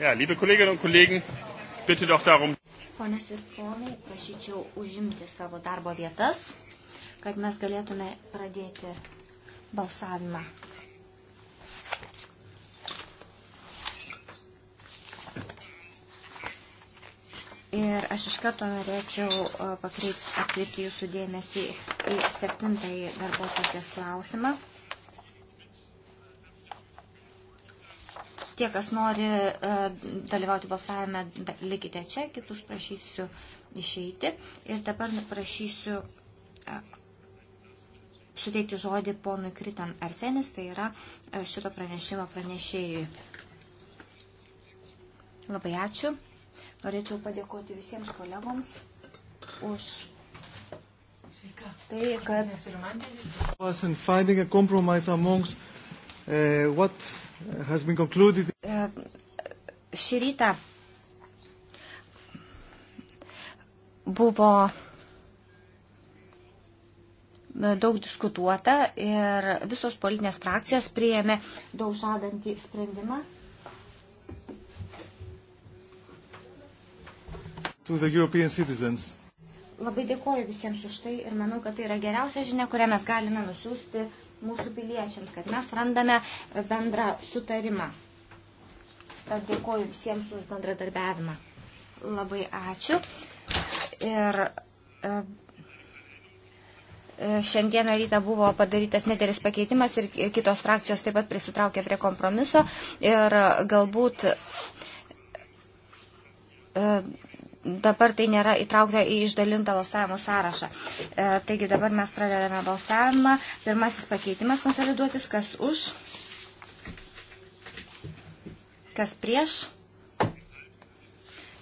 Ja, liebe Kolleginnen und Kollegen, bitte doch darum. Ponas ir ponai, prašyčiau užimti savo darbo vietas, kad mes galėtume pradėti balsavimą. Ir aš iš karto norėčiau e, pakreipti jūsų dėmesį į septintąjį darbo tokias klausimą. Tie, kas nori e, dalyvauti balsavime, likite čia, kitus prašysiu išeiti. Ir dabar prašysiu e, suteikti žodį ponui Kritam Arsenis, tai yra e, šito pranešimo pranešėjui. Labai ačiū. Norėčiau padėkoti visiems kolegoms už tai, kad Uh, what has been concluded. Uh, šį rytą buvo uh, daug diskutuota ir visos politinės frakcijos priėmė daug žadantį sprendimą. Labai dėkoju visiems už tai ir manau, kad tai yra geriausia žinia, kurią mes galime nusiųsti mūsų piliečiams, kad mes randame bendrą sutarimą. Tad dėkoju visiems už bendradarbiavimą. Labai ačiū. Ir e, e, šiandieną rytą buvo padarytas nedėlis pakeitimas ir kitos frakcijos taip pat prisitraukė prie kompromiso. Ir galbūt e, dabar tai nėra įtraukta į išdalintą balsavimo sąrašą. E, taigi dabar mes pradedame balsavimą. Pirmasis pakeitimas konsoliduotis, kas už, kas prieš,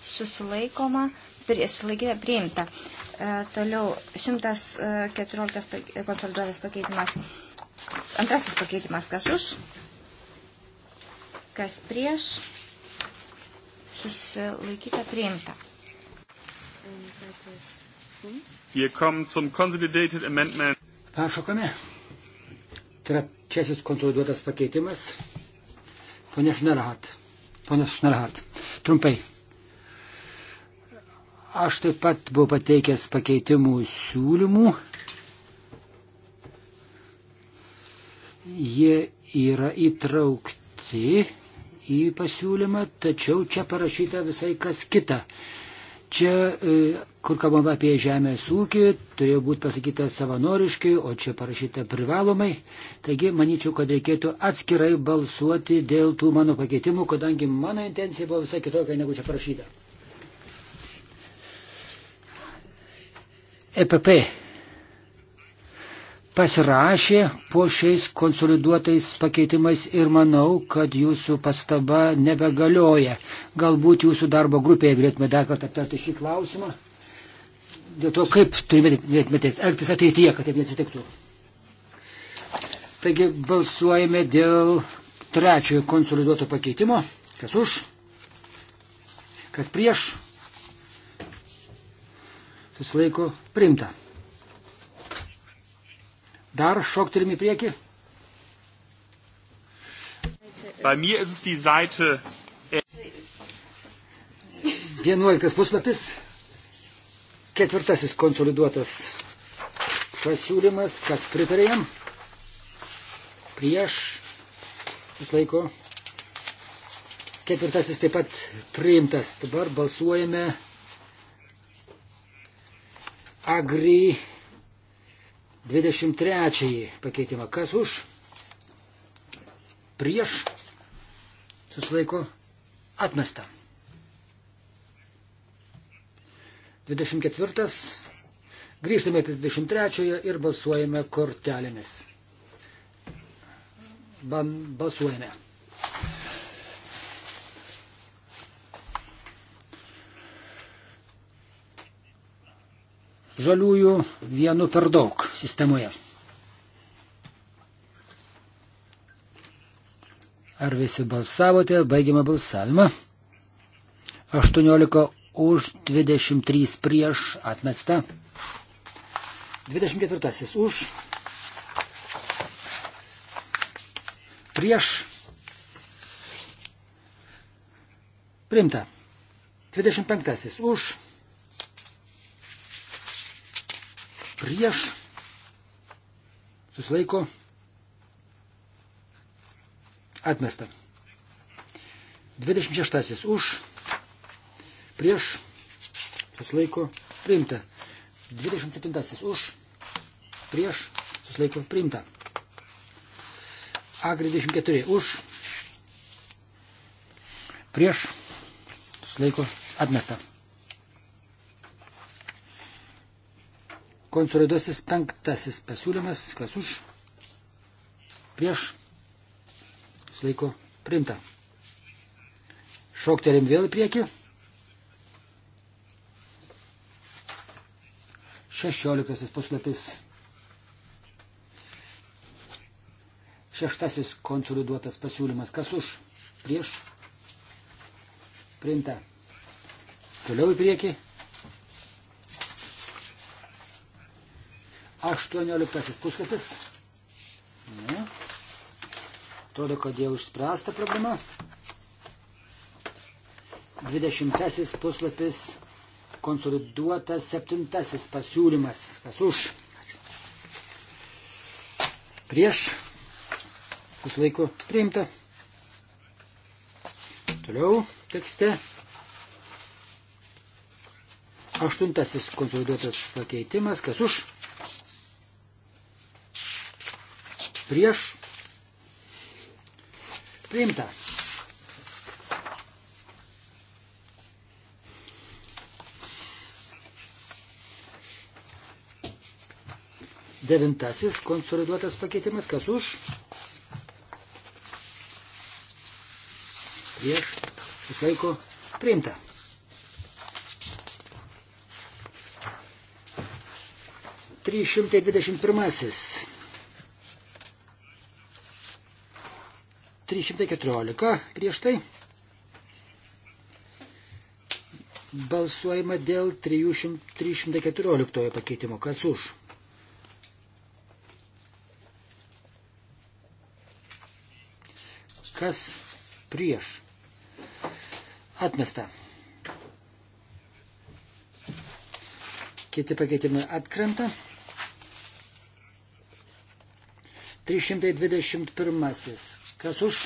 susilaikoma, prie, sulaikyta, priimta. E, toliau 114 e, konsoliduotas pakeitimas. Antrasis pakeitimas, kas už, kas prieš, susilaikyta priimta. Wir kommen zum Consolidated Amendment. Peršokame. Trečiasis konsoliduotas pakeitimas. Pone Šnerhat. Ponas Šnerhat. Trumpai. Aš taip pat buvau pateikęs pakeitimų siūlymų. Jie yra įtraukti į pasiūlymą, tačiau čia parašyta visai kas kita. Čia, e, kur kalbama apie žemės ūkį, turėjo būti pasakyta savanoriškai, o čia parašyta privalomai. Taigi, manyčiau, kad reikėtų atskirai balsuoti dėl tų mano pakeitimų, kadangi mano intencija buvo visai kitokia negu čia parašyta. EPP pasirašė po šiais konsoliduotais pakeitimais ir manau, kad jūsų pastaba nebegalioja. Galbūt jūsų darbo grupėje galėtume dar kartą aptarti šį klausimą. Dėl to, kaip turime elgtis ateityje, kad taip neatsitiktų. Taigi balsuojame dėl trečiojo konsoliduoto pakeitimo. Kas už? Kas prieš? Susilaiko primta. Dar šokturim į priekį. Bei mir ist es die Seite 11 puslapis, ketvirtasis konsoliduotas pasiūlymas, kas pritarė jam, prieš, išlaiko, ketvirtasis taip pat priimtas. Dabar balsuojame agri 23 pakeitimą. Kas už? Prieš susilaiko atmesta. 24. Grįžtame prie 23 ir balsuojame kortelėmis. Ban, balsuojame. žaliųjų vienu per daug sistemoje. Ar visi balsavote? Baigiame balsavimą. 18 už, 23 prieš, atmesta. 24 už, prieš, primta. 25 už, prieš, susilaiko, atmesta. 26 už, prieš, susilaiko, priimta. 27 už, prieš, susilaiko, priimta. Agri 24 už, prieš, susilaiko, atmesta. Konsoliduosis penktasis pasiūlymas, kas už, prieš, laiko primta. Šoktelim vėl į priekį. 16 puslapis. Šeštasis konsoliduotas pasiūlymas. Kas už? Prieš. Printa. Toliau į priekį. 18 puslapis. Ne. Atrodo, kad jau išspręsta problema. 20 puslapis konsoliduotas septintasis pasiūlymas. Kas už? Prieš. Vis laiko priimta. Toliau tekste. Aštuntasis konsoliduotas pakeitimas. Kas už? prieš priimta. Devintasis konsoliduotas pakeitimas, kas už? Prieš, išlaiko, priimta. Trys šimtai dvidešimt pirmasis. 314 prieš tai. Balsuojama dėl 314 pakeitimo. Kas už? Kas prieš? Atmesta. Kiti pakeitimai atkrenta. 321. Kas už?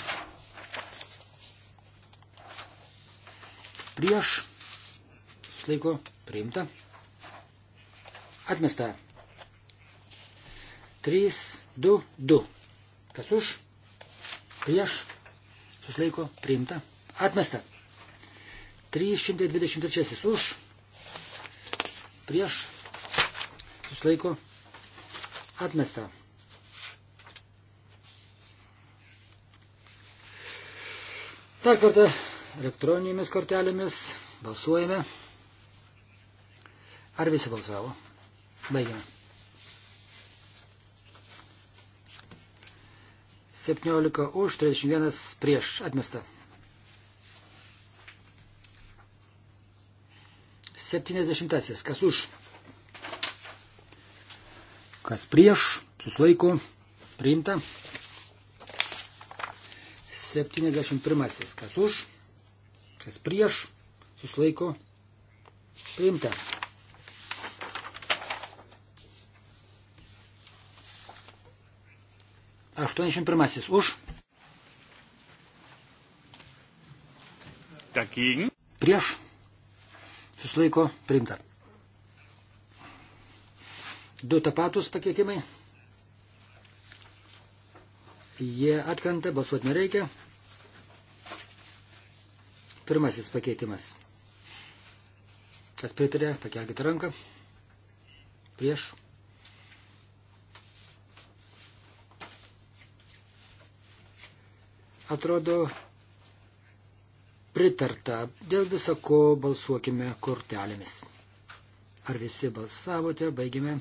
Prieš. Slaiko priimta. Atmesta. 3, 2, 2. Kas už? Prieš. Suslaiko priimta. Atmesta. 323 už. Prieš. Suslaiko atmesta. Dar kartą elektroninėmis kortelėmis balsuojame. Ar visi balsavo? Baigiame. 17 už, 31 prieš atmesta. 70. Kas už? Kas prieš? Suslaiko. Priimta. 71. Kas už, kas prieš, susilaiko priimta. Aštuoniasdešimt pirmasis už. Dagegen. Prieš. Susilaiko priimta. Du tapatus pakeitimai. Jie atkrenta, balsuoti nereikia. Pirmasis pakeitimas. Kas pritarė, pakelkite ranką. Prieš. Atrodo, pritarta. Dėl visako balsuokime kortelėmis. Ar visi balsavote? Baigime.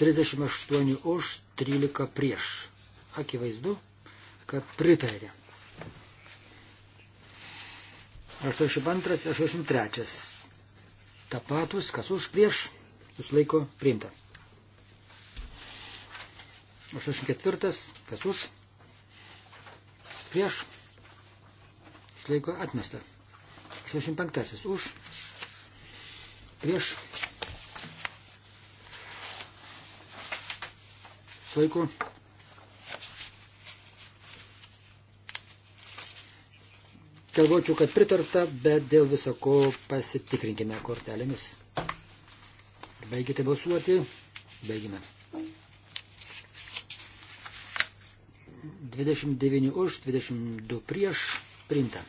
38 už, 13 prieš. Akivaizdu, kad pritarė. 82, 83. Ta patus, kas už prieš, susilaiko priimta. 84, kas už, prieš, susilaiko atmesta. 85, už, prieš, Laiko. Galvočiau, kad pritarta, bet dėl viso ko pasitikrinkime kortelėmis. Baigite balsuoti. Baigime. 29 už, 22 prieš. Printa.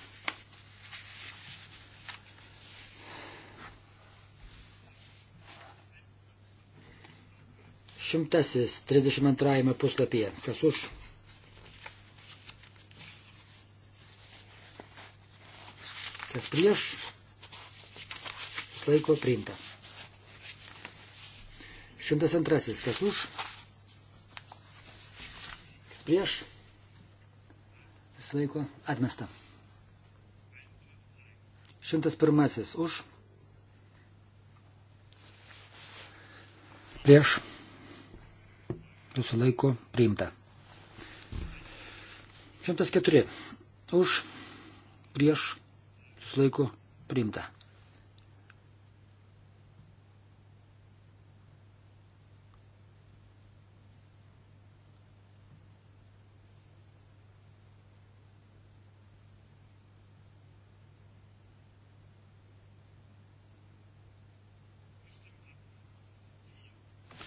Šimtasis 32 puslapyje. Kas už? Kas prieš? Laiko priimta. Šimtas antrasis. Kas už? Kas prieš? Jis laiko atmesta. Šimtas pirmasis. Už? Prieš? susilaiko priimta. 104 už prieš susilaiko priimta.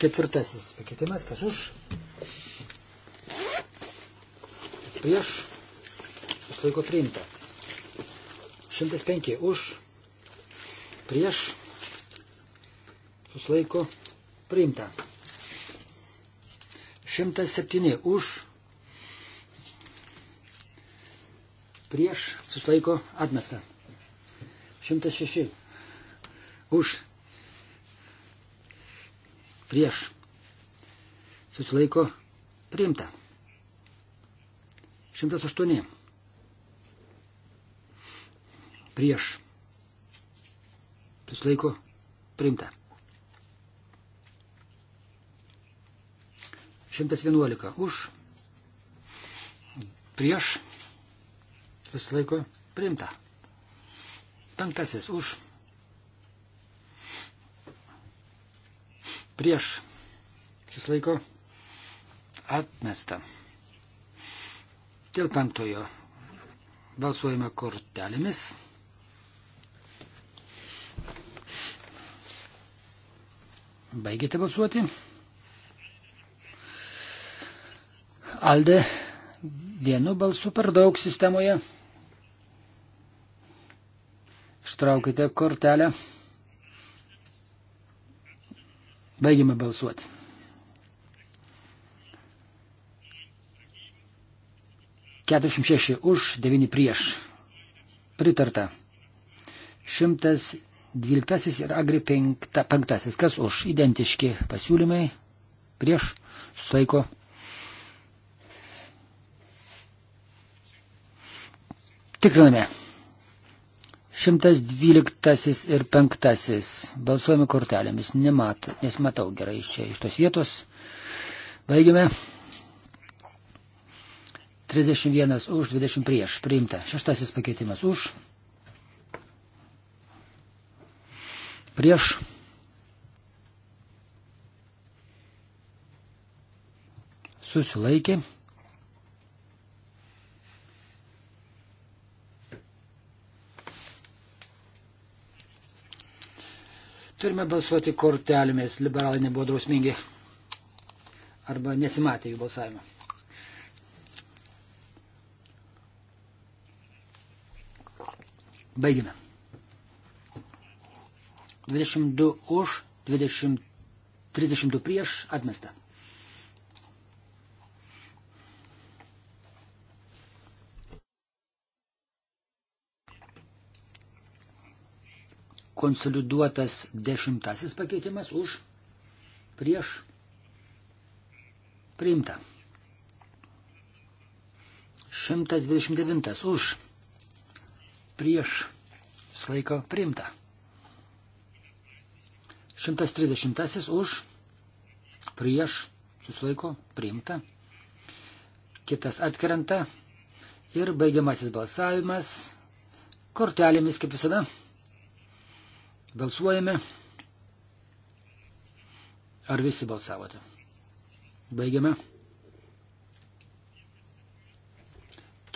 Ketvirtasis pakeitimas, kas už, kas prieš, susilaiko priimta. 105 už, prieš, susilaiko priimta. 107 už, prieš, susilaiko atmesta. 106 už, prieš susilaiko priimta. 108 prieš susilaiko priimta. 111 už prieš susilaiko priimta. Penktasis už prieš šis laiko atmesta. Dėl penktojo balsuojame kortelėmis. Baigėte balsuoti? Alde vienu balsu per daug sistemoje. Ištraukite kortelę. Baigime balsuoti. Keturiasdešimt šeši už, devyni prieš. Pritarta. Šimtas dvyliktasis ir agri penkta, penktasis. Kas už? Identiški pasiūlymai. Prieš. Susaiko. Tikriname. 112 ir 5 balsuojami kortelėmis, nemat, nes matau gerai iš čia, iš tos vietos. Baigime. 31 už, 20 prieš, priimta. Šeštasis pakeitimas už. Prieš. Susilaikė. Turime balsuoti kortelėmis. Liberalai nebuvo drausmingi. Arba nesimatė jų balsavimo. Baigime. 22 už, 20, 32 prieš atmestą. konsoliduotas dešimtasis pakeitimas už prieš priimta. 129 už prieš slaiko priimta. 130 už prieš susilaiko priimta. Kitas atkrenta ir baigiamasis balsavimas kortelėmis kaip visada. Balsuojame. Ar visi balsavote? Baigiame.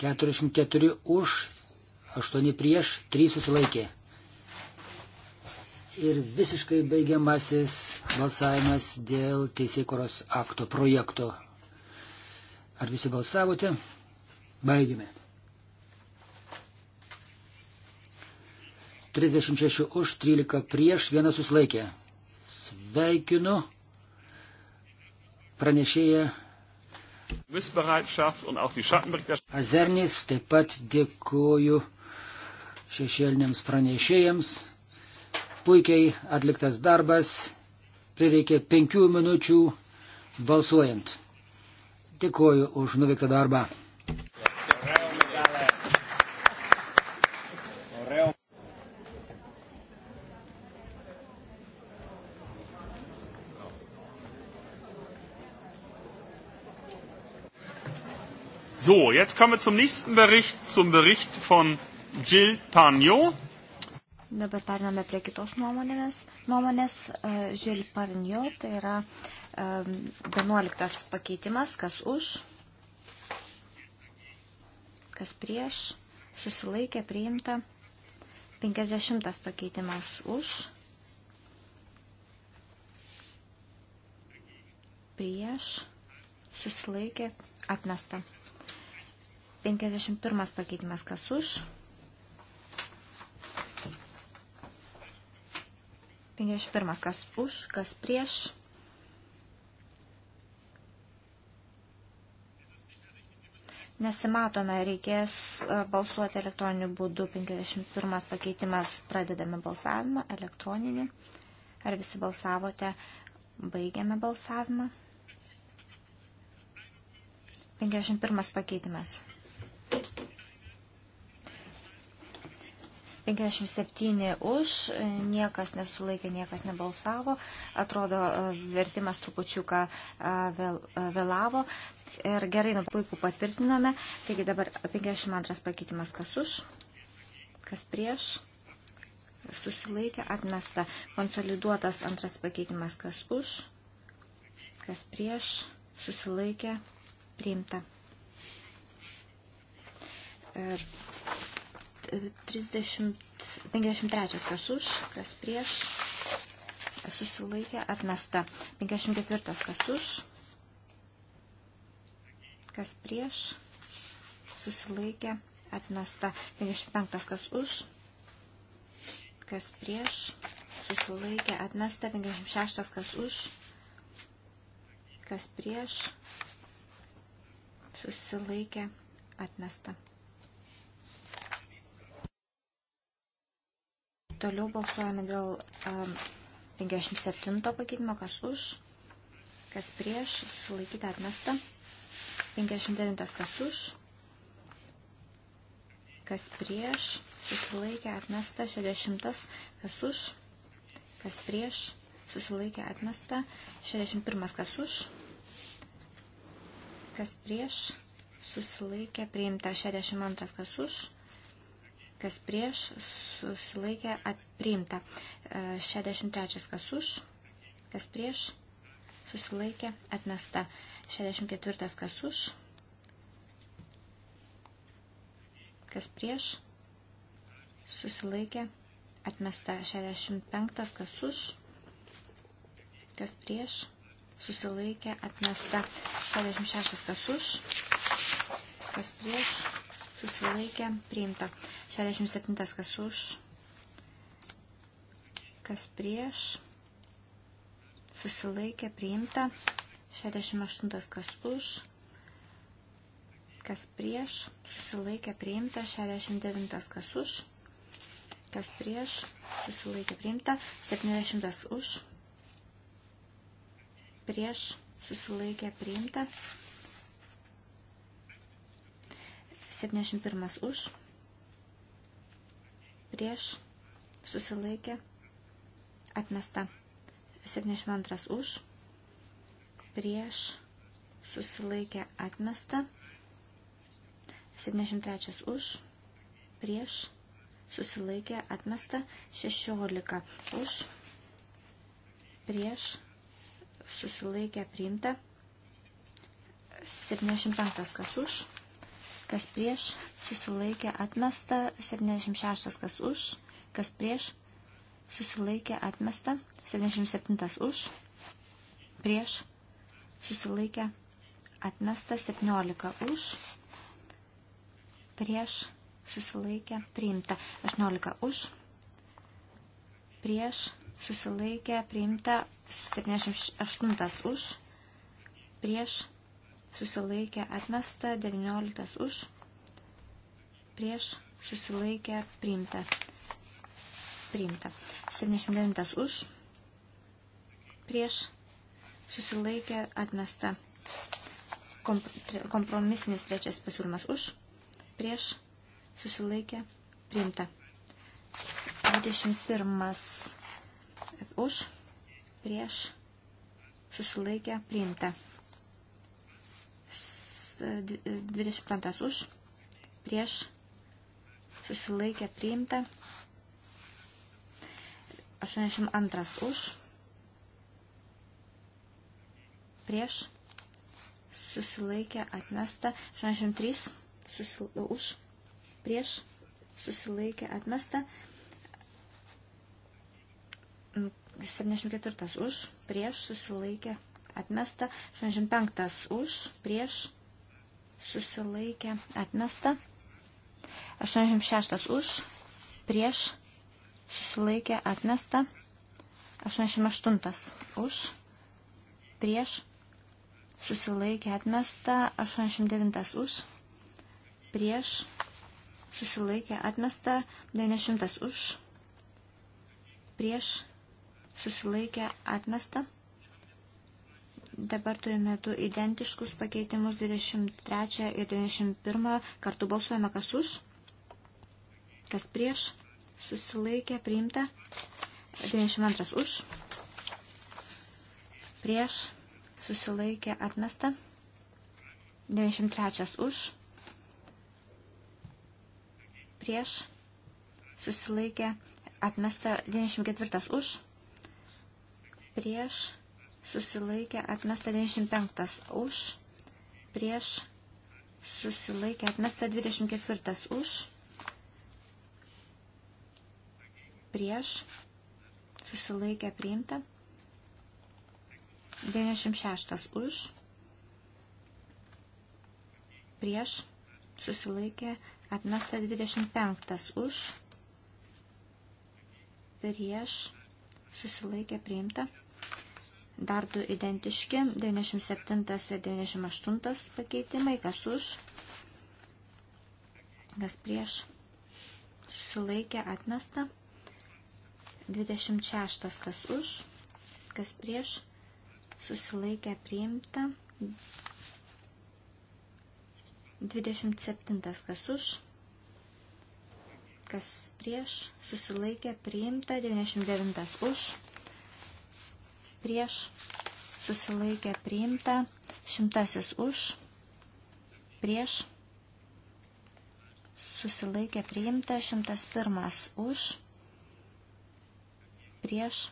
44 už, 8 prieš, 3 susilaikė. Ir visiškai baigiamasis balsavimas dėl teisėkoros akto projekto. Ar visi balsavote? Baigime. 36 už, 13 prieš, vienas susilaikė. Sveikinu pranešėją. Azernis taip pat dėkoju šešėliniams pranešėjams. Puikiai atliktas darbas, prireikė penkių minučių balsuojant. Dėkoju už nuveiktą darbą. So, jetzt kommen wir zum nächsten Bericht, zum Bericht von Jill Pagnot. Dabar periname prie kitos nuomonės. Nuomonės uh, e, Žil Parnio, tai yra e, um, 11 pakeitimas, kas už, kas prieš, susilaikė, priimta. 50 pakeitimas už, prieš, susilaikė, atmesta. 51 pakeitimas kas už. 51 kas už, kas prieš. Nesimatome, reikės e, balsuoti elektroniniu būdu. 51 pakeitimas, pradedame balsavimą, elektroninį. Ar visi balsavote? Baigiame balsavimą. 51 pakeitimas. 57 už, niekas nesulaikė, niekas nebalsavo, atrodo, vertimas trupučiuką vėl, vėlavo ir gerai, nu, puikų patvirtinome. Taigi dabar 52 pakeitimas kas už, kas prieš, susilaikė, atmesta. Konsoliduotas antras pakeitimas kas už, kas prieš, susilaikė, priimta. Ir 30, 53 e, kas už, kas prieš, susilaikė, atmesta. 54 kas už, kas prieš, susilaikė, atmesta. 55 kas už, kas prieš, susilaikė, atmesta. 56 kas už, kas prieš, susilaikė, atmesta. Toliau balsuojame dėl um, 57 pakeitimo, kas už, kas prieš, susilaikyti atmesta. 59 kas už, kas prieš, susilaikė atmesta. 60 kas už, kas prieš, susilaikė atmesta. 61 kas už, kas prieš, susilaikė priimta. 62 kas už kas prieš, susilaikė priimta. 63 e, kas už, kas prieš, susilaikė atmesta. 64 kas už, kas prieš, susilaikė atmesta. 65 kas už, kas prieš, susilaikė atmesta. 66 kas už, kas prieš, susilaikė, priimta. 67 kas už, kas prieš, susilaikė, priimta. 68 kas už, kas prieš, susilaikė, priimta. 69 kas už, kas prieš, susilaikė, priimta. 70 už, prieš, susilaikė, priimta. 71 už, prieš, susilaikė, atmesta. 72 už, prieš, susilaikė, atmesta. 73 už, prieš, susilaikė, atmesta. 16 už, prieš, susilaikė, priimta. 75 kas už kas prieš, susilaikė atmesta, 76 kas už, kas prieš, susilaikė atmesta, 77 už, prieš, susilaikė atmesta, 17 už, prieš, susilaikė priimta, 18 už, prieš, susilaikė priimta, 78 už, prieš, susilaikė atmesta, 19 už, prieš susilaikė priimta. Priimta. 79 už, prieš susilaikė atmesta. Kompromisinis trečias pasiūlymas už, prieš susilaikė priimta. 21 už, prieš susilaikė priimta. 25 už, prieš, susilaikė priimta, 82 už, prieš, susilaikė atmesta, 83 susil... už, prieš, susilaikė atmesta, 74 už, prieš, susilaikė atmesta, 65 už, prieš, susilaikė atmesta. 86 už, prieš, susilaikė atmesta. 88 už, prieš, susilaikė atmesta. 89 už, prieš, susilaikė atmesta. 90 už, prieš, susilaikė atmesta. Dabar turime du identiškus pakeitimus 23 ir 91. Kartu balsuojame, kas už, kas prieš, susilaikė, priimta. 92 už, prieš, susilaikė, atmesta. 93 už, prieš, susilaikė, atmesta. 94 už, prieš, susilaikė atmesta 95 už, prieš susilaikė atmesta 24 už, prieš susilaikė priimta 96 už, prieš susilaikė atmesta 25 už, prieš susilaikė priimta Dar du identiški, 97 ir 98 pakeitimai, kas už, kas prieš, susilaikė, atmesta. 26 kas už, kas prieš, susilaikė, priimta. 27 kas už, kas prieš, susilaikė, priimta. 99 už prieš, susilaikė priimta, šimtasis už, prieš, susilaikė priimta, šimtas pirmas už, prieš,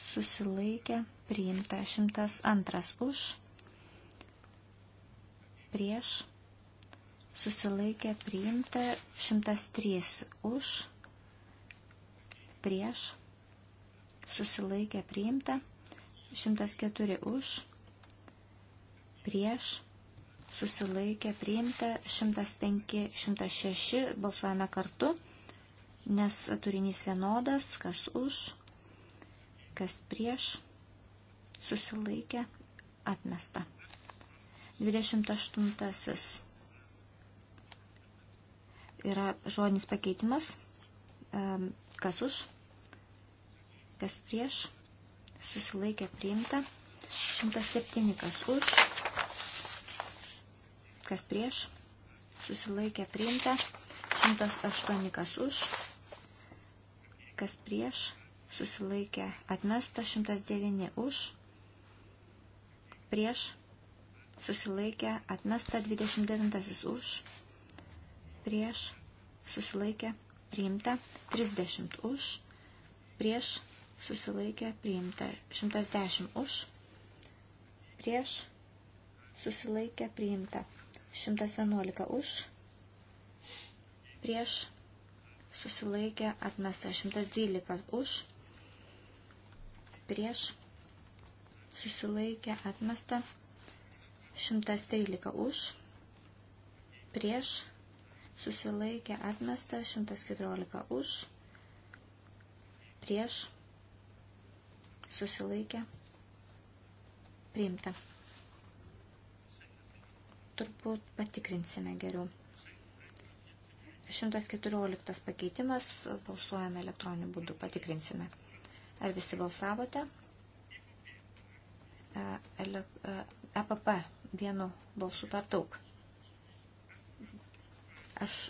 susilaikė priimta, šimtas antras už, prieš, susilaikė priimta, šimtas trys už, prieš, susilaikė priimta, 104 už, prieš, susilaikė priimta, 105, 106 balsuojame kartu, nes turinys vienodas, kas už, kas prieš, susilaikė atmesta. 28 yra žodinis pakeitimas, kas už, kas prieš, susilaikė priimta, 107 kas už, kas prieš, susilaikė priimta, 108 kas už, kas prieš, susilaikė atmesta, 109 už, prieš, susilaikė atmesta, 29 už, prieš, susilaikė priimta, 30 už, prieš, susilaikė priimta. 110 už, prieš, susilaikė priimta. 111 už, prieš, susilaikė atmesta. 112 už, prieš, susilaikė atmesta. 113 už, prieš, susilaikė atmesta. 114 už, prieš, susilaikė, priimta. Turbūt patikrinsime geriau. 114 pakeitimas, balsuojame elektroniniu būdu, patikrinsime. Ar visi balsavote? EPP e, e vienu balsu per daug. Aš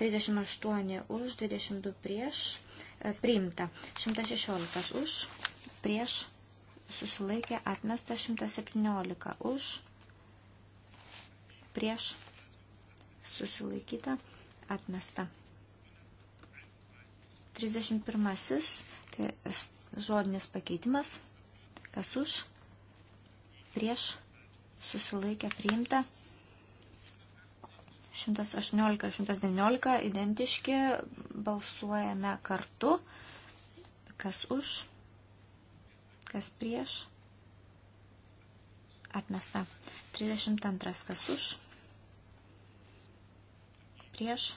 38 už, 22 prieš, e, priimta. 116 už, prieš, susilaikė, atmesta. 117 už, prieš, susilaikyta, atmesta. 31. Tai žodinis pakeitimas. Kas už, prieš, susilaikė, priimta. 118 ir 119 identiški, balsuojame kartu, kas už, kas prieš, atmesta. 32 kas už, prieš,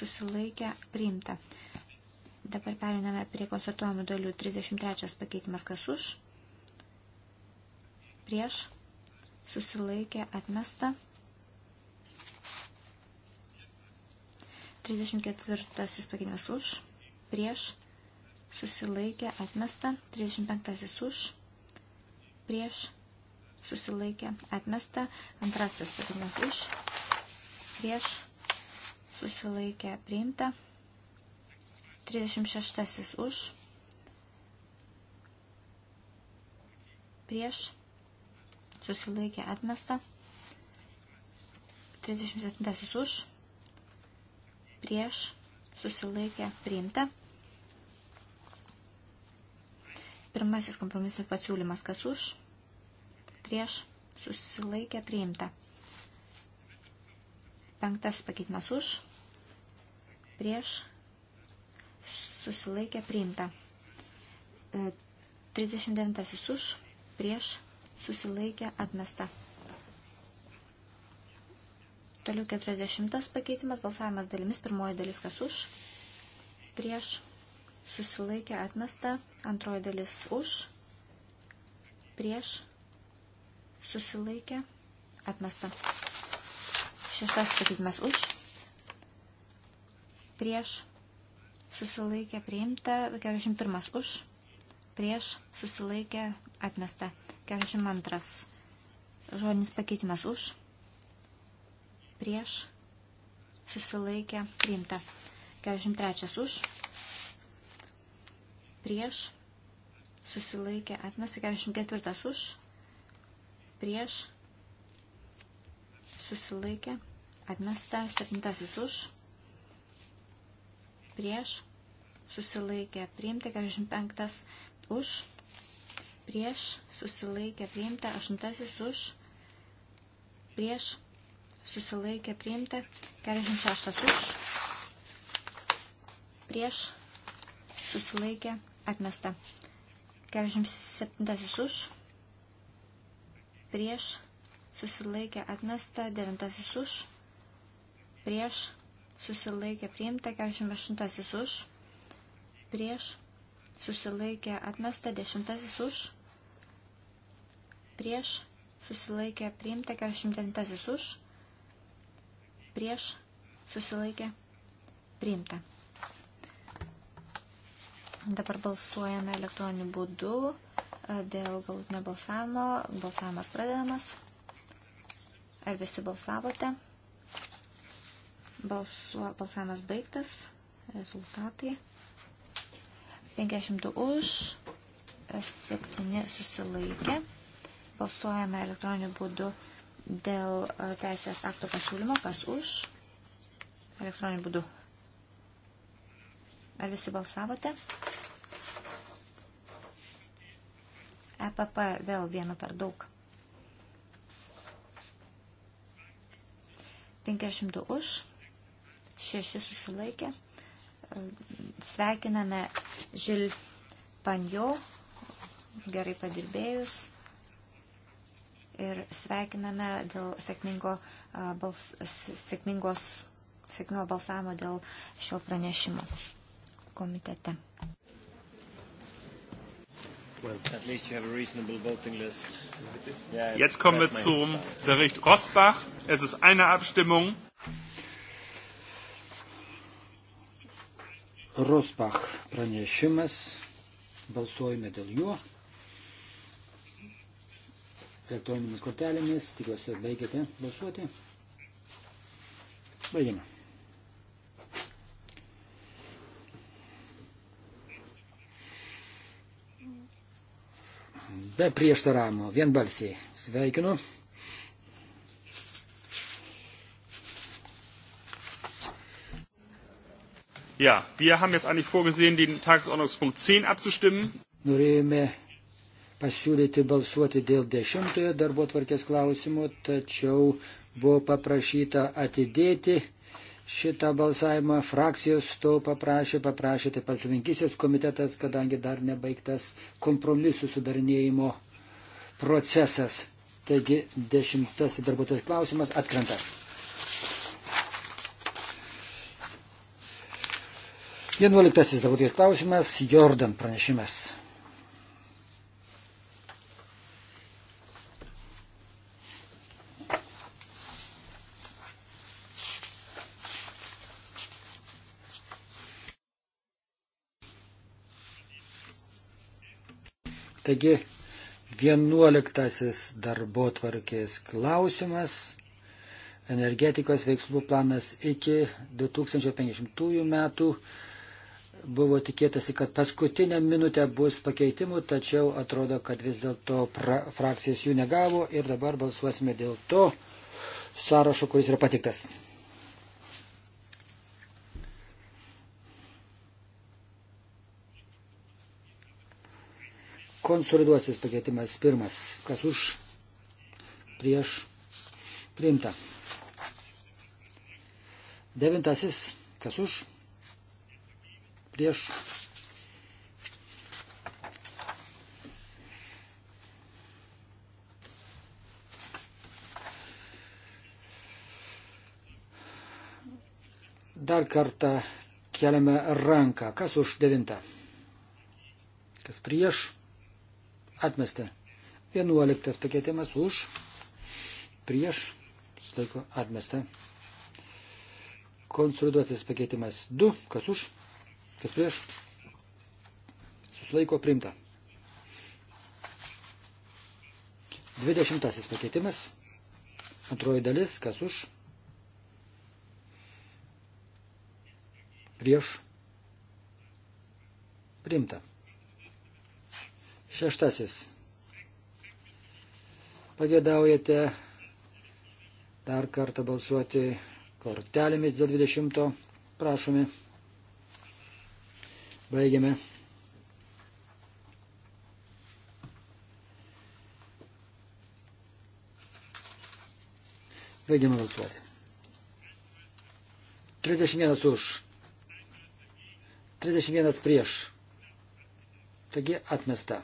susilaikė, priimta. Dabar periname prie konstatuojamų dalių. 33 pakeitimas kas už, prieš, susilaikė, atmesta. 34 pakeitimas už, prieš, susilaikė, atmesta. 35 už, prieš, susilaikė, atmesta. Antrasis pakeitimas už, prieš, susilaikė, priimta. 36 už, prieš, susilaikė, atmesta. 37 už, prieš susilaikė priimta. Pirmasis kompromisas pasiūlymas, kas už, prieš susilaikė priimta. Penktas pakeitimas už, prieš susilaikė priimta. 39 e, už, prieš susilaikė atmesta. Toliau 40 pakeitimas, balsavimas dalimis, pirmoji dalis kas už, prieš, susilaikė atmesta, antroji dalis už, prieš, susilaikė atmesta. Šeštas pakeitimas už, prieš, susilaikė priimta, 41 už, prieš, susilaikė atmesta, 42 žodinis pakeitimas už prieš, susilaikė, priimta. 43 už, prieš, susilaikė, atmesta. 44 už, prieš, susilaikė, atmesta. 7 už, prieš, susilaikė, priimta. 45 už, prieš, susilaikė, priimta. 8 už, prieš, susilaikė, priimta prieš susilaikė priimta, 46 už, prieš, susilaikė atmesta, 47 už, prieš, susilaikė atmesta, 9 už, prieš, susilaikė priimta, 48 už, prieš, susilaikė atmesta, 10 už, prieš, susilaikė priimta, 49 už, prieš, susilaikė, priimta. Dabar balsuojame elektroniniu būdu e, dėl galutinio balsavimo. Balsavimas pradedamas. Ar visi balsavote? Balsu, balsavimas baigtas. Rezultatai. 52 už, 7 e, susilaikė. Balsuojame elektroniniu būdu dėl e, teisės akto pasiūlymo, kas už elektroniniu būdu. Ar visi balsavote? EPP vėl vienu per daug. 500 už, 6 susilaikė. E, sveikiname Žil Panjo, gerai padirbėjus ir sveikiname dėl sėkmingo, bals, sėkmingos, sėkmingo balsavimo dėl šio pranešimo komitete. Well, at least you have a reasonable voting list. Yeah, Jetzt kommen wir zum Bericht Rosbach. Es ist eine Abstimmung. Rosbach pranešimas. Balsuojame dėl jo elektroninėmis kortelėmis. Tikiuosi, baigėte balsuoti. Baigėme. Be prieštaravimo, vienbalsiai. Sveikinu. Ja, wir haben jetzt eigentlich vorgesehen, den Tagesordnungspunkt 10 abzustimmen. Norėjome pasiūlyti balsuoti dėl dešimtojo darbo tvarkės klausimų, tačiau buvo paprašyta atidėti šitą balsavimą. Frakcijos to paprašė, paprašė taip pat žuvinkysės komitetas, kadangi dar nebaigtas kompromisų sudarinėjimo procesas. Taigi dešimtas darbo tvarkės klausimas atkrenta. Vienuoliktasis darbuotojų klausimas, Jordan pranešimas. Taigi, vienuoliktasis darbo tvarkės klausimas. Energetikos veiksmų planas iki 2050 metų. Buvo tikėtasi, kad paskutinę minutę bus pakeitimų, tačiau atrodo, kad vis dėlto frakcijas jų negavo ir dabar balsuosime dėl to sąrašo, kuris yra patiktas. Konsoliduosis pakeitimas pirmas. Kas už? Prieš. Priimta. Devintasis. Kas už? Prieš. Dar kartą keliame ranką. Kas už devintą? Kas prieš? atmesta. 11 pakeitimas už, prieš, susilaiko atmesta. Konsoliduotas pakeitimas 2, kas už, kas prieš, susilaiko primta. 20 pakeitimas, antroji dalis, kas už, prieš, primta. Šeštasis. Pagėdaujate dar kartą balsuoti kortelėmis dėl 20. Prašome. Baigiame. Baigiame balsuoti. 31 už. 31 prieš. Taigi atmesta.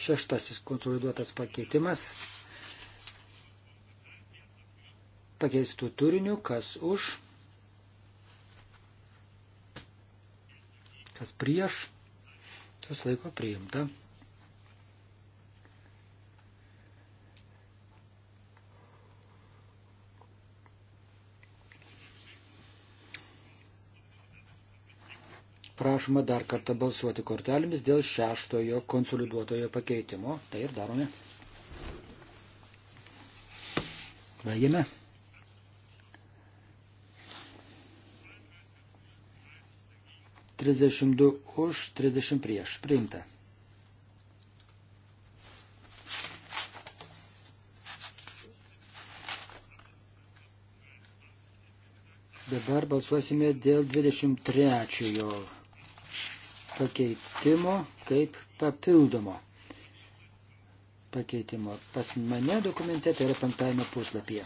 Šeštasis konsoliduotas pakeitimas pakeistų turiniu, kas už, kas prieš, vis laiko priimta. Prašoma dar kartą balsuoti kortelėmis dėl šeštojo konsoliduotojo pakeitimo. Tai ir darome. Vajame. Trisdešimt du už, trisdešimt prieš. Priimta. Dabar balsuosime dėl 23 pakeitimo kaip papildomo pakeitimo. Pas mane dokumente tai yra penktajame puslapyje.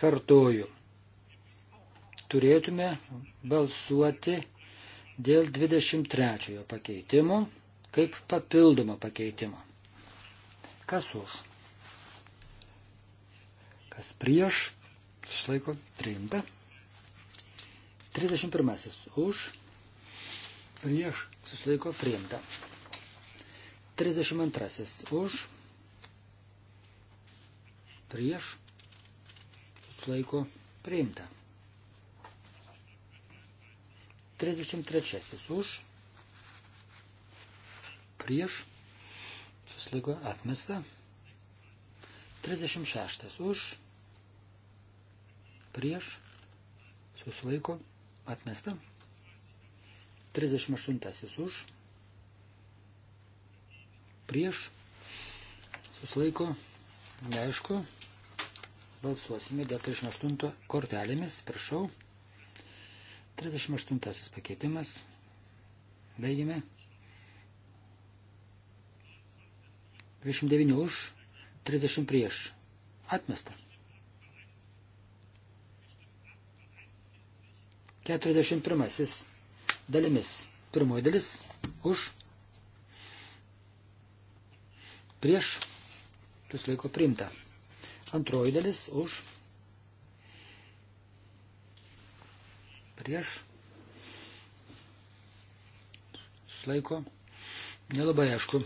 Kartoju. Turėtume balsuoti dėl 23 pakeitimo kaip papildomo pakeitimo. Kas už? Kas prieš? Išlaiko priimta. 31. Už, prieš, susilaiko priimta. 32. Už, prieš, susilaiko priimta. 33. Už, prieš, susilaiko atmesta. 36. Už, prieš, susilaiko priimta Atmesta. 38 už. Prieš. Suslaiko. Neaišku. Balsuosime dėl 38 kortelėmis. Prašau. 38 pakeitimas. Baigime. 29 už. 30 prieš. Atmesta. 41 dalimis. Pirmoji dalis už prieš jūs laiko primta. Antroji dalis už prieš laiko nelabai aišku.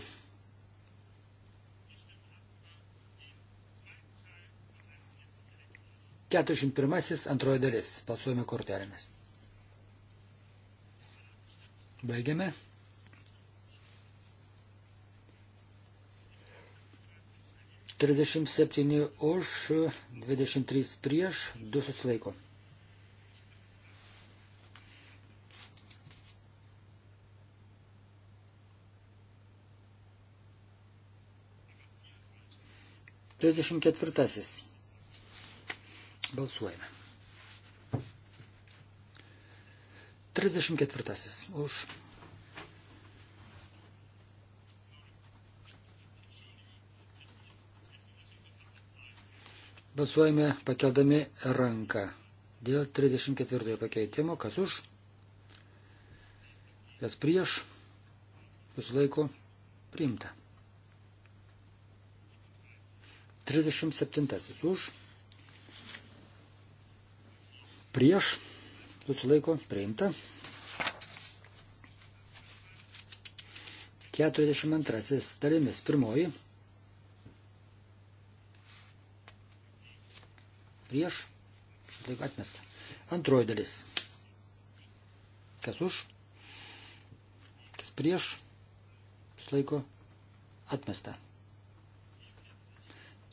Keturiasdešimt pirmasis antroji dalis. Balsuojame kortelėmis. Baigiame. Trisdešimt septyni už, dvidešimt trys prieš, du susilaiko. Trisdešimt ketvirtasis. Balsuojame. 34 už. Balsuojame pakeldami ranką dėl 34 pakeitimo, kas už, kas prieš, visų laiko priimta. 37 už, prieš, prieš, susilaiko priimta. 42 dalimis pirmoji. Prieš susilaiko atmesta. Antroji dalis. Kas už? Kas prieš? Susilaiko atmesta.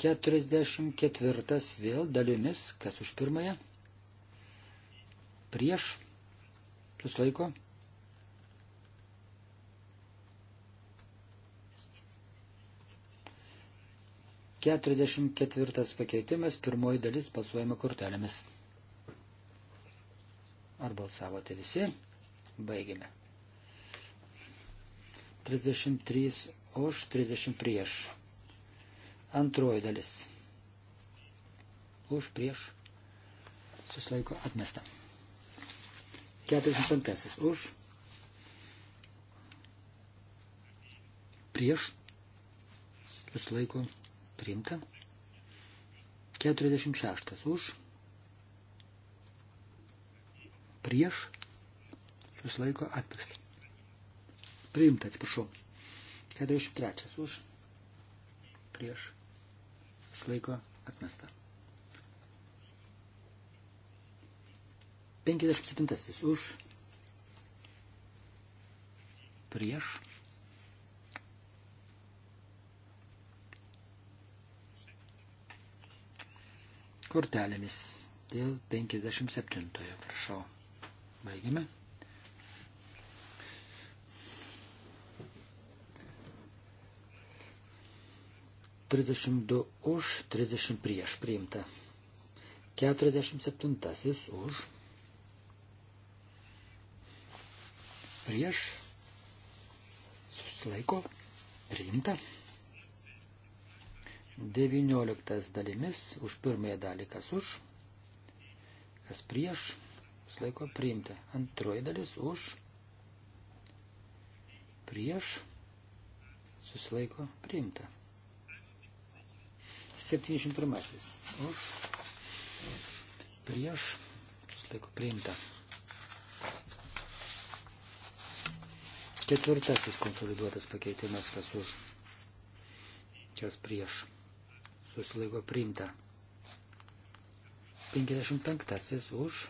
44 vėl dalimis, kas už pirmąją, prieš, susilaiko. Keturiasdešimt ketvirtas pakeitimas, pirmoji dalis balsuojama kortelėmis. Ar balsavote visi? Baigime. 33 už, 30 prieš. Antroji dalis. Už, prieš. Susilaiko atmesta. 45 už. Prieš. Susilaiko priimta. 46 už. Prieš. Susilaiko atmesta. Priimta, atsiprašau. 43 už. Prieš. Susilaiko atmesta. 57 už, prieš. Kortelėmis dėl 57, prašau. Baigime. Trisdešimt du už, trisdešimt prieš priimta. Keturiasdešimt septintasis už. prieš, susilaiko, priimta. 19 dalimis už pirmąją dalį, kas už, kas prieš, susilaiko, priimta. Antroji dalis už, prieš, susilaiko, priimta. 71 už, prieš, susilaiko, priimta. Ketvirtasis konsoliduotas pakeitimas, kas už, kas prieš, susilaiko priimta. 55 už,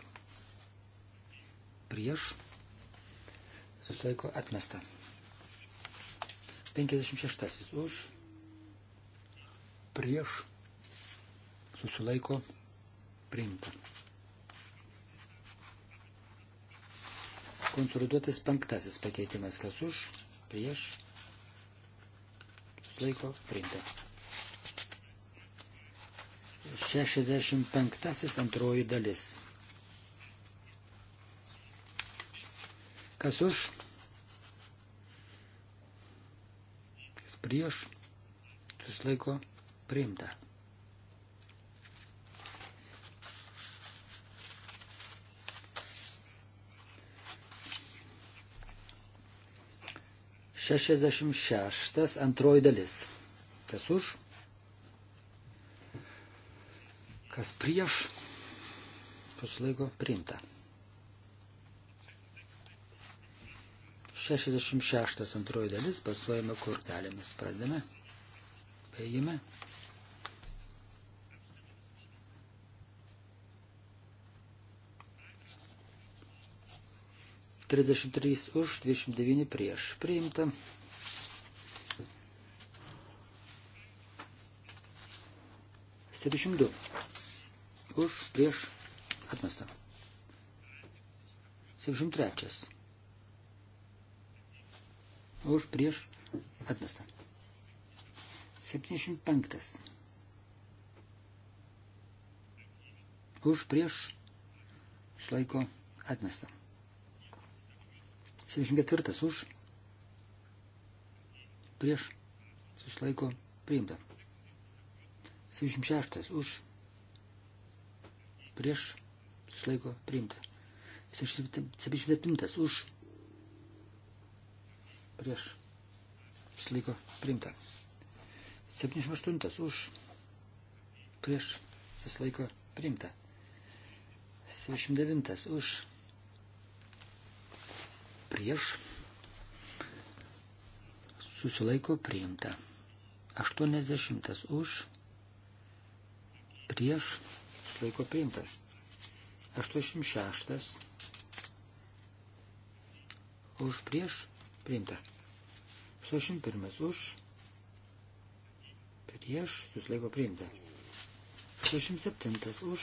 prieš, susilaiko atmesta. 56 už, prieš, susilaiko priimta. Konsoliduotas penktasis pakeitimas, kas už, prieš, laiko priimta. 65 antroji dalis. Kas už? Kas prieš? Susilaiko priimta. 66 antroji dalis. Kas už? Kas prieš? Puslaiko priimta. 66 antroji dalis pasuojame kortelėmis. Pradame. Baigime. 33 už, 29 prieš. Priimta. Septyšimt du. Už, prieš, atmesta. Septyšimt trečias. Už, prieš, atmesta. Septyšimt penktas. Už, prieš, išlaiko, atmesta. 74 už, prieš, susilaiko, priimta. 76 už, prieš, susilaiko, priimta. 77 už, prieš, susilaiko, priimta. 78 už, prieš, susilaiko, priimta. 79 už, prieš, prieš, susilaiko priimta. 80 už, prieš, susilaiko priimta. 86 už, prieš, priimta. 81 už, prieš, susilaiko priimta. 67 už,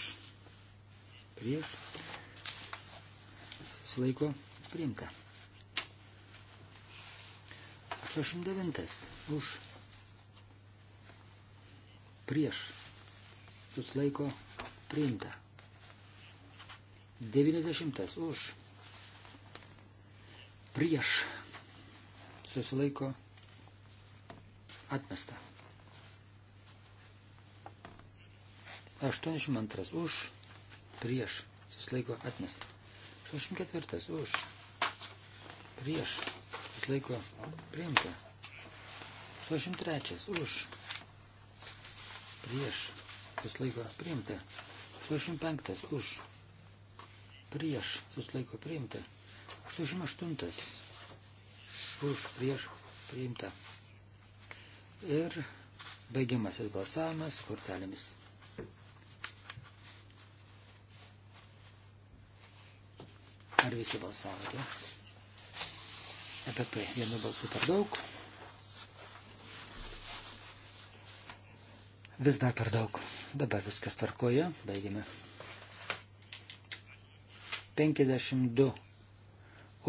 prieš, susilaiko priimta. 189 už prieš susilaiko priimta. 90 už prieš susilaiko atmesta. 82 už prieš susilaiko atmesta. 84 už prieš susilaiko priimta. 63 už prieš susilaiko priimta. 85 už prieš susilaiko priimta. 88 už prieš priimta. Ir baigiamasis balsavimas kortelėmis. Ar visi balsavote? EPP vienu balsu per daug. Vis dar per daug. Dabar viskas tvarkoja. Baigime. 52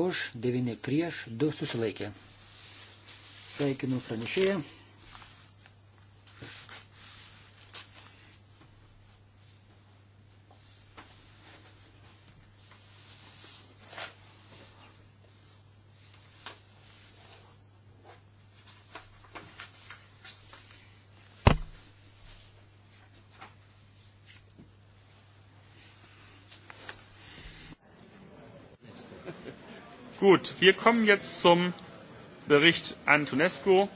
už, 9 prieš, 2 susilaikė. Sveikinu pranešėją. Gut, wir kommen jetzt zum Bericht Antonescu.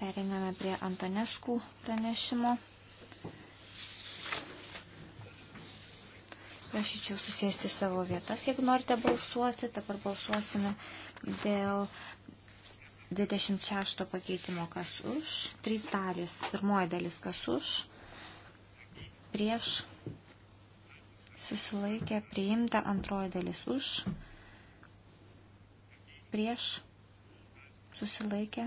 Pereiname prie Antonescu pranešimo. Prašyčiau susėsti savo vietas, jeigu norite balsuoti. Dabar balsuosime dėl 26 pakeitimo kas už. Trys dalys. Pirmoji dalis kas už. Prieš. Susilaikė priimta. Antroji dalis už. Už prieš, susilaikė.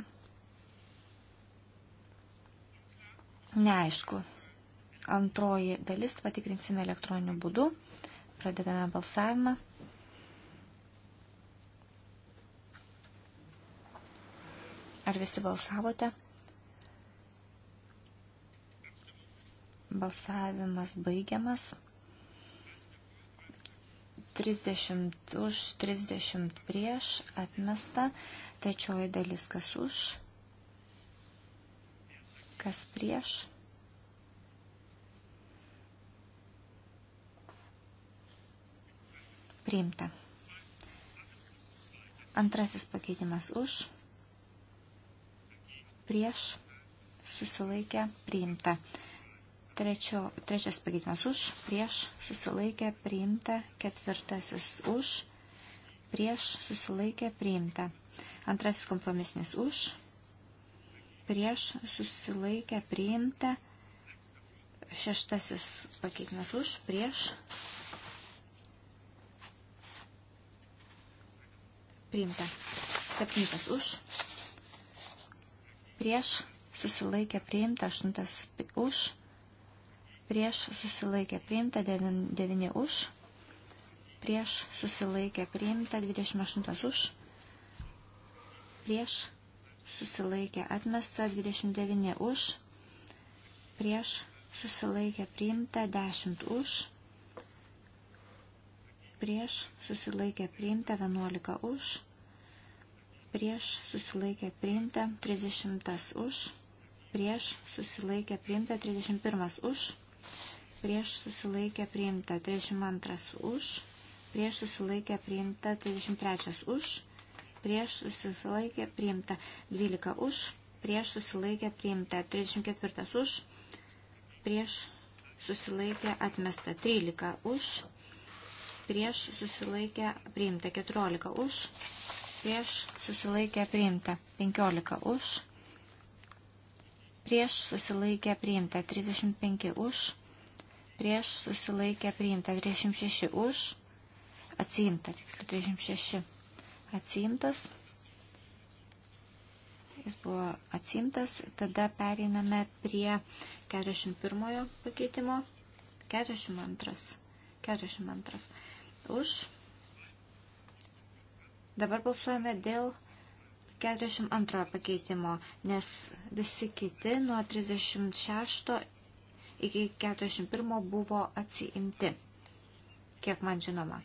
Neaišku. Antroji dalis patikrinsime elektroniniu būdu. Pradedame balsavimą. Ar visi balsavote? Balsavimas baigiamas. 30 už, 30 prieš, atmesta. Trečioji dalis kas už, kas prieš. Priimta. Antrasis pakeitimas už, prieš, susilaikę, priimta. Priimta. Trečio, trečias pakeitimas už, prieš, susilaikė, priimta. Ketvirtasis už, prieš, susilaikė, priimta. Antrasis kompromisinis už, prieš, susilaikė, priimta. Šeštasis pakeitimas už, prieš, priimta. Septintas už, prieš, susilaikė, priimta. Aštuntas už, prieš prieš susilaikė priimta 9, 9 už, prieš susilaikė priimta 28 už, prieš susilaikė atmesta 29 už, prieš susilaikė priimta 10 už, prieš susilaikė priimta 11 už, prieš susilaikė priimta 30 už, prieš susilaikė priimta 31 už prieš susilaikę priimta 32 už, prieš susilaikę priimta 33 už, prieš susilaikę priimta 12 už, prieš susilaikę priimta 34 už, prieš susilaikę atmesta 13 už, prieš susilaikę priimta 14 už, prieš susilaikę priimta 15 už prieš susilaikė priimta 35 už, prieš susilaikė priimta 36 už, atsiimta, tiksliau 36 atsiimtas, jis buvo atsiimtas, tada pereiname prie 41 pakeitimo, 42, 42 už. Dabar balsuojame dėl 42 pakeitimo, nes visi kiti nuo 36 iki 41 buvo atsiimti, kiek man žinoma.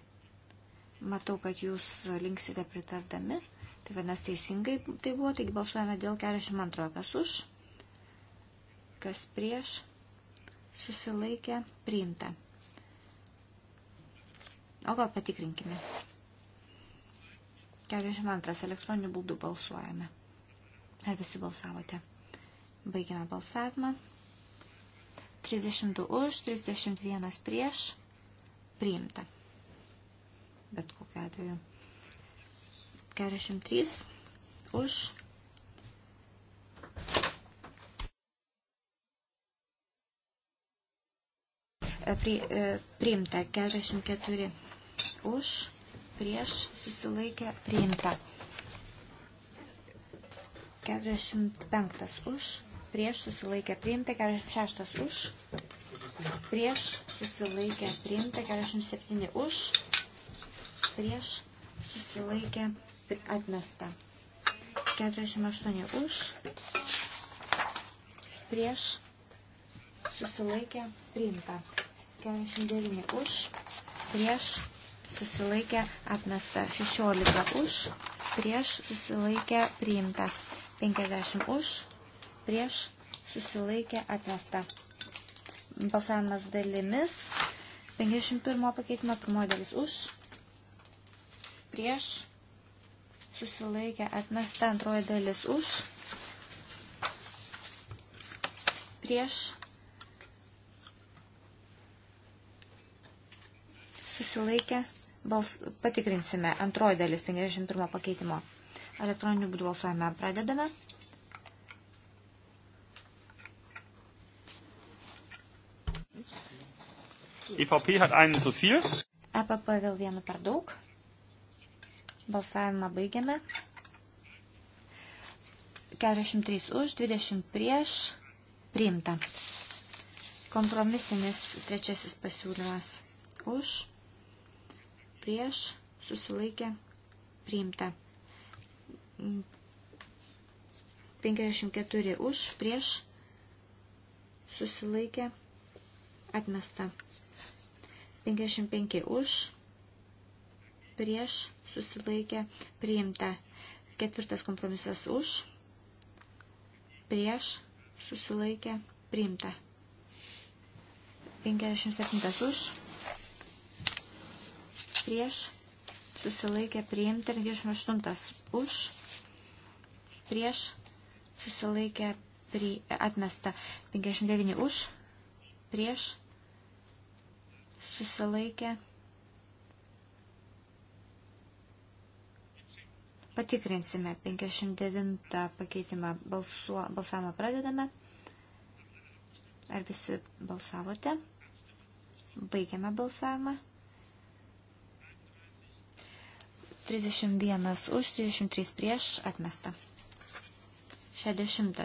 Matau, kad jūs linksite pritardami, tai vienas teisingai tai buvo, taigi balsuojame dėl 42, kas už, kas prieš, susilaikė, priimta. O gal patikrinkime. 42 elektroniniu būdu balsuojame. Ar visi balsavote? Baigiame balsavimą. 32 už, 31 prieš. Priimta. Bet kokiu atveju. 43 už. Pri, e, priimta 44 už prieš susilaikė priimta. 45 už, prieš susilaikė priimta, 46 už, prieš susilaikė priimta, 47 už, prieš susilaikė atmesta. 48 už, prieš susilaikė priimta. 49 už, prieš susilaikė atmesta, 16 už, prieš susilaikė priimta, 50 už, prieš susilaikė atmesta. Balsavimas dalimis, 51 pakeitimo, pirmoji dalis už, prieš susilaikė atmesta, antroji dalis už, prieš susilaikė atmesta. Bals, patikrinsime antroji dalis 51 pakeitimo. Elektroniniu būdu balsuojame. Pradedame. EVP hat einen zu viel. EPP vėl vienu per daug. Balsavimą baigiame. 43 už, 20 prieš. Priimta. Kompromisinis trečiasis pasiūlymas už prieš, susilaikė, priimta. 54 už, prieš, susilaikė, atmesta. 55 už, prieš, susilaikė, priimta. Ketvirtas kompromisas už, prieš, susilaikė, priimta. 57 už, prieš, susilaikė priimta, 28 už, prieš, susilaikė pri, atmesta, 59 už, prieš, susilaikė. Patikrinsime 59 pakeitimą balsuo, balsavimą pradedame. Ar visi balsavote? Baigiame balsavimą. 31 už, 33 prieš atmesta. 60.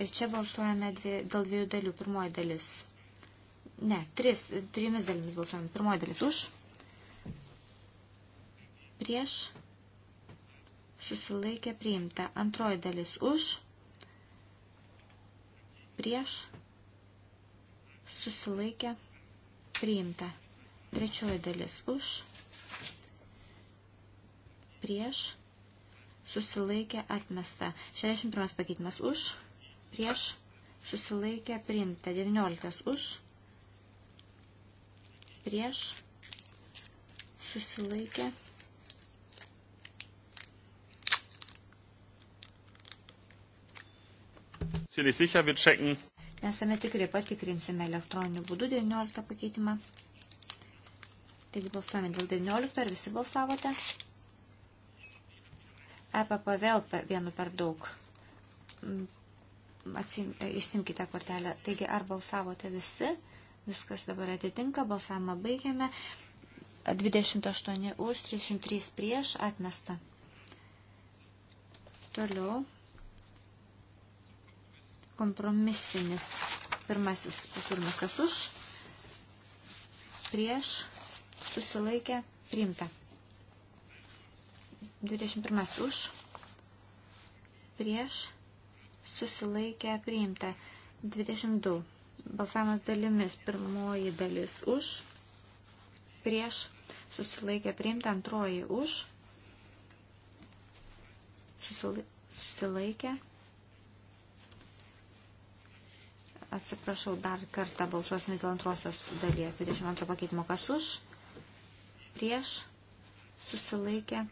Ir čia balsuojame dvi, dėl dviejų dalių. Pirmoji dalis. Ne, tris, trimis dalimis balsuojame. Pirmoji dalis už. Prieš. Susilaikė priimta. Antroji dalis už. Prieš. Susilaikė priimta. Trečioji dalis už. Prieš prieš, susilaikė atmesta. 61 pakeitimas už, prieš, susilaikė priimta. 19 už, prieš, susilaikė. Nesame tikrai patikrinsime elektroniniu būdu 19 pakeitimą. Taigi balsuojame dėl 19, ar visi balsavote? EPP vėl vienu per daug. Mm, atsim, e, išsimkite kortelę. Taigi, ar balsavote visi? Viskas dabar atitinka. Balsavimą baigiame. 28 už, 303 prieš, atmesta. Toliau. Kompromisinis. Pirmasis pasiūlymas, kas už, prieš, susilaikė, priimta. 21 už, prieš, susilaikė priimta. 22. Balsavimas dalimis. Pirmoji dalis už, prieš, susilaikė priimta. Antroji už, susilaikė. Atsiprašau, dar kartą balsuosime dėl antrosios dalies. 22 pakeitimo kas už, prieš, susilaikė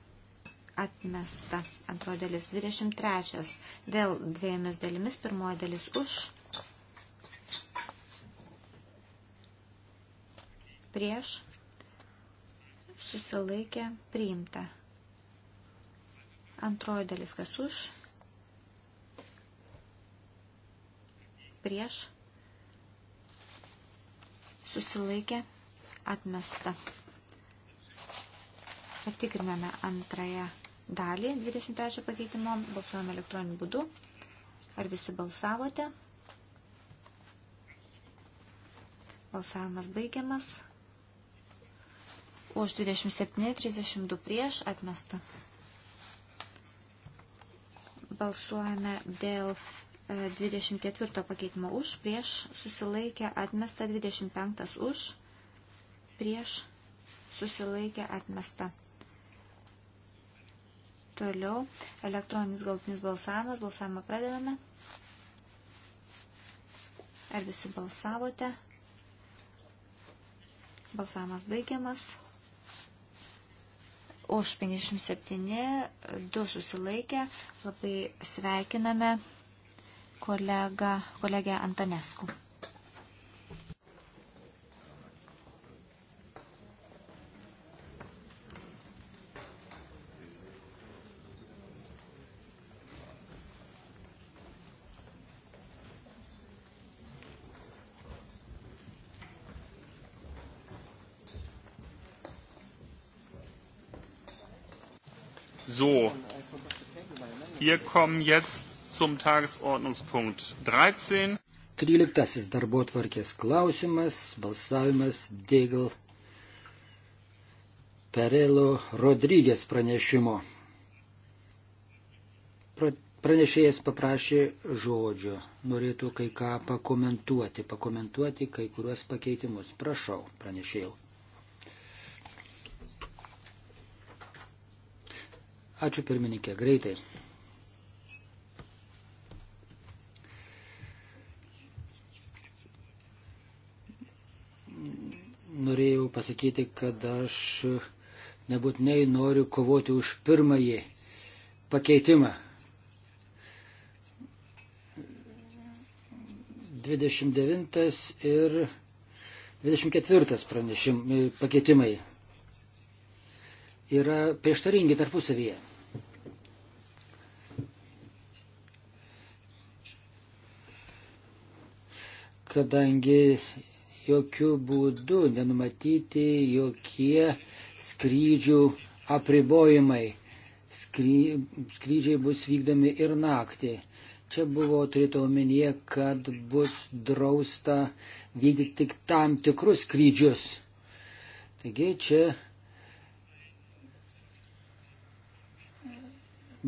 atmesta. Antroji dalis 23. Vėl dviejomis dalimis. Pirmoji dalis už. Prieš. Susilaikė. Priimta. Antroji dalis kas už. Prieš. Susilaikė. Atmesta patikriname antrąją dalį 23 pakeitimo. Balsuojame elektroniniu būdu. Ar visi balsavote? Balsavimas baigiamas. Už 27, 32 prieš atmesta. Balsuojame dėl 24 e, pakeitimo už, prieš susilaikę atmesta 25 už, prieš susilaikę atmesta. Toliau elektroninis galtinis balsavimas. Balsavimą pradedame. Ar visi balsavote? Balsavimas baigiamas. Už 57, 2 susilaikė. Labai sveikiname kolegą, kolegę Antonesku. So, wir kommen jetzt zum Tagesordnungspunkt 13. 13. darbo tvarkės klausimas, balsavimas dėl Perelo Rodrygės pranešimo. Pranešėjas paprašė žodžio, norėtų kai ką pakomentuoti, pakomentuoti kai kuriuos pakeitimus. Prašau, pranešėjau. Ačiū pirmininkė, greitai. Norėjau pasakyti, kad aš nebūtinai noriu kovoti už pirmąjį pakeitimą. 29 ir 24 pranešim, pakeitimai yra prieštaringi tarpusavyje. Kadangi jokių būdų nenumatyti jokie skrydžių apribojimai. Skry, skrydžiai bus vykdomi ir naktį. Čia buvo turėta omenyje, kad bus drausta vykdyti tik tam tikrus skrydžius. Taigi čia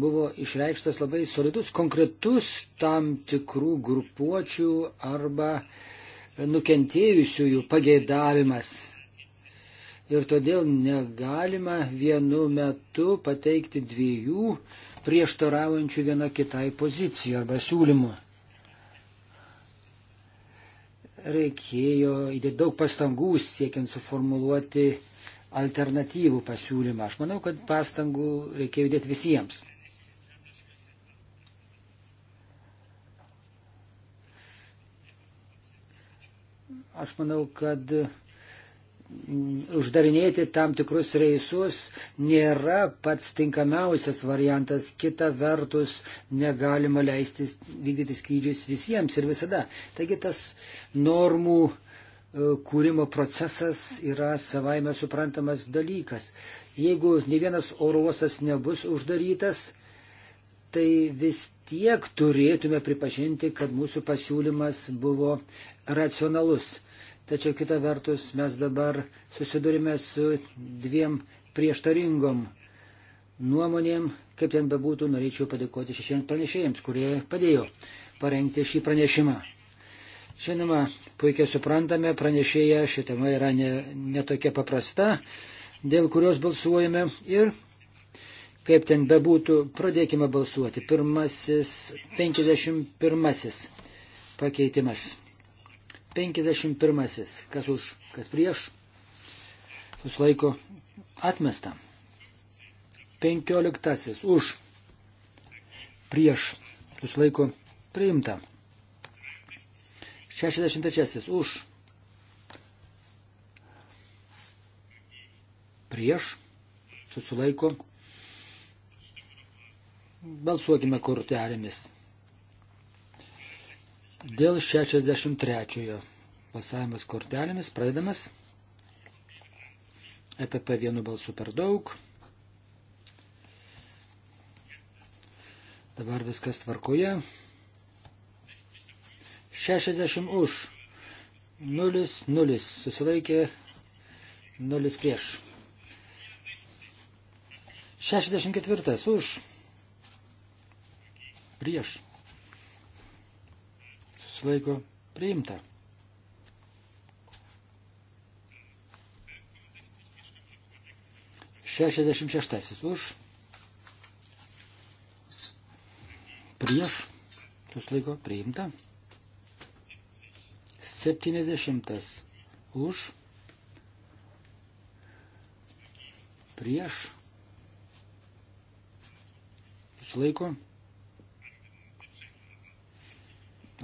buvo išreikštas labai solidus, konkretus tam tikrų grupuočių arba nukentėjusiųjų pageidavimas. Ir todėl negalima vienu metu pateikti dviejų prieštaraujančių viena kitai pozicijų arba siūlymų. Reikėjo įdėti daug pastangų siekiant suformuluoti alternatyvų pasiūlymą. Aš manau, kad pastangų reikėjo įdėti visiems. Aš manau, kad mm, uždarinėti tam tikrus reisus nėra pats tinkamiausias variantas. Kita vertus, negalima leisti vykdyti skrydžius visiems ir visada. Taigi tas normų e, kūrimo procesas yra savaime suprantamas dalykas. Jeigu ne vienas oro uostas nebus uždarytas, tai vis tiek turėtume pripažinti, kad mūsų pasiūlymas buvo racionalus tačiau kita vertus mes dabar susidurime su dviem prieštaringom nuomonėm, kaip ten bebūtų, norėčiau padėkoti šešiems pranešėjams, kurie padėjo parengti šį pranešimą. Žinoma, puikiai suprantame, pranešėja ši tema yra netokia ne, ne paprasta, dėl kurios balsuojame ir kaip ten bebūtų, pradėkime balsuoti. Pirmasis, 51 pakeitimas. 51. Kas už, kas prieš, susilaiko atmesta. 15. Už, prieš, susilaiko priimta. 63. Už, prieš, susilaiko. Balsuokime kortelėmis. Dėl 63-ojo balsavimas kortelėmis pradedamas. EPP vienu balsu per daug. Dabar viskas tvarkoje. 60 už. 0, 0. Susilaikė 0 prieš. 64 už. Prieš susilaiko priimta. Šešiasdešimt šeštasis už, prieš, susilaiko priimta. Septyniasdešimtas už, prieš, susilaiko priimta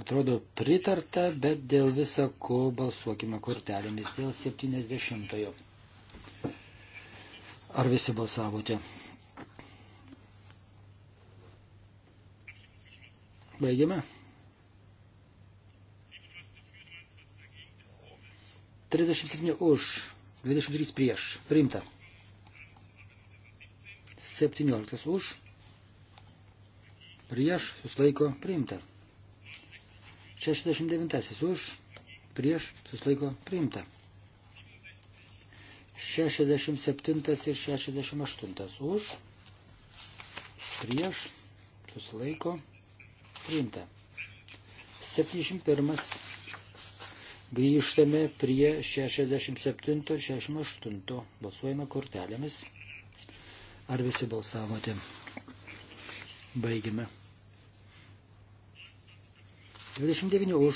Atrodo pritarta, bet dėl viso ko balsuokime kortelėmis dėl 70-ojo. Ar visi balsavote? Baigiame. 37 už, 23 prieš. Priimta. 17 už, prieš, suslaiko, priimta. 69 už, prieš, susilaiko priimta. 67 ir 68 už, prieš, susilaiko priimta. 71 grįžtame prie 67 ir 68. Balsuojame kortelėmis. Ar visi balsavote? Baigime. 29 už,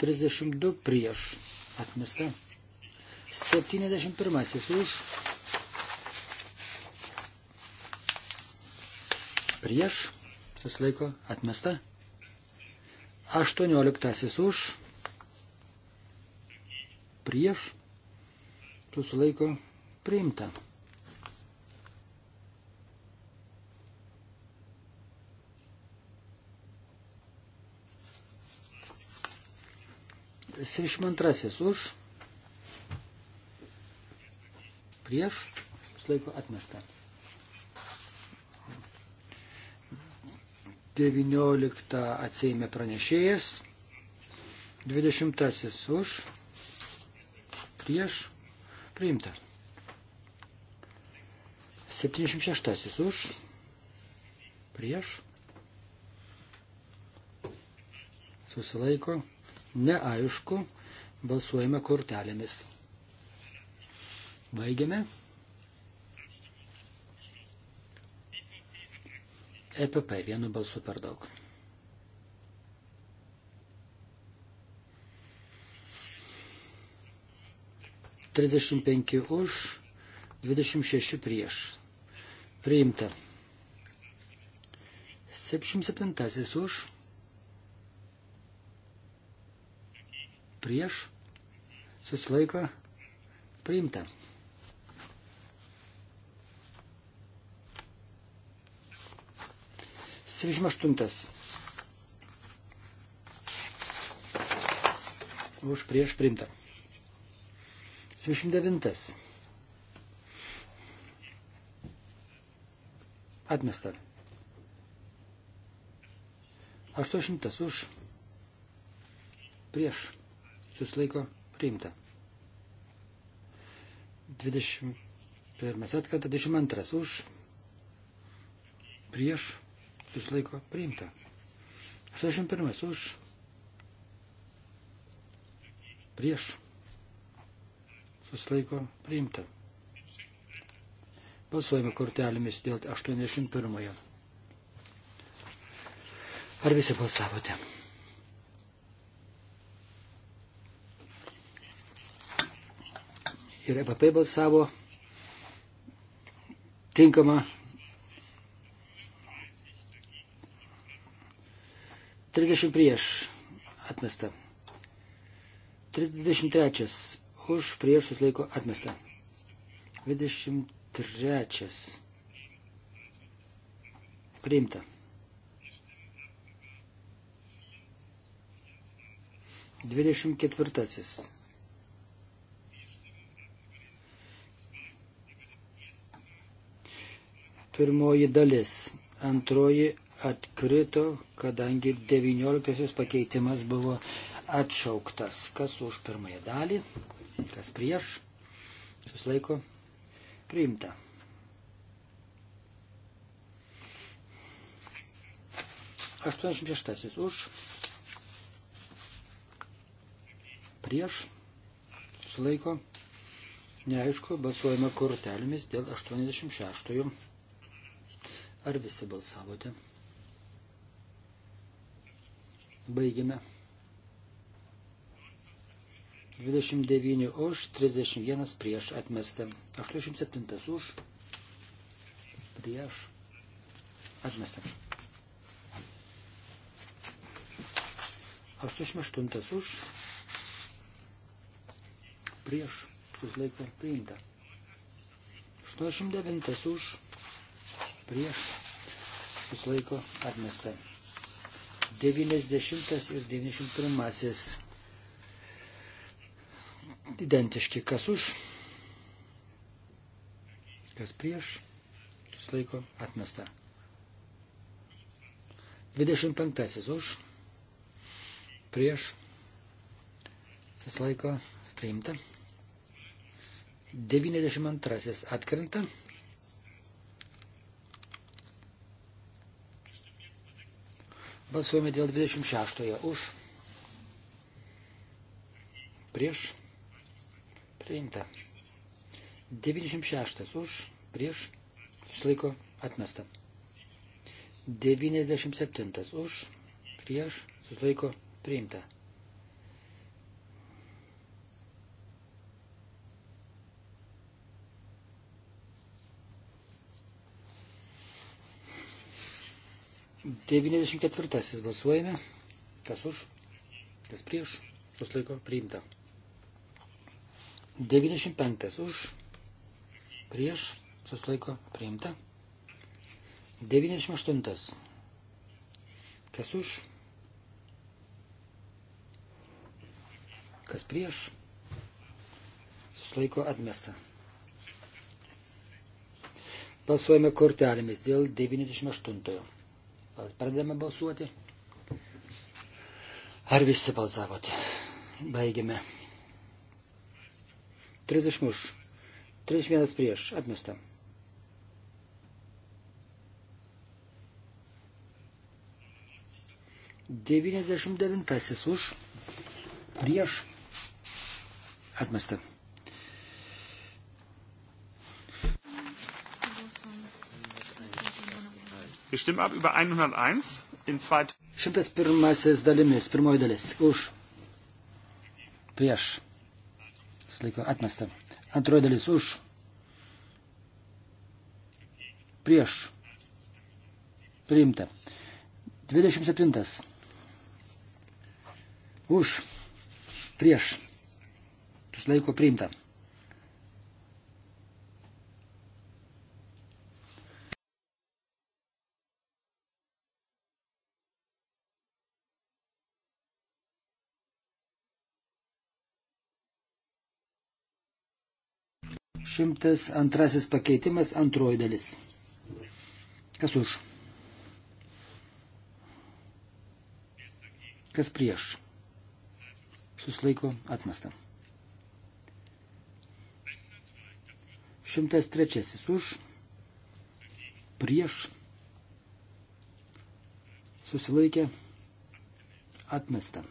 32 prieš atmesta. 71 už, prieš, jis laiko atmesta. 18 už, prieš, susilaiko priimta. 72 už, prieš, laiko atmesta. 19 atsėmė pranešėjas, 20 už, prieš, priimta. 76 už, prieš, susilaiko, neaišku, balsuojame kortelėmis. Baigiame. EPP vienu balsu per daug. Trisdešimt penki už, dvidešimt šeši prieš. Priimta. Sepšimt septintasis už prieš, susilaiko, priimta. Svižma aštuntas. Už prieš priimta. 29. Atmesta. 800 už prieš susilaiko priimta. 21 atkata, 22 už, prieš, susilaiko priimta. 81 už, prieš, susilaiko priimta. Balsuojame kortelėmis dėl 81. Ar visi balsavote? ir EPP balsavo tinkama. 30 prieš atmesta. 23 už prieš susilaiko atmesta. 23 priimta. 24. Pirmoji dalis. Antroji atkrito, kadangi 19 pakeitimas buvo atšauktas. Kas už pirmąją dalį, kas prieš, šis laiko priimta. Aštuoniasdešimt šeštasis už, prieš, sulaiko, neaišku, balsuojama kortelėmis dėl 86. -ojų. Ar visi balsavote? Baigime. 29 už, 31 prieš atmestą. 87 už, prieš atmestą. 88 už, prieš, susilaiko priimta. 89 už, prieš susilaiko atmesta. 90 ir 91 identiški, kas už, kas prieš, susilaiko atmesta. 25 už, prieš, susilaiko priimta. 92 atkrenta, Balsuojame dėl 26 už. Prieš. Priimta. 96 už. Prieš. Išlaiko atmesta. 97 už. Prieš. Suslaiko priimta. 94 balsuojame. Kas už, kas prieš, kas laiko priimta. 95 už, prieš, kas laiko priimta. 98 kas už, kas prieš, susilaiko atmesta. Balsuojame kortelėmis dėl 98. Pradedame balsuoti. Ar visi balsavote? Baigiame. 30 už. 31 prieš. Atmesta. Devyniasdešimt devintasis už prieš atmestą. Wir stimmen ab über 101 in zwei. 101 dalimis, pirmoji dalis. Už. Prieš. Slaiko atmesta. Antroji dalis už. Prieš. Priimta. 27. Už. Prieš. Slaiko priimta. 102 pakeitimas antroji dalis. Kas už? Kas prieš? Suslaiko atmesta. 103 už. Prieš. Susilaikė atmesta.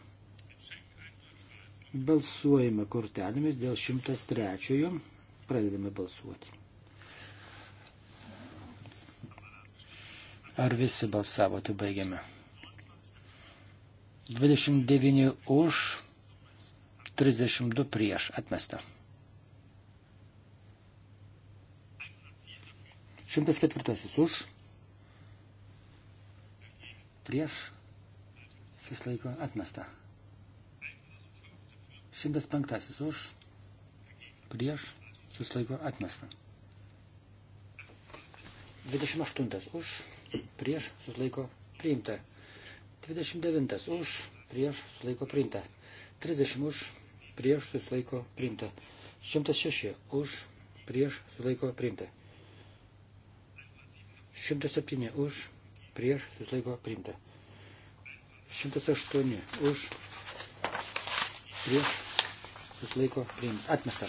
Balsuojame kortelėmis dėl 103. Pradedame balsuoti. Ar visi balsavote, baigiame. 29 už, 32 prieš atmesta. 104 už, prieš, susilaiko atmesta. 105 už, prieš, susilaiko atmesta. 28 už, prieš susilaiko priimta. 29 už, prieš susilaiko priimta. 30 už, prieš susilaiko priimta. 106 už, prieš susilaiko priimta. 107 už, prieš susilaiko priimta. 108 už, prieš susilaiko priimta. Atmesta.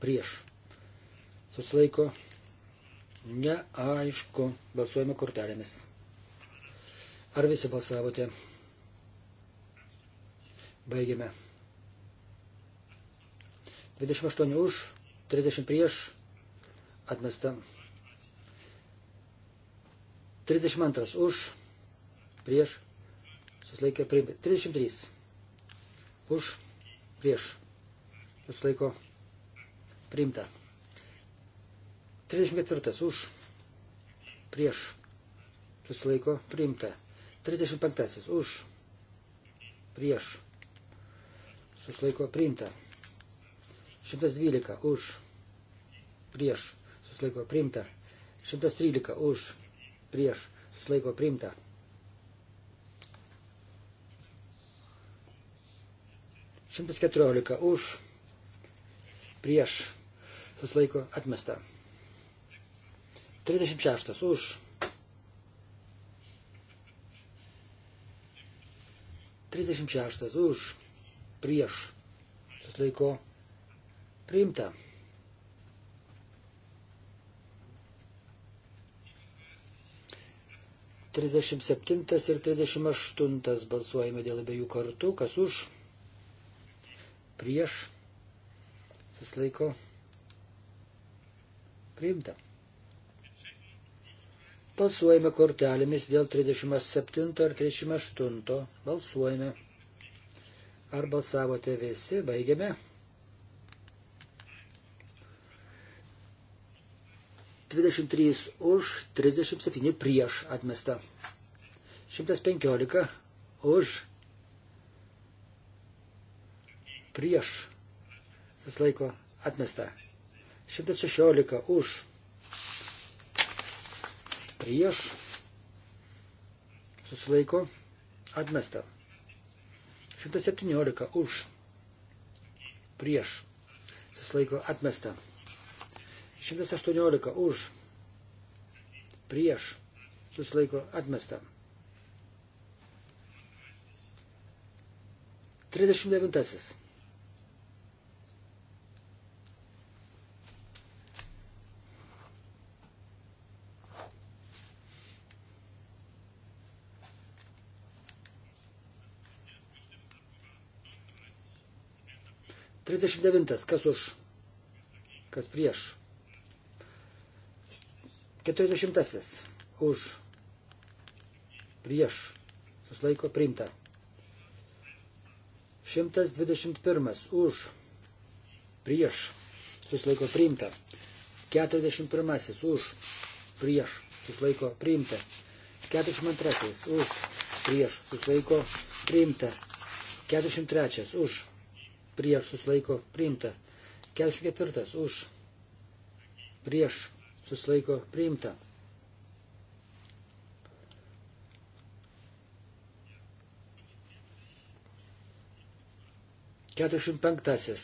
prieš. Susilaiko neaišku, balsuojame kortelėmis. Ar visi balsavote? Baigiame. 28 už, 30 prieš, atmesta. 32 už, prieš, susilaikė priimti. 33 už, prieš, susilaiko priimti Priimta. 34 už. Prieš. Susilaiko. Priimta. 35 už. Prieš. Susilaiko. Priimta. 112 už. Prieš. Susilaiko. Priimta. 113 už. Prieš. Susilaiko. Priimta. 114 už prieš susilaiko atmesta. 36 už. 36 už. Prieš. Susilaiko priimta. 37 ir 38 balsuojame dėl abiejų kartų, kas už, prieš, susilaiko, Priimta. Balsuojame kortelėmis dėl 37 ir 38. Balsuojame. Ar balsavote visi? Baigiame. 23 už, 37 prieš atmesta. 115 už, prieš susilaiko atmesta. 116 už prieš susilaiko atmesta. 117 už prieš susilaiko atmesta. 118 už prieš susilaiko atmesta. 39. 39. Kas už? Kas prieš? 40. Už. Prieš. Suslaiko priimta. 121. Už. Prieš. Suslaiko priimta. 41. Už. Prieš. Suslaiko priimta. 42. Už. Prieš. Suslaiko priimta. 43. Už prieš susilaiko priimta. 44 už prieš susilaiko priimta. Keturiasdešimt penktasis.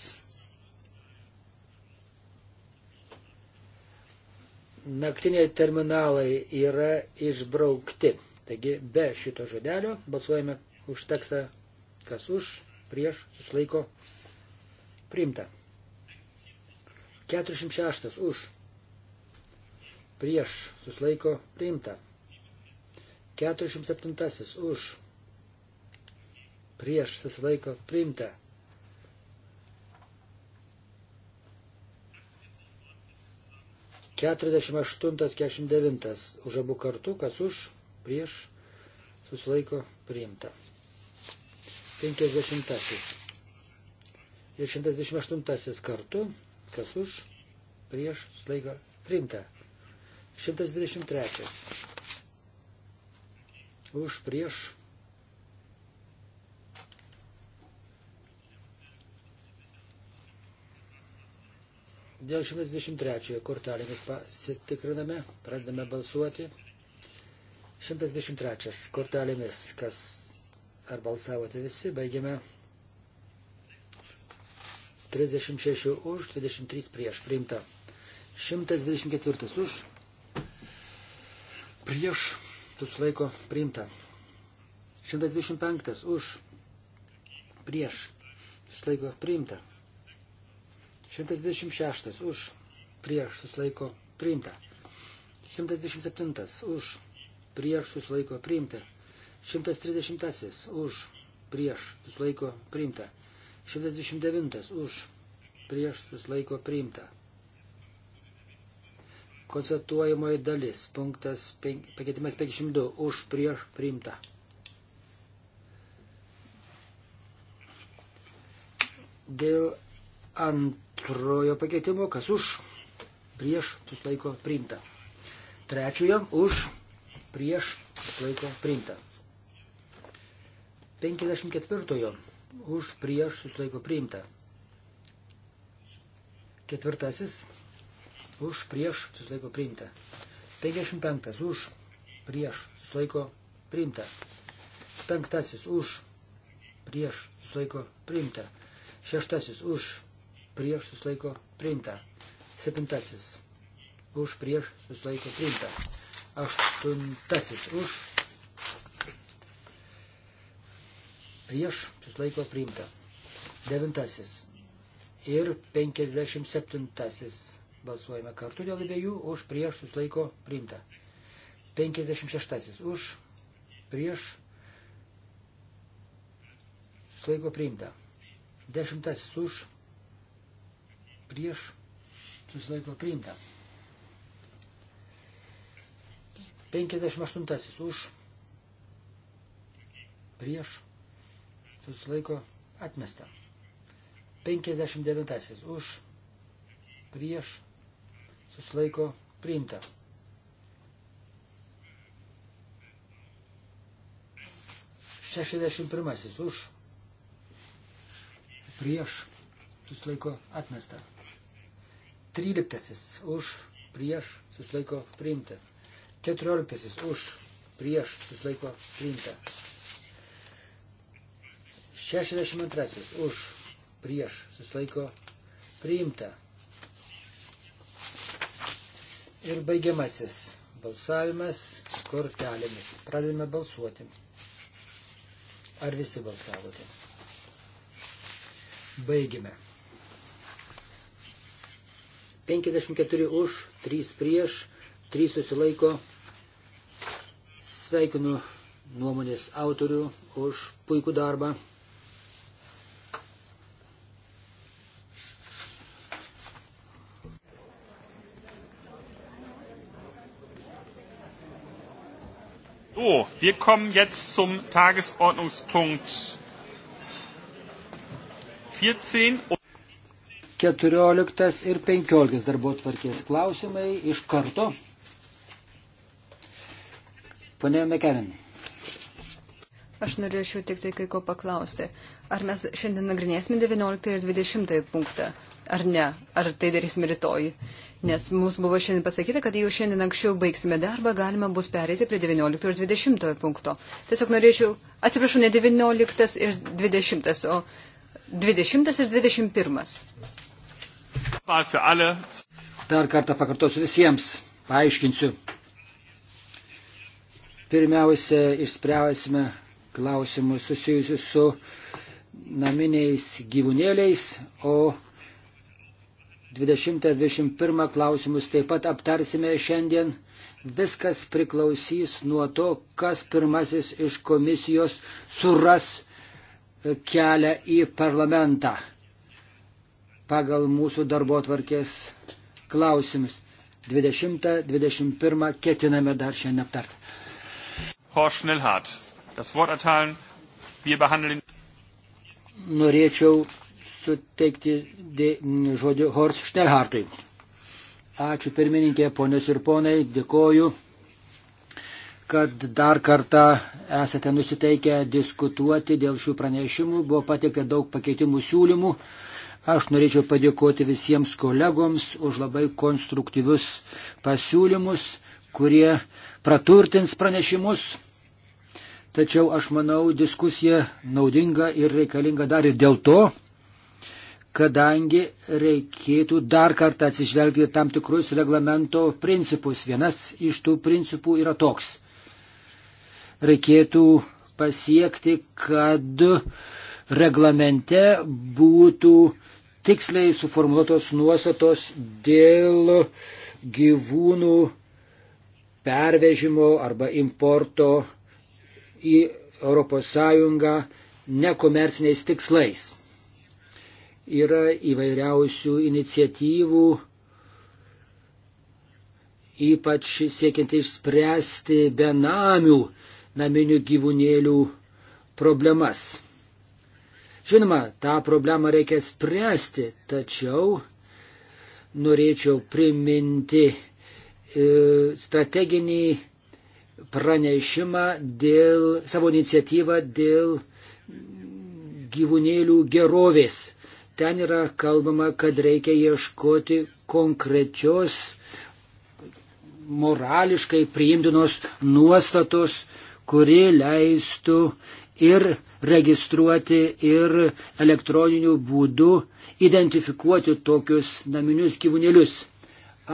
Naktiniai terminalai yra išbraukti. Taigi be šito žodelio balsuojame už tekstą, kas už, prieš, susilaiko priimta. Priimta. 46 už. Prieš suslaiko priimta. 47 už. Prieš suslaiko priimta. 48-49 už abu kartu, kas už, prieš, susilaiko priimta. 50 ir 128 kartu, kas už, prieš, slaiga, priimta. 123. Už, prieš. Dėl 123 kortelėmis pasitikriname, pradedame balsuoti. 123 kortelėmis, kas ar balsavote visi, baigiame 36 už, 23 prieš. Priimta. 124 už. Prieš. Susilaiko. Priimta. 125 už. Prieš. Susilaiko. Priimta. 126 už. Prieš. Susilaiko. Priimta. 127 už. Prieš. Susilaiko. Priimta. 130 už. Prieš. Susilaiko. Priimta. 129 už prieš susilaiko priimta. Konstatuojamoji dalis, punktas pakeitimas 502 už prieš priimta. Dėl antrojo pakeitimo, kas už prieš susilaiko priimta. Trečiojo už prieš susilaiko priimta. 54 už prieš susilaiko priimta. Ketvirtasis už prieš susilaiko priimta. 55 už prieš susilaiko priimta. Penktasis už prieš susilaiko priimta. Šeštasis už prieš susilaiko priimta. Septintasis už prieš susilaiko priimta. Aštuntasis už prieš susilaiko priimta. Devintasis ir 57 balsuojame kartu dėl abiejų už prieš susilaiko priimta. 56 už prieš susilaiko priimta. Dešimtasis už prieš susilaiko priimta. 58 už prieš susilaiko atmesta. 59 už, prieš, susilaiko priimta. Šešiasdešimt pirmasis už, prieš, susilaiko atmesta. Tryliktasis už, prieš, susilaiko priimta. Keturioliktasis už, prieš, susilaiko priimta. 62 už prieš susilaiko priimta. Ir baigiamasis balsavimas kortelėmis. Pradedame balsuoti. Ar visi balsavote? Baigime. 54 už, 3 prieš, 3 susilaiko. Sveikinu nuomonės autorių už puikų darbą. So, wir kommen jetzt zum Tagesordnungspunkt 14. 14 ir 15 darbo tvarkės klausimai iš karto. Pane Mekevinai. Aš norėčiau tik tai kai ko paklausti. Ar mes šiandien nagrinėsime 19 ir 20 punktą? ar ne, ar tai darysime rytoj. Nes mums buvo šiandien pasakyta, kad jau šiandien anksčiau baigsime darbą, galima bus perėti prie 19 ir 20 punkto. Tiesiog norėčiau, atsiprašau, ne 19 ir 20, o 20 ir 21. Dar kartą pakartosiu visiems, paaiškinsiu. Pirmiausia, išspręsime klausimus susijusius su naminiais gyvūnėliais, o 20-21 klausimus taip pat aptarsime šiandien. Viskas priklausys nuo to, kas pirmasis iš komisijos suras e, kelią į parlamentą pagal mūsų darbo tvarkės klausimus. 20-21 ketiname dar šiandien aptarti. Horst Schnellhardt, das Wort erteilen. Wir behandeln. Norėčiau suteikti žodį Horst Štelhartui. Ačiū pirmininkė, ponios ir ponai, dėkoju, kad dar kartą esate nusiteikę diskutuoti dėl šių pranešimų. Buvo pateikta daug pakeitimų siūlymų. Aš norėčiau padėkoti visiems kolegoms už labai konstruktyvius pasiūlymus, kurie praturtins pranešimus. Tačiau aš manau, diskusija naudinga ir reikalinga dar ir dėl to, kadangi reikėtų dar kartą atsižvelgti tam tikrus reglamento principus. Vienas iš tų principų yra toks. Reikėtų pasiekti, kad reglamente būtų tiksliai suformuotos nuostatos dėl gyvūnų pervežimo arba importo į ES nekomerciniais tikslais yra įvairiausių iniciatyvų, ypač siekiant išspręsti benamių naminių gyvūnėlių problemas. Žinoma, tą problemą reikia spręsti, tačiau norėčiau priminti e, strateginį pranešimą dėl savo iniciatyvą dėl gyvūnėlių gerovės. Ten yra kalbama, kad reikia ieškoti konkrečios, morališkai priimtinos nuostatos, kuri leistų ir registruoti, ir elektroniniu būdu identifikuoti tokius naminius gyvūnėlius.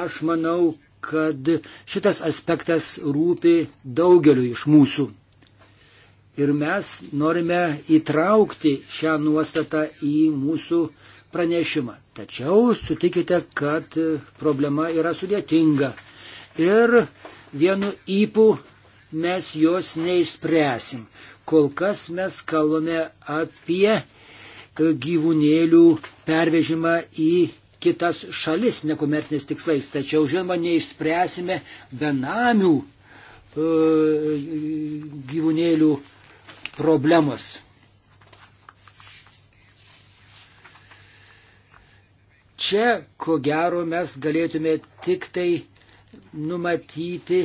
Aš manau, kad šitas aspektas rūpi daugeliu iš mūsų. Ir mes norime įtraukti šią nuostatą į mūsų pranešimą. Tačiau sutikite, kad problema yra sudėtinga. Ir vienu įpū mes jos neišspręsim. Kol kas mes kalbame apie gyvūnėlių pervežimą į kitas šalis nekomertiniais tikslais. Tačiau, žinoma, neišspręsime benamių e, gyvūnėlių problemos. Čia, ko gero, mes galėtume tik tai numatyti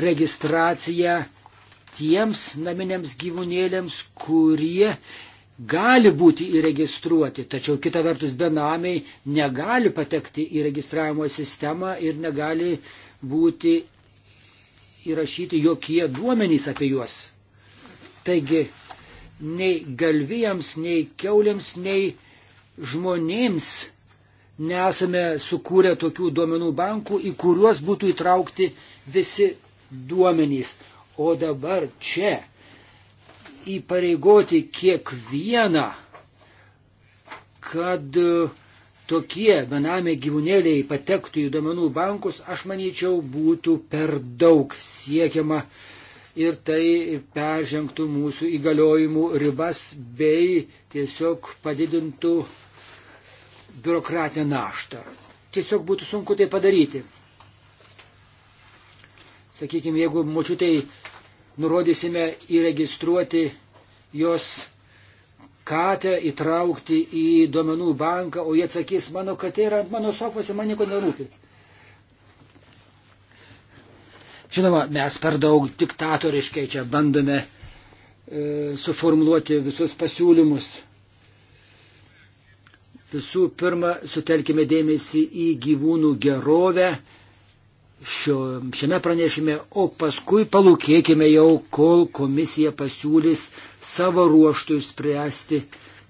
registraciją tiems naminiams gyvūnėlėms, kurie gali būti įregistruoti, tačiau kita vertus benamiai negali patekti į registravimo sistemą ir negali būti įrašyti jokie duomenys apie juos. Taigi, nei galvijams, nei keuliams, nei žmonėms nesame sukūrę tokių duomenų bankų, į kuriuos būtų įtraukti visi duomenys. O dabar čia įpareigoti kiekvieną, kad e, tokie benamiai gyvūnėliai patektų į duomenų bankus, aš manyčiau, būtų per daug siekiama uh, ir tai peržengtų mūsų įgaliojimų ribas bei tiesiog padidintų biurokratinę naštą. Tiesiog būtų sunku tai padaryti. Sakykime, jeigu močiutai nurodysime įregistruoti jos katę, įtraukti į duomenų banką, o jie atsakys, mano katė yra ant mano sofos ir man nieko nerūpi. Žinoma, mes per daug diktatoriškai čia bandome e, suformuluoti visus pasiūlymus. Visų pirma, sutelkime dėmesį į gyvūnų gerovę šio, šiame pranešime, o paskui palūkėkime jau, kol komisija pasiūlys savo ruoštų išspręsti,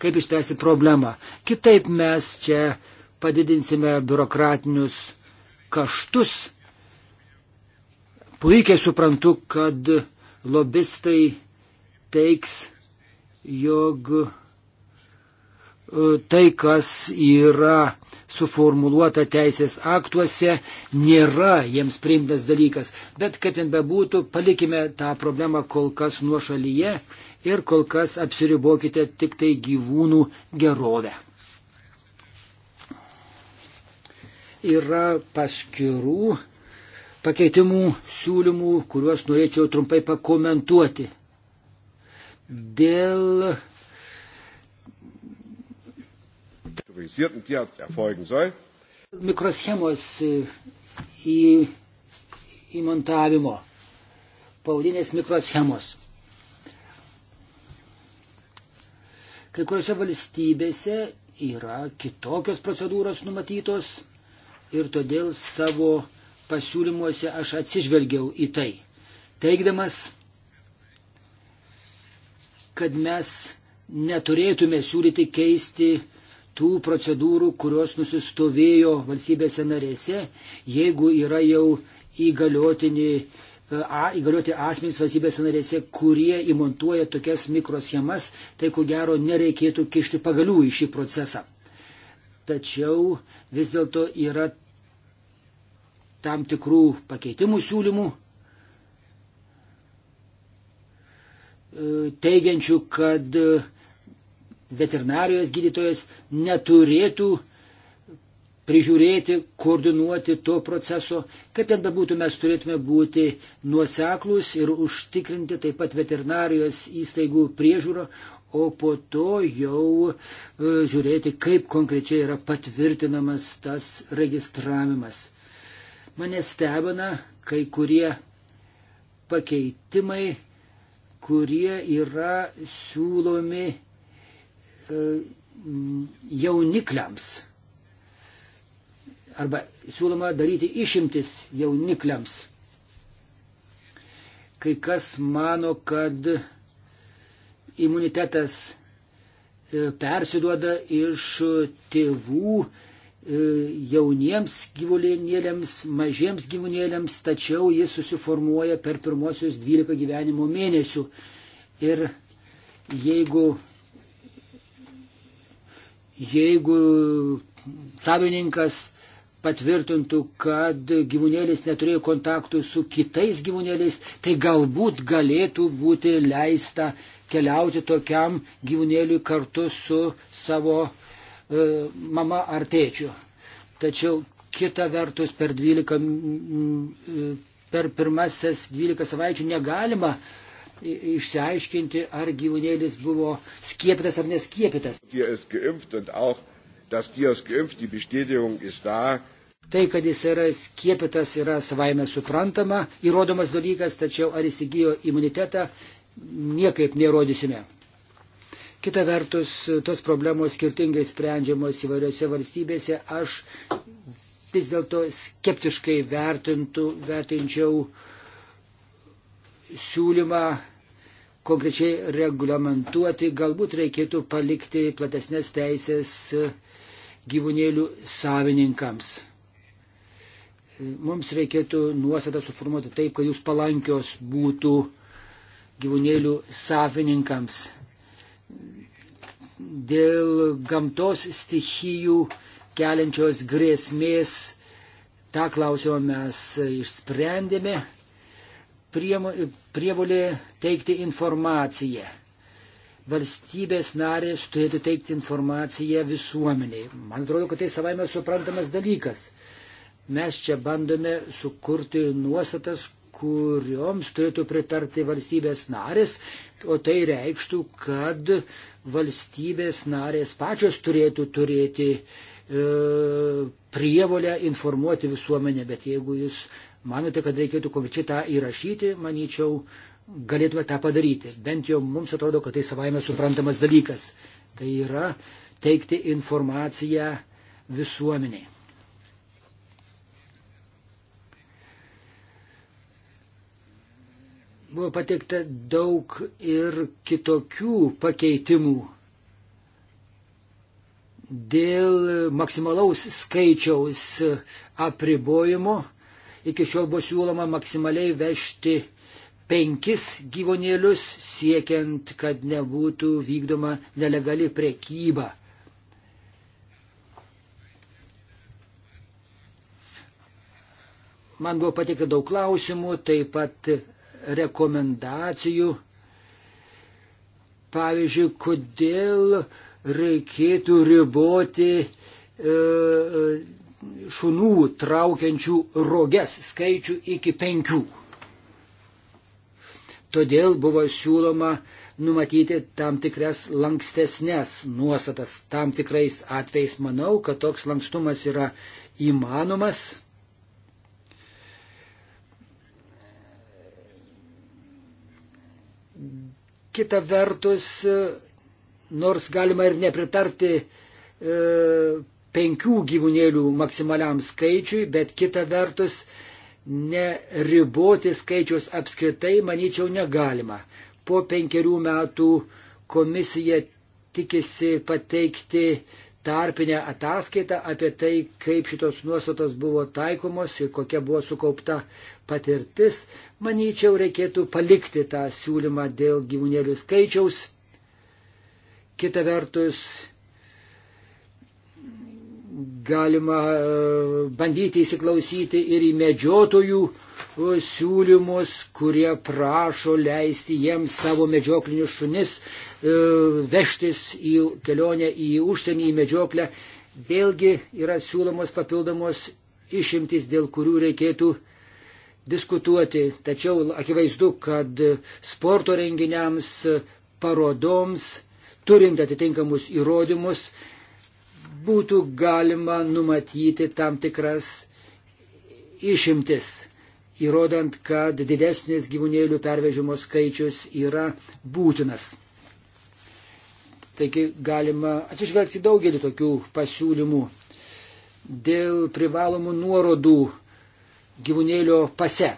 kaip išspręsti problemą. Kitaip mes čia padidinsime biurokratinius kaštus Puikiai suprantu, kad lobistai teiks, jog e, tai, kas yra suformuluota teisės aktuose, nėra jiems priimtas dalykas. Bet, kad ten bebūtų, palikime tą problemą kol kas nuo šalyje ir kol kas apsiribokite tik tai gyvūnų gerovę. Yra paskirų pakeitimų siūlymų, kuriuos norėčiau trumpai pakomentuoti. Dėl. Er mikroschemos e, į, įmontavimo, paudinės mikroschemos. Kai kuriuose valstybėse yra kitokios procedūros numatytos ir todėl savo pasiūlymuose aš atsižvelgiau į tai, teikdamas, kad mes neturėtume siūlyti keisti tų procedūrų, kurios nusistovėjo valstybėse narėse, jeigu yra jau įgaliotinį e, a, įgalioti asmenys valstybės narėse, kurie įmontuoja tokias mikroschemas, tai ko gero nereikėtų kišti pagalių į šį procesą. Tačiau vis dėlto yra tam tikrų pakeitimų siūlymų, e, teigiančių, kad e, veterinarijos gydytojas neturėtų prižiūrėti, koordinuoti to proceso. Kaip ten bebūtų, mes turėtume būti nuoseklus ir užtikrinti taip pat veterinarijos įstaigų priežiūrą, o po to jau e, žiūrėti, kaip konkrečiai yra patvirtinamas tas registravimas. Mane stebina kai kurie pakeitimai, kurie yra siūlomi e, jaunikliams. Arba siūloma daryti išimtis jaunikliams. Kai kas mano, kad imunitetas e, persiduoda iš tėvų E, jauniems gyvulėlėms, mažiems gyvūnėlėms, tačiau jis susiformuoja per pirmosius 12 gyvenimo mėnesių. Ir jeigu, jeigu savininkas patvirtintų, kad gyvūnėlis neturėjo kontaktų su kitais gyvūnėliais, tai galbūt galėtų būti leista keliauti tokiam gyvūnėliui kartu su savo E, mama ar tėčiu. Tačiau kita vertus per, 12, e, per pirmasis 12 savaičių negalima išsiaiškinti, ar gyvūnėlis buvo skiepytas ar neskiepytas. Tai, kad jis yra skiepytas, yra savaime suprantama, įrodomas dalykas, tačiau ar jis įgyjo imunitetą, niekaip nerodysime. Kita vertus, tos problemos skirtingai sprendžiamos įvairiose valstybėse. Aš vis dėlto skeptiškai vertintų, vertinčiau siūlymą konkrečiai reglamentuoti. Galbūt reikėtų palikti platesnės teisės gyvūnėlių savininkams. Mums reikėtų nuosadą suformuoti taip, kad jūs palankios būtų gyvūnėlių savininkams dėl gamtos stichijų keliančios grėsmės. Ta klausimą mes išsprendėme. Prievolė teikti informaciją. Valstybės narės turėtų teikti informaciją visuomeniai. Man atrodo, kad tai savaime suprantamas dalykas. Mes čia bandome sukurti nuostatas, kurioms turėtų pritarti valstybės narės, o tai reikštų, kad valstybės narės pačios turėtų turėti e, prievolę informuoti visuomenę, bet jeigu jūs manote, kad reikėtų konkrečiai tą įrašyti, manyčiau, galėtume tą padaryti. Bent jau mums atrodo, kad tai savaime suprantamas dalykas. Tai yra teikti informaciją visuomeniai. buvo pateikta daug ir kitokių pakeitimų dėl maksimalaus skaičiaus apribojimo. Iki šiol buvo siūloma maksimaliai vežti penkis gyvonėlius, siekiant, kad nebūtų vykdoma nelegali prekyba. Man buvo patikta daug klausimų, taip pat rekomendacijų. Pavyzdžiui, kodėl reikėtų riboti e, e, šunų traukiančių roges skaičių iki penkių. Todėl buvo siūloma numatyti tam tikras lankstesnės nuostatas. Tam tikrais atvejais manau, kad toks lankstumas yra įmanomas. Kita vertus, nors galima ir nepritarti e, penkių gyvūnėlių maksimaliam skaičiui, bet kita vertus, neriboti skaičius apskritai, manyčiau, negalima. Po penkerių metų komisija tikisi pateikti tarpinę ataskaitą apie tai, kaip šitos nuostatos buvo taikomos ir kokia buvo sukaupta patirtis. Manyčiau, reikėtų palikti tą siūlymą dėl gyvūnėlių skaičiaus. Kita vertus, galima e, bandyti įsiklausyti ir į medžiotojų e, siūlymus, kurie prašo leisti jiems savo medžioklinius šunis e, vežtis į kelionę į užsienį, į medžioklę. Vėlgi yra siūlomos papildomos išimtis, dėl kurių reikėtų diskutuoti, tačiau akivaizdu, kad sporto renginiams, parodoms, turint atitinkamus įrodymus, būtų galima numatyti tam tikras išimtis, įrodant, kad didesnis gyvūnėlių pervežimo skaičius yra būtinas. Taigi galima atsižvelgti daugelį tokių pasiūlymų dėl privalomų nuorodų gyvūnėlio pase.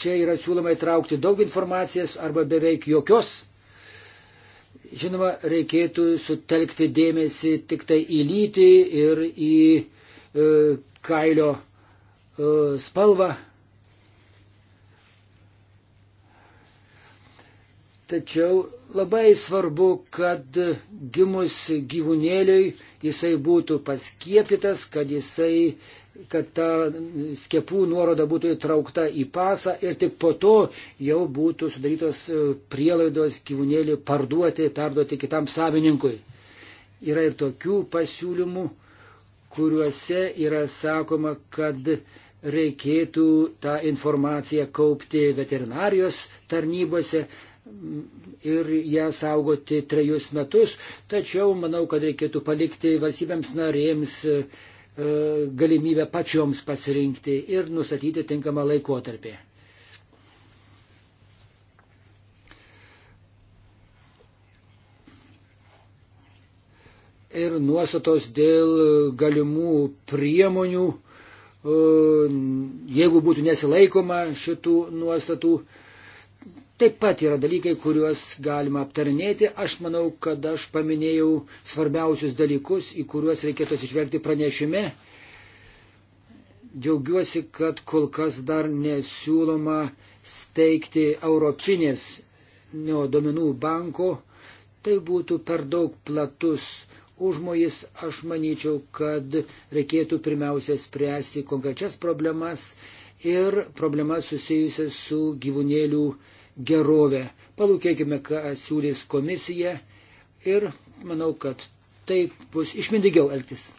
Čia yra siūloma įtraukti daug informacijos arba beveik jokios. Žinoma, reikėtų sutelkti dėmesį tik tai į lytį ir į e, kailio e, spalvą. Tačiau labai svarbu, kad gimus gyvūnėliui jisai būtų paskiepytas, kad jisai kad ta skiepų nuoroda būtų įtraukta į pasą ir tik po to jau būtų sudarytos e, prielaidos gyvūnėlį parduoti, perduoti kitam savininkui. Yra ir tokių pasiūlymų, kuriuose yra sakoma, kad reikėtų tą informaciją kaupti veterinarijos tarnybose, ir ją saugoti trejus metus, tačiau manau, kad reikėtų palikti valstybėms narėms e, E, galimybę pačioms pasirinkti ir nustatyti tinkamą laikotarpį. Ir nuostatos dėl galimų priemonių, e, jeigu būtų nesilaikoma šitų nuostatų, Taip pat yra dalykai, kuriuos galima aptarinėti. Aš manau, kad aš paminėjau svarbiausius dalykus, į kuriuos reikėtų atsižvelgti pranešime. Džiaugiuosi, kad kol kas dar nesiūloma steigti Europinės neodomenų banko. Tai būtų per daug platus užmojis. Aš manyčiau, kad reikėtų pirmiausia spręsti konkrečias problemas ir problemas susijusias su gyvūnėlių gerovę. Palūkėkime, ką siūlys komisija ir manau, kad taip bus išmindigiau elgtis.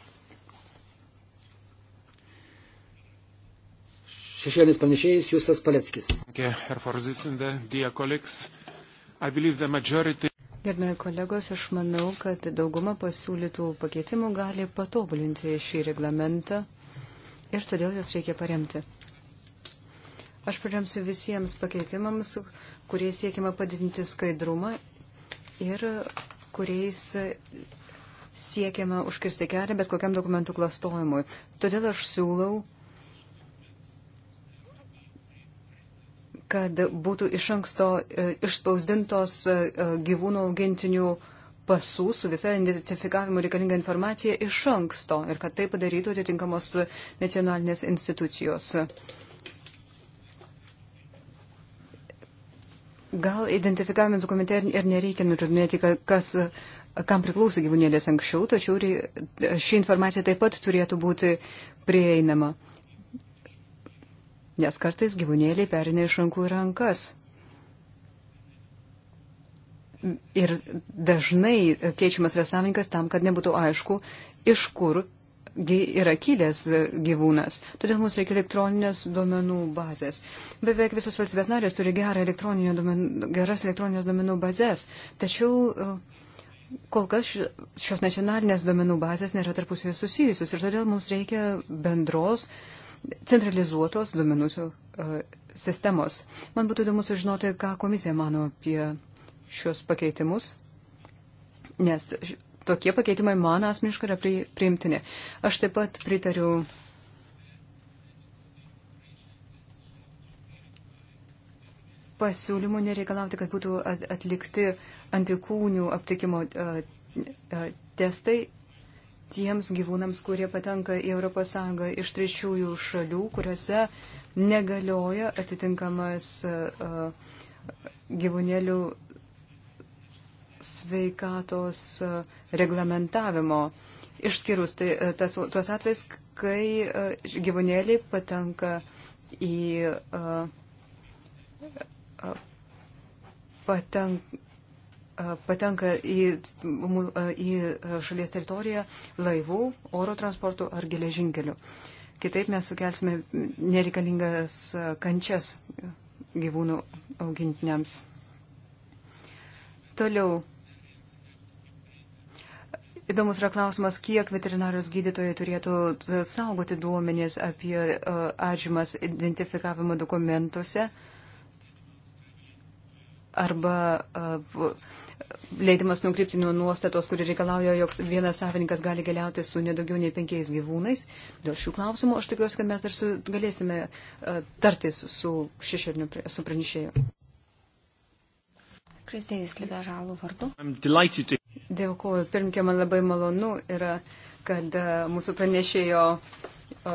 Šešėlis panešėjas Justas Paleckis. Gerbėjai kolegos, aš manau, kad dauguma pasiūlytų pakeitimų gali patobulinti šį reglamentą ir todėl jas reikia paremti. Aš paremsiu visiems pakeitimams, kuriais siekime padidinti skaidrumą ir kuriais siekiame užkirsti kelią bet kokiam dokumentų klastojimui. Todėl aš siūlau, kad būtų iš anksto e, išspausdintos e, e, gyvūnų augintinių pasų su visa identifikavimu reikalinga informacija iš anksto ir kad tai padarytų atitinkamos nacionalinės institucijos. Gal identifikavimo dokumente ir nereikia nurodinėti, kas, kam priklauso gyvūnėlis anksčiau, tačiau ši informacija taip pat turėtų būti prieinama. Nes kartais gyvūnėliai perina iš rankų į rankas. Ir dažnai keičiamas yra savininkas tam, kad nebūtų aišku, iš kur yra kilęs gyvūnas. Todėl mums reikia elektroninės duomenų bazės. Beveik visos valstybės narės turi gerą elektroninio duomenų, geras elektroninės duomenų bazės. Tačiau e, kol kas šios nacionalinės duomenų bazės nėra tarpusavės susijusios ir todėl mums reikia bendros centralizuotos duomenų e, sistemos. Man būtų įdomu sužinoti, ką komisija mano apie šios pakeitimus, nes tokie pakeitimai man asmeniškai yra priimtini. Aš taip pat pritariu. pasiūlymų nereikalauti, kad būtų atlikti antikūnių aptikimo testai tiems gyvūnams, kurie patenka į ES iš trečiųjų šalių, kuriuose negalioja atitinkamas gyvūnėlių sveikatos e, reglamentavimo, išskyrus tai, e, tas, tuos atvejus, kai e, gyvūnėliai patenka į patenk, patenka į, į šalies teritoriją laivų, oro transportų ar geležinkeliu. Kitaip mes sukelsime nereikalingas kančias gyvūnų augintiniams. Toliau Įdomus yra klausimas, kiek veterinarijos gydytojai turėtų e, saugoti duomenys apie e, atžymas identifikavimo dokumentuose arba e, leidimas nukrypti nuo nuostatos, kuri reikalauja, jog vienas savininkas gali keliauti su nedaugiau nei penkiais gyvūnais. Dėl šių klausimų aš tikiuosi, kad mes dar su, galėsime tartis su šešerniu, su pranešėju. Kristėjas liberalų vardu. Dėkuoju. Pirmkia, man labai malonu yra, kad e, mūsų pranešėjo e,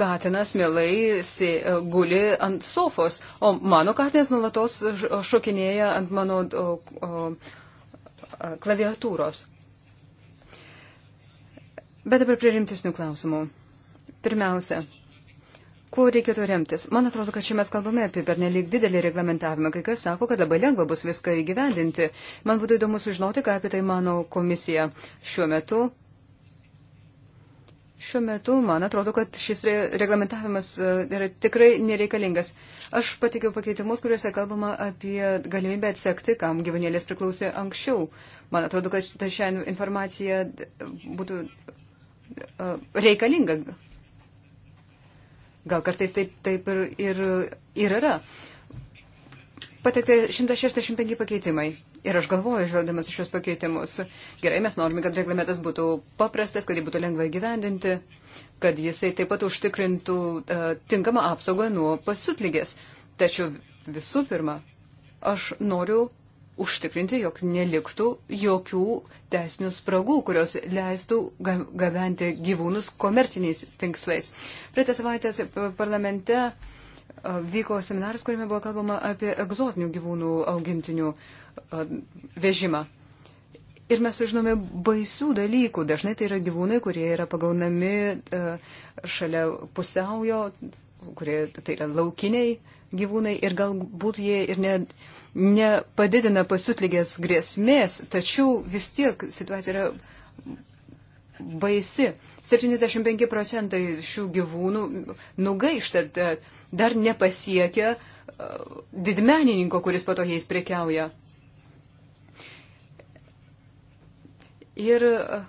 katinas mielai si, e, guli ant sofos, o mano katinas nulatos šokinėja ant mano o, o, klaviatūros. Bet dabar prie rimtesnių klausimų. Pirmiausia, Kuo reikėtų remtis? Man atrodo, kad čia mes kalbame apie pernelyg didelį reglamentavimą. Kai kas sako, kad labai lengva bus viską įgyvendinti. Man būtų įdomu sužinoti, ką apie tai mano komisija šiuo metu. Šiuo metu, man atrodo, kad šis reglamentavimas e, yra tikrai nereikalingas. Aš patikiu pakeitimus, kuriuose kalbama apie galimybę atsekti, kam gyvūnėlės priklausė anksčiau. Man atrodo, kad ta šią informaciją būtų e, reikalinga Gal kartais taip, taip ir, ir, ir yra. Patekta 165 pakeitimai. Ir aš galvoju, žvelgdamas šios pakeitimus, gerai, mes norime, kad reglamentas būtų paprastas, kad jį būtų lengva gyvendinti, kad jisai taip pat užtikrintų uh, tinkamą apsaugą nuo pasiutlygės. Tačiau visų pirma, aš noriu užtikrinti, jog neliktų jokių teisinių spragų, kurios leistų gabenti gyvūnus komerciniais tinkslais. Praeitą savaitę parlamente vyko seminaras, kuriame buvo kalbama apie egzotinių gyvūnų augintinių vežimą. Ir mes sužinome baisių dalykų. Dažnai tai yra gyvūnai, kurie yra pagaunami šalia pusiaujo, kurie tai yra laukiniai gyvūnai ir galbūt jie ir ne nepadidina pasiutlygės grėsmės, tačiau vis tiek situacija yra baisi. 75 procentai šių gyvūnų nugaišta, dar nepasiekia didmenininko, kuris po to jais prekiauja. Ir uh,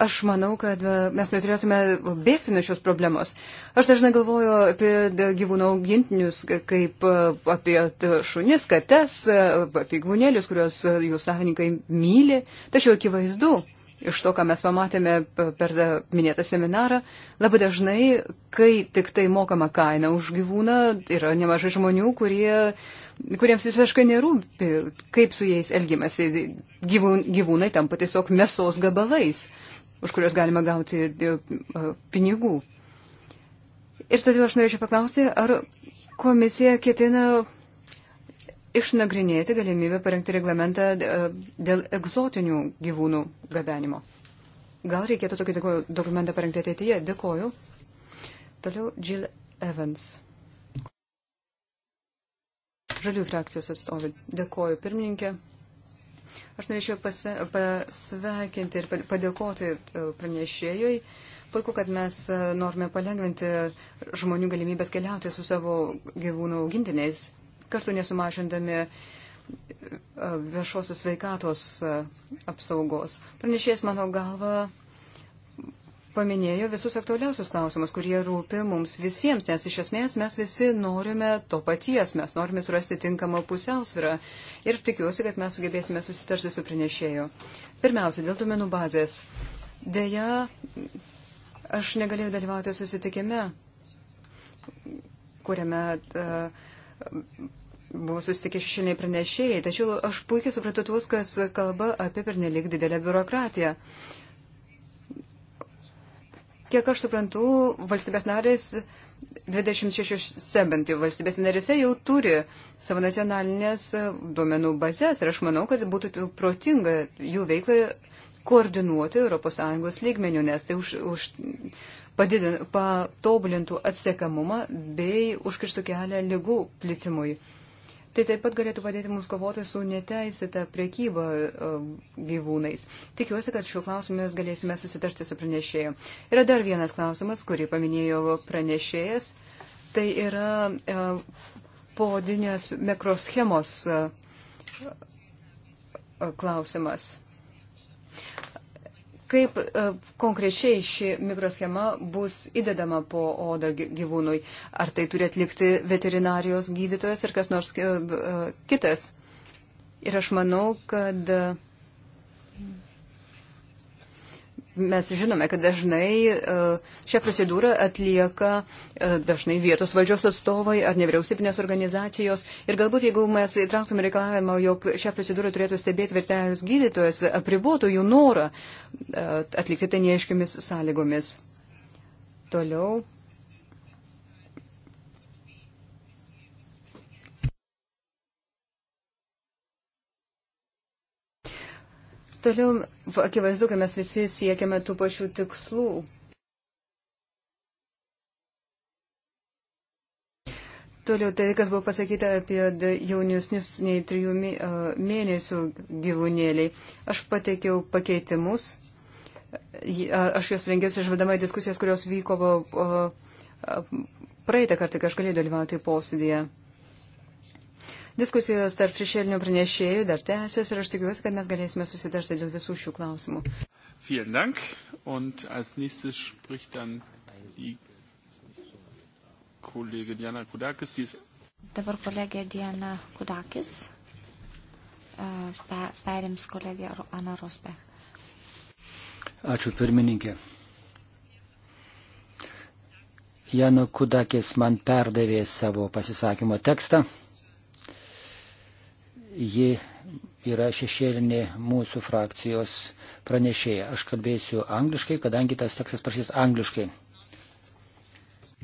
Aš manau, kad e, mes neturėtume bėgti nuo šios problemos. Aš dažnai galvoju apie e, gyvūnų augintinius, kaip e, apie šunis, kates, apie gyvūnėlius, kuriuos jų savininkai myli. Tačiau akivaizdu, iš to, ką mes pamatėme per minėtą seminarą, labai dažnai, kai tik tai mokama kaina už gyvūną, yra nemažai žmonių, kurie, kuriems visiškai nerūpi, kaip su jais elgiamasi. Gyvūn, gyvūnai tampa tiesiog mėsos gabalais už kurias galima gauti e, e, pinigų. Ir todėl aš norėčiau paklausti, ar komisija ketina išnagrinėti galimybę parengti reglamentą e, dėl egzotinių gyvūnų gabenimo. Gal reikėtų tokį dokumentą parengti ateityje. Dėkoju. Toliau Jill Evans. Žalių frakcijos atstovė. Dėkoju pirmininkė. Aš norėčiau pasve, pasveikinti ir padėkoti e, pranešėjui. Puiku, kad mes e, norime palengventi žmonių galimybės keliauti su savo gyvūnų augintiniais, kartu nesumažindami e, viešosios sveikatos apsaugos. Pranešėjas, mano galva, paminėjo visus aktualiausius klausimus, kurie rūpi mums visiems, nes iš esmės mes visi norime to paties, mes norime surasti tinkamą pusiausvyrą ir tikiuosi, kad mes sugebėsime susitarti su pranešėju. Pirmiausia, dėl duomenų bazės. Deja, aš negalėjau dalyvauti susitikime, kuriame uh, buvo susitikę šešiliniai pranešėjai, tačiau aš puikiai supratau tuos, kas kalba apie pernelik didelę biurokratiją. Uh, Kiek aš suprantu, valstybės narės 26 bent jau valstybės narėse jau turi savo nacionalinės duomenų bazės ir aš manau, kad būtų protinga jų veiklą koordinuoti ES lygmenių, nes tai už, už padidin, patobulintų atsiekamumą bei užkirstų kelią lygų plitimui. Tai taip pat galėtų padėti mums kovoti su neteisėta priekyba um, gyvūnais. Tikiuosi, kad šiuo klausimu mes galėsime susitarti su pranešėju. Yra dar vienas klausimas, kurį paminėjo pranešėjas. Tai yra uh, podinės mikroschemos uh, uh, klausimas kaip e, konkrečiai ši mikroschema bus įdedama po odą gyvūnui. Ar tai turi atlikti veterinarijos gydytojas ir kas nors e, e, kitas. Ir aš manau, kad. Uh, mes žinome, kad dažnai e, šią procedūrą atlieka e, dažnai vietos valdžios atstovai ar nevyriausybinės organizacijos. Ir galbūt jeigu mes įtrauktume reikalavimą, jog šią procedūrą turėtų stebėti vertelės gydytojas, apribotų jų norą e, atlikti tai neaiškiamis sąlygomis. Toliau Toliau, akivaizdu, kad mes visi siekiame tų pačių tikslų. Toliau tai, kas buvo pasakyta apie jaunesnius nei trijų mėnesių gyvūnėliai. Aš pateikiau pakeitimus. Aš juos rengiausi išvadama į diskusijas, kurios vyko praeitą kartą, kai aš galėjau dalyvauti posėdėje. Diskusijos tarp šešėlinių pranešėjų dar tęsis ir aš tikiuosi, kad mes galėsime susidarti dėl visų šių klausimų. Vielen Dank. Und als nächstes spricht dann die Kollegin Jana Kudakis. Die ist Dabar kolegė Diana Kudakis e, perims kolegė Ana Rosbe. Ačiū pirmininkė. Jana Kudakis man perdavė savo pasisakymo tekstą ji yra šešėlinė mūsų frakcijos pranešėja. Aš kalbėsiu angliškai, kadangi tas tekstas prašys angliškai.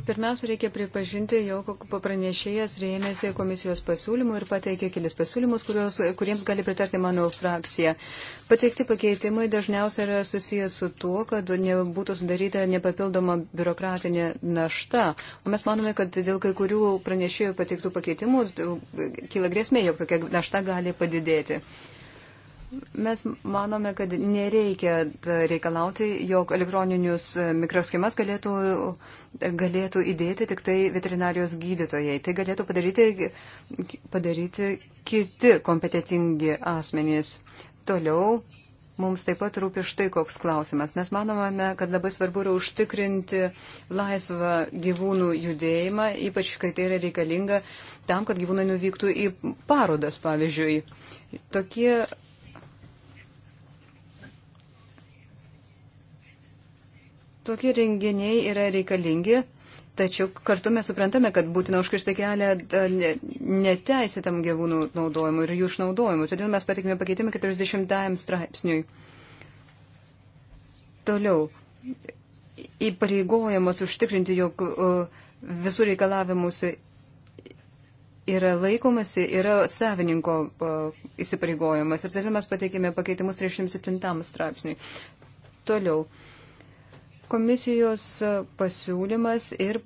Pirmiausia, reikia pripažinti, jog pranešėjas rėmėsi komisijos pasiūlymų ir pateikė kelis pasiūlymus, kurios, kuriems gali pritarti mano frakcija. Pateikti pakeitimai dažniausiai yra susijęs su tuo, kad nebūtų sudaryta nepapildoma biurokratinė našta. O mes manome, kad dėl kai kurių pranešėjų pateiktų pakeitimų kyla grėsmė, jog tokia našta gali padidėti. Mes manome, kad nereikia reikalauti, jog elektroninius mikroschemas galėtų, galėtų įdėti tik tai veterinarijos gydytojai. Tai galėtų padaryti, padaryti kiti kompetitingi asmenys. Toliau Mums taip pat rūpi štai koks klausimas. Mes manome, kad labai svarbu yra užtikrinti laisvą gyvūnų judėjimą, ypač kai tai yra reikalinga tam, kad gyvūnai nuvyktų į parodas, pavyzdžiui. Tokie Tokie renginiai yra reikalingi, tačiau kartu mes suprantame, kad būtina užkirsti kelią e, neteisėtam gyvūnų naudojimui ir jų išnaudojimui. Todėl mes patikime pakeitimą 40 straipsniui. Toliau, įpareigojamas užtikrinti, jog e, visų reikalavimus yra laikomasi, yra savininko e, įsipareigojimas. Ir todėl mes pateikėme pakeitimus 37 straipsniui. Toliau, Komisijos pasiūlymas ir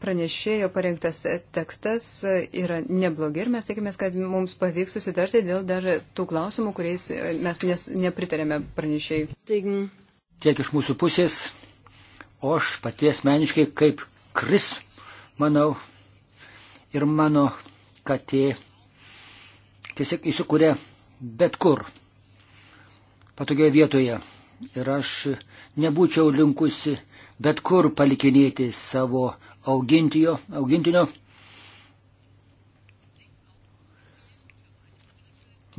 pranešėjo parengtas tekstas e, yra neblogi ir mes tikimės, kad mums pavyks susitarti dėl dar tų klausimų, kuriais e, mes nes, nepritarėme pranešėjai. Tiek iš mūsų pusės, o aš pati asmeniškai kaip Kris, manau, ir mano katė tiesiog įsikūrė bet kur, patogioje vietoje. Ir aš nebūčiau linkusi bet kur palikinėti savo augintijo, augintinio.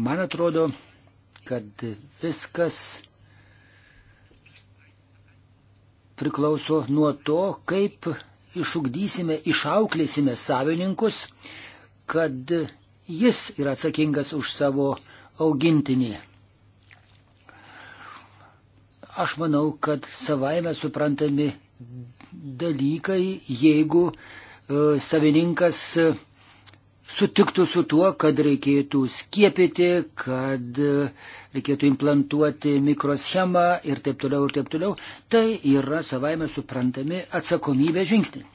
Man atrodo, kad viskas priklauso nuo to, kaip išugdysime, išauklėsime savininkus, kad jis yra atsakingas už savo augintinį. Aš manau, kad savaime suprantami dalykai, jeigu e, savininkas e, sutiktų su tuo, kad reikėtų skiepyti, kad e, reikėtų implantuoti mikroschemą ir taip toliau ir taip toliau, tai yra savaime suprantami atsakomybė žingsniai.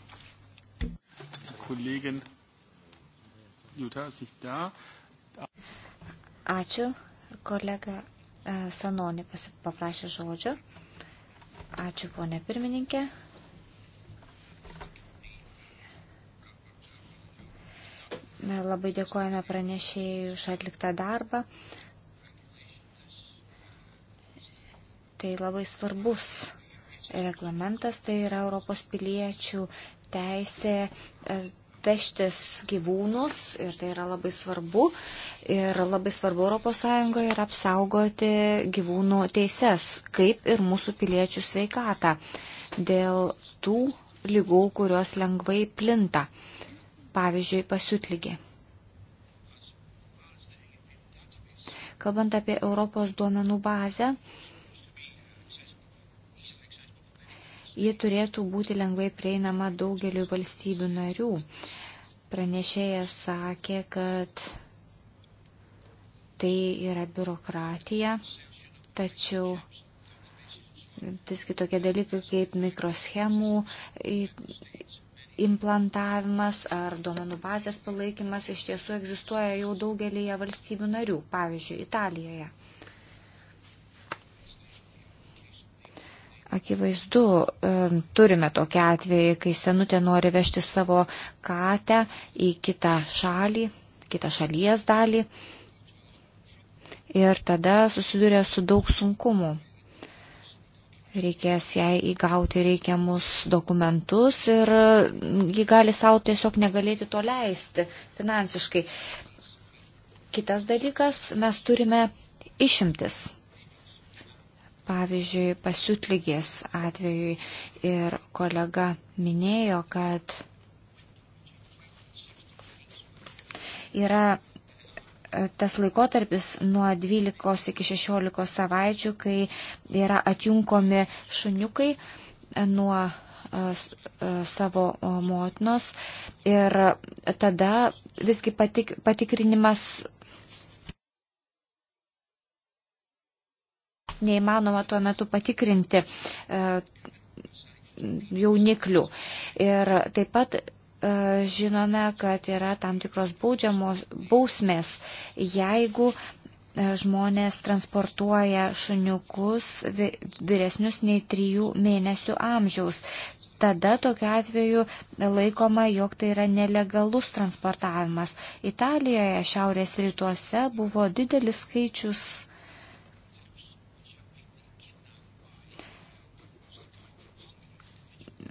Ačiū, kolega E, Sanoni paprašė žodžio. Ačiū, ponė pirmininkė. E, labai dėkojame pranešėjai už atliktą darbą. Tai labai svarbus reglamentas, tai yra Europos piliečių teisė e, peštis gyvūnus ir tai yra labai svarbu. Ir labai svarbu ES yra apsaugoti gyvūnų teises, kaip ir mūsų piliečių sveikatą dėl tų lygų, kurios lengvai plinta. Pavyzdžiui, pasiutlygė. Kalbant apie Europos duomenų bazę, ji turėtų būti lengvai prieinama daugeliu valstybių narių. Pranešėjas sakė, kad tai yra biurokratija, tačiau visgi tokie dalykai kaip mikroschemų implantavimas ar duomenų bazės palaikymas iš tiesų egzistuoja jau daugelįje valstybių narių, pavyzdžiui, Italijoje. Akivaizdu, e, turime tokią atvejį, kai senutė nori vežti savo katę į kitą šalį, kitą šalies dalį ir tada susiduria su daug sunkumų. Reikės jai įgauti reikiamus dokumentus ir ji gali savo tiesiog negalėti to leisti finansiškai. Kitas dalykas, mes turime išimtis pavyzdžiui, pasiutlygės atvejui ir kolega minėjo, kad yra e, tas laikotarpis nuo 12 iki 16 savaičių, kai yra atjunkomi šuniukai e, nuo e, savo motinos ir tada visgi patik, patikrinimas neįmanoma tuo metu patikrinti e, jauniklių. Ir taip pat e, žinome, kad yra tam tikros baudžiamo, bausmės, jeigu e, žmonės transportuoja šuniukus vyresnius nei trijų mėnesių amžiaus tada tokiu atveju laikoma, jog tai yra nelegalus transportavimas. Italijoje šiaurės rytuose buvo didelis skaičius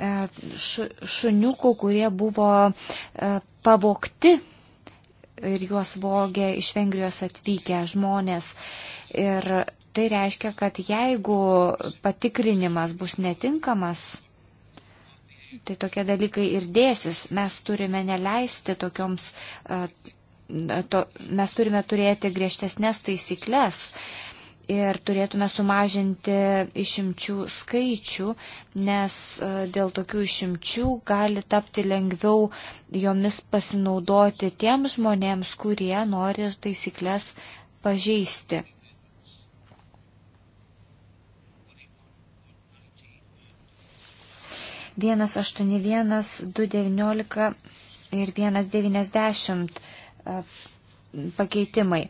E, šuniukų, kurie buvo e, pavokti ir juos vogė iš Vengrijos atvykę žmonės. Ir tai reiškia, kad jeigu patikrinimas bus netinkamas, tai tokie dalykai ir dėsis. Mes turime neleisti tokioms. E, to, mes turime turėti griežtesnės taisyklės. Uh, ir turėtume sumažinti išimčių skaičių, nes e, dėl tokių išimčių gali tapti lengviau jomis pasinaudoti tiems žmonėms, kurie nori taisyklės pažeisti. Vienas aštuoni vienas, du devyniolika ir vienas devyniasdešimt e, pakeitimai.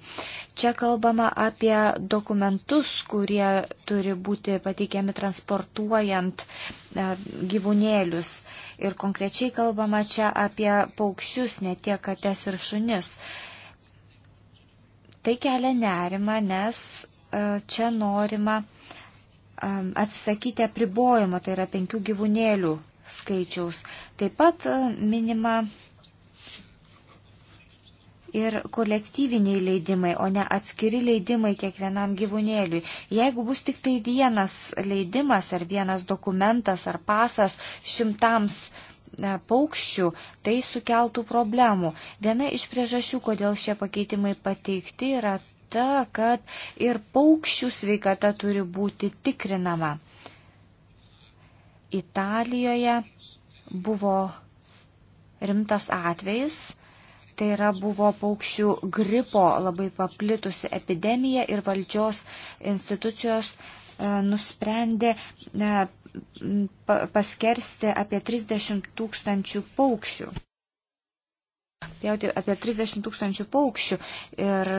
Čia kalbama apie dokumentus, kurie turi būti pateikiami transportuojant e, gyvūnėlius. Ir konkrečiai kalbama čia apie paukščius, ne tiek kates ir šunis. Tai kelia nerima, nes e, čia norima e, atsisakyti apribojimo, tai yra penkių gyvūnėlių skaičiaus. Taip pat minima ir kolektyviniai leidimai, o ne atskiri leidimai kiekvienam gyvūnėliui. Jeigu bus tik tai vienas leidimas ar vienas dokumentas ar pasas šimtams e, paukščių, tai sukeltų problemų. Viena iš priežasčių, kodėl šie pakeitimai pateikti, yra ta, kad ir paukščių sveikata turi būti tikrinama. Italijoje buvo rimtas atvejis, Tai yra buvo paukščių gripo labai paplitusi epidemija ir valdžios institucijos e, nusprendė e, paskersti apie 30 tūkstančių paukščių pjauti apie 30 tūkstančių paukščių. Ir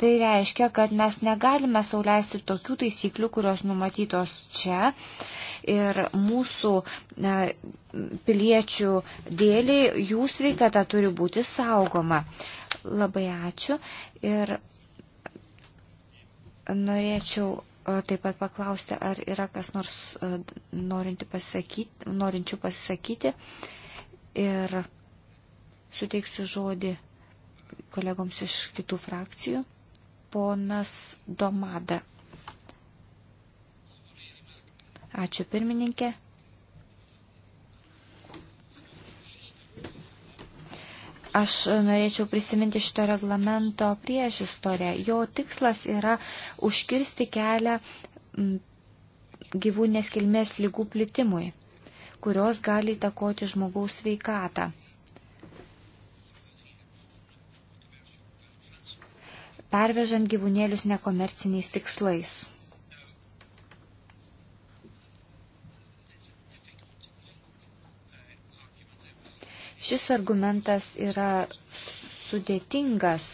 tai reiškia, kad mes negalime sauliaisti tokių taisyklių, kurios numatytos čia. Ir mūsų ne, piliečių dėliai jų sveikata turi būti saugoma. Labai ačiū. Ir norėčiau e, taip pat paklausti, ar yra kas nors e, norinti pasakyti, norinčių pasisakyti. Ir suteiksiu žodį kolegoms iš kitų frakcijų. Ponas Domada. Ačiū pirmininkė. aš norėčiau prisiminti šito reglamento prieš istoriją. Jo tikslas yra užkirsti kelią gyvūnės kilmės lygų plitimui, kurios gali įtakoti žmogaus sveikatą. pervežant gyvūnėlius nekomerciniais tikslais. Šis argumentas yra sudėtingas.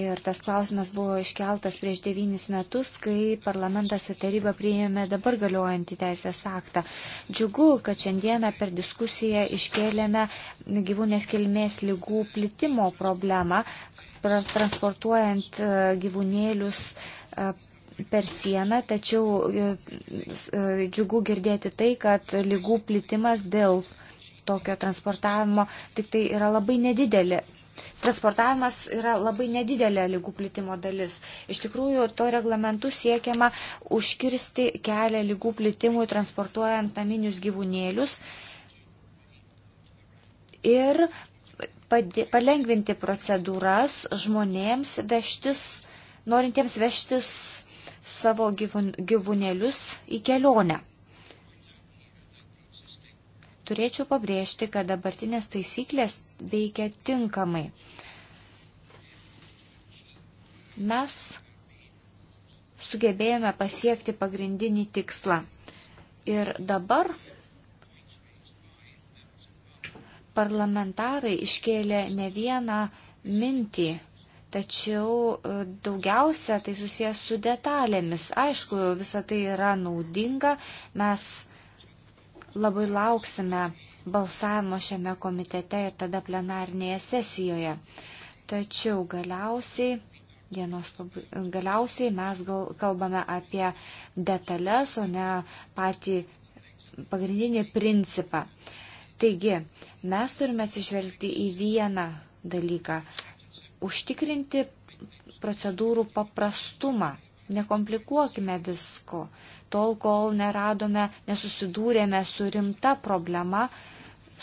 Ir tas klausimas buvo iškeltas prieš devynis metus, kai parlamentas ir taryba priėmė dabar galiojantį teisės aktą. Džiugu, kad šiandieną per diskusiją iškėlėme gyvūnės kilmės lygų plitimo problemą, transportuojant e, gyvūnėlius e, per sieną, tačiau e, džiugu girdėti tai, kad lygų plitimas dėl tokio transportavimo tik tai yra labai nedidelė. Transportavimas yra labai nedidelė lygų plitimo dalis. Iš tikrųjų, to reglamentu siekiama užkirsti kelią lygų plitimui transportuojant naminius gyvūnėlius ir padė, palengvinti procedūras žmonėms vežtis, norintiems vežtis savo gyvūn, gyvūnėlius į kelionę. Turėčiau pabrėžti, kad dabartinės taisyklės veikia tinkamai. Mes sugebėjome pasiekti pagrindinį tikslą. Ir dabar Parlamentarai iškėlė ne vieną mintį, tačiau e, daugiausia tai susijęs su detalėmis. Aišku, visa tai yra naudinga, mes labai lauksime balsavimo šiame komitete ir tada plenarnėje sesijoje. Tačiau galiausiai dienos galiausiai mes gal, kalbame apie detalės, o ne patį pagrindinį principą. Taigi, mes turime atsižvelgti į vieną dalyką - užtikrinti procedūrų paprastumą. Nekomplikuokime visko, tol kol neradome, nesusidūrėme su rimta problema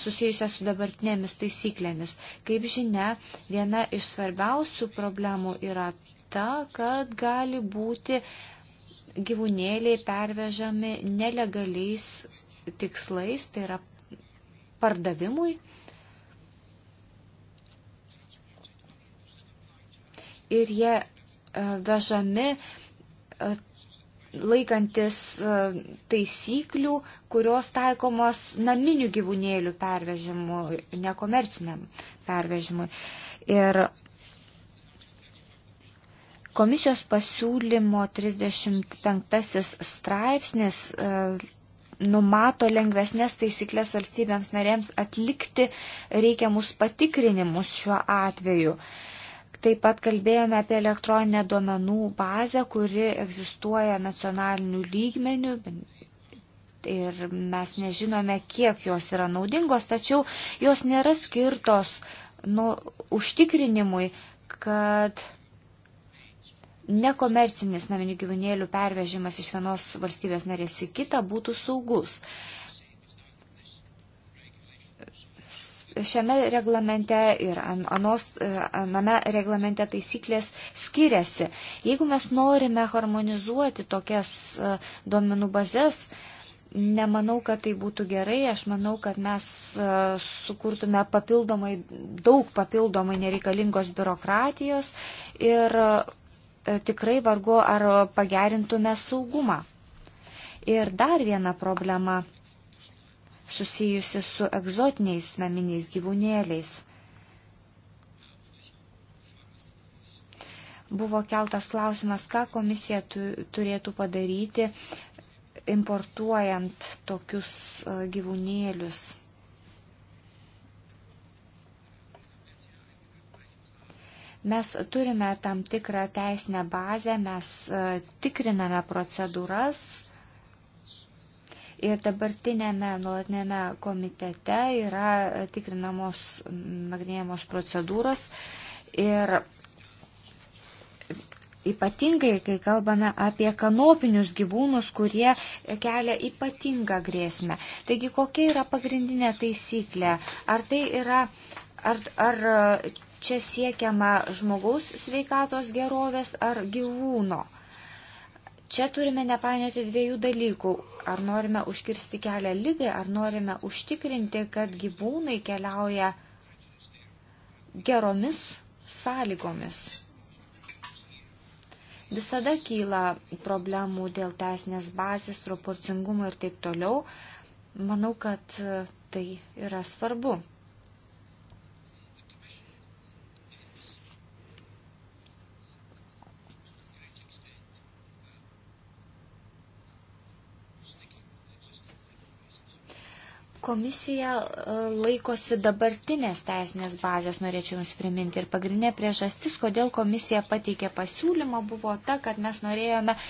susijusia su dabartinėmis taisyklėmis. Kaip žinia, viena iš svarbiausių problemų yra ta, kad gali būti gyvūnėliai pervežami nelegaliais tikslais, tai yra pardavimui. Ir jie e, vežami e, laikantis e, taisyklių, kurios taikomos naminių gyvūnėlių pervežimui, nekomerciniam pervežimui. Ir komisijos pasiūlymo 35 straipsnis numato lengvesnės taisyklės valstybėms narėms atlikti reikiamus patikrinimus šiuo atveju. Taip pat kalbėjome apie elektroninę duomenų bazę, kuri egzistuoja nacionalinių lygmenių. Ir mes nežinome, kiek jos yra naudingos, tačiau jos nėra skirtos nu, užtikrinimui, kad nekomercinis naminių gyvūnėlių pervežimas iš vienos valstybės narės į kitą būtų saugus. Šiame reglamente ir anos, e, aname reglamente taisyklės skiriasi. Jeigu mes norime harmonizuoti tokias e, duomenų bazės, nemanau, kad tai būtų gerai, aš manau, kad mes e, sukurtume papildomai, daug papildomai nereikalingos biurokratijos ir E, tikrai vargu ar pagerintume saugumą. Ir dar viena problema susijusi su egzotiniais naminiais gyvūnėliais. Buvo keltas klausimas, ką komisija turėtų padaryti importuojant tokius e, gyvūnėlius. Mes turime tam tikrą teisinę bazę, mes e, tikriname procedūras. Ir dabartinėme nuolatinėme komitete yra e, tikrinamos nagrinėjamos procedūros. Ir ypatingai, kai kalbame apie kanopinius gyvūnus, kurie kelia ypatingą grėsmę. Taigi, kokia yra pagrindinė taisyklė? Ar tai yra, ar, ar čia siekiama žmogaus sveikatos gerovės ar gyvūno. Čia turime nepainioti dviejų dalykų. Ar norime užkirsti kelią lygai, ar norime užtikrinti, kad gyvūnai keliauja geromis sąlygomis. Visada kyla problemų dėl teisinės bazės, proporcingumo ir taip toliau. Manau, kad tai yra svarbu. Komisija e, laikosi dabartinės teisinės bazės, norėčiau Jums priminti. Ir pagrindinė priežastis, kodėl komisija pateikė pasiūlymą, buvo ta, kad mes norėjome e,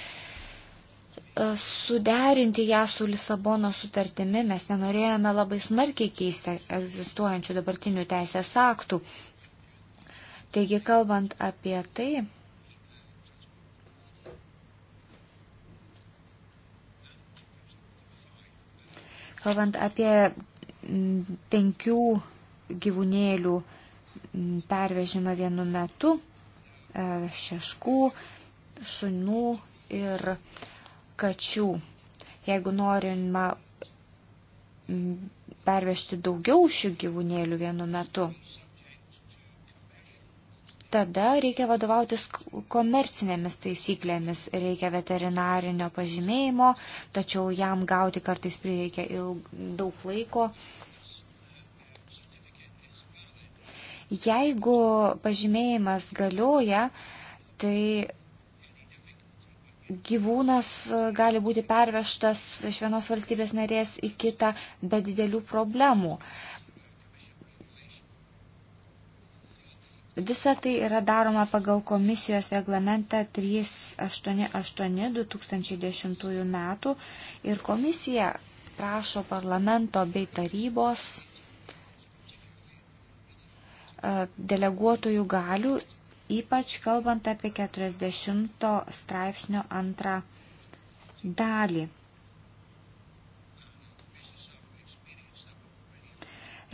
suderinti ją su Lisabono sutartimi. Mes nenorėjome labai smarkiai keisti egzistuojančių dabartinių teisės aktų. Taigi, kalbant apie tai, Kalbant apie penkių gyvūnėlių pervežimą vienu metu, e, šeškų, šunų ir kačių. Jeigu norima pervežti daugiau šių gyvūnėlių vienu metu, tada reikia vadovautis komercinėmis taisyklėmis, reikia veterinarinio pažymėjimo, tačiau jam gauti kartais prireikia ilg, daug laiko. Jeigu pažymėjimas galioja, tai gyvūnas e, gali būti pervežtas iš vienos valstybės narės į kitą be didelių problemų. Visa tai yra daroma pagal komisijos reglamentą 388-2010 metų ir komisija prašo parlamento bei tarybos e, deleguotojų galių, ypač kalbant apie 40 straipsnio antrą dalį.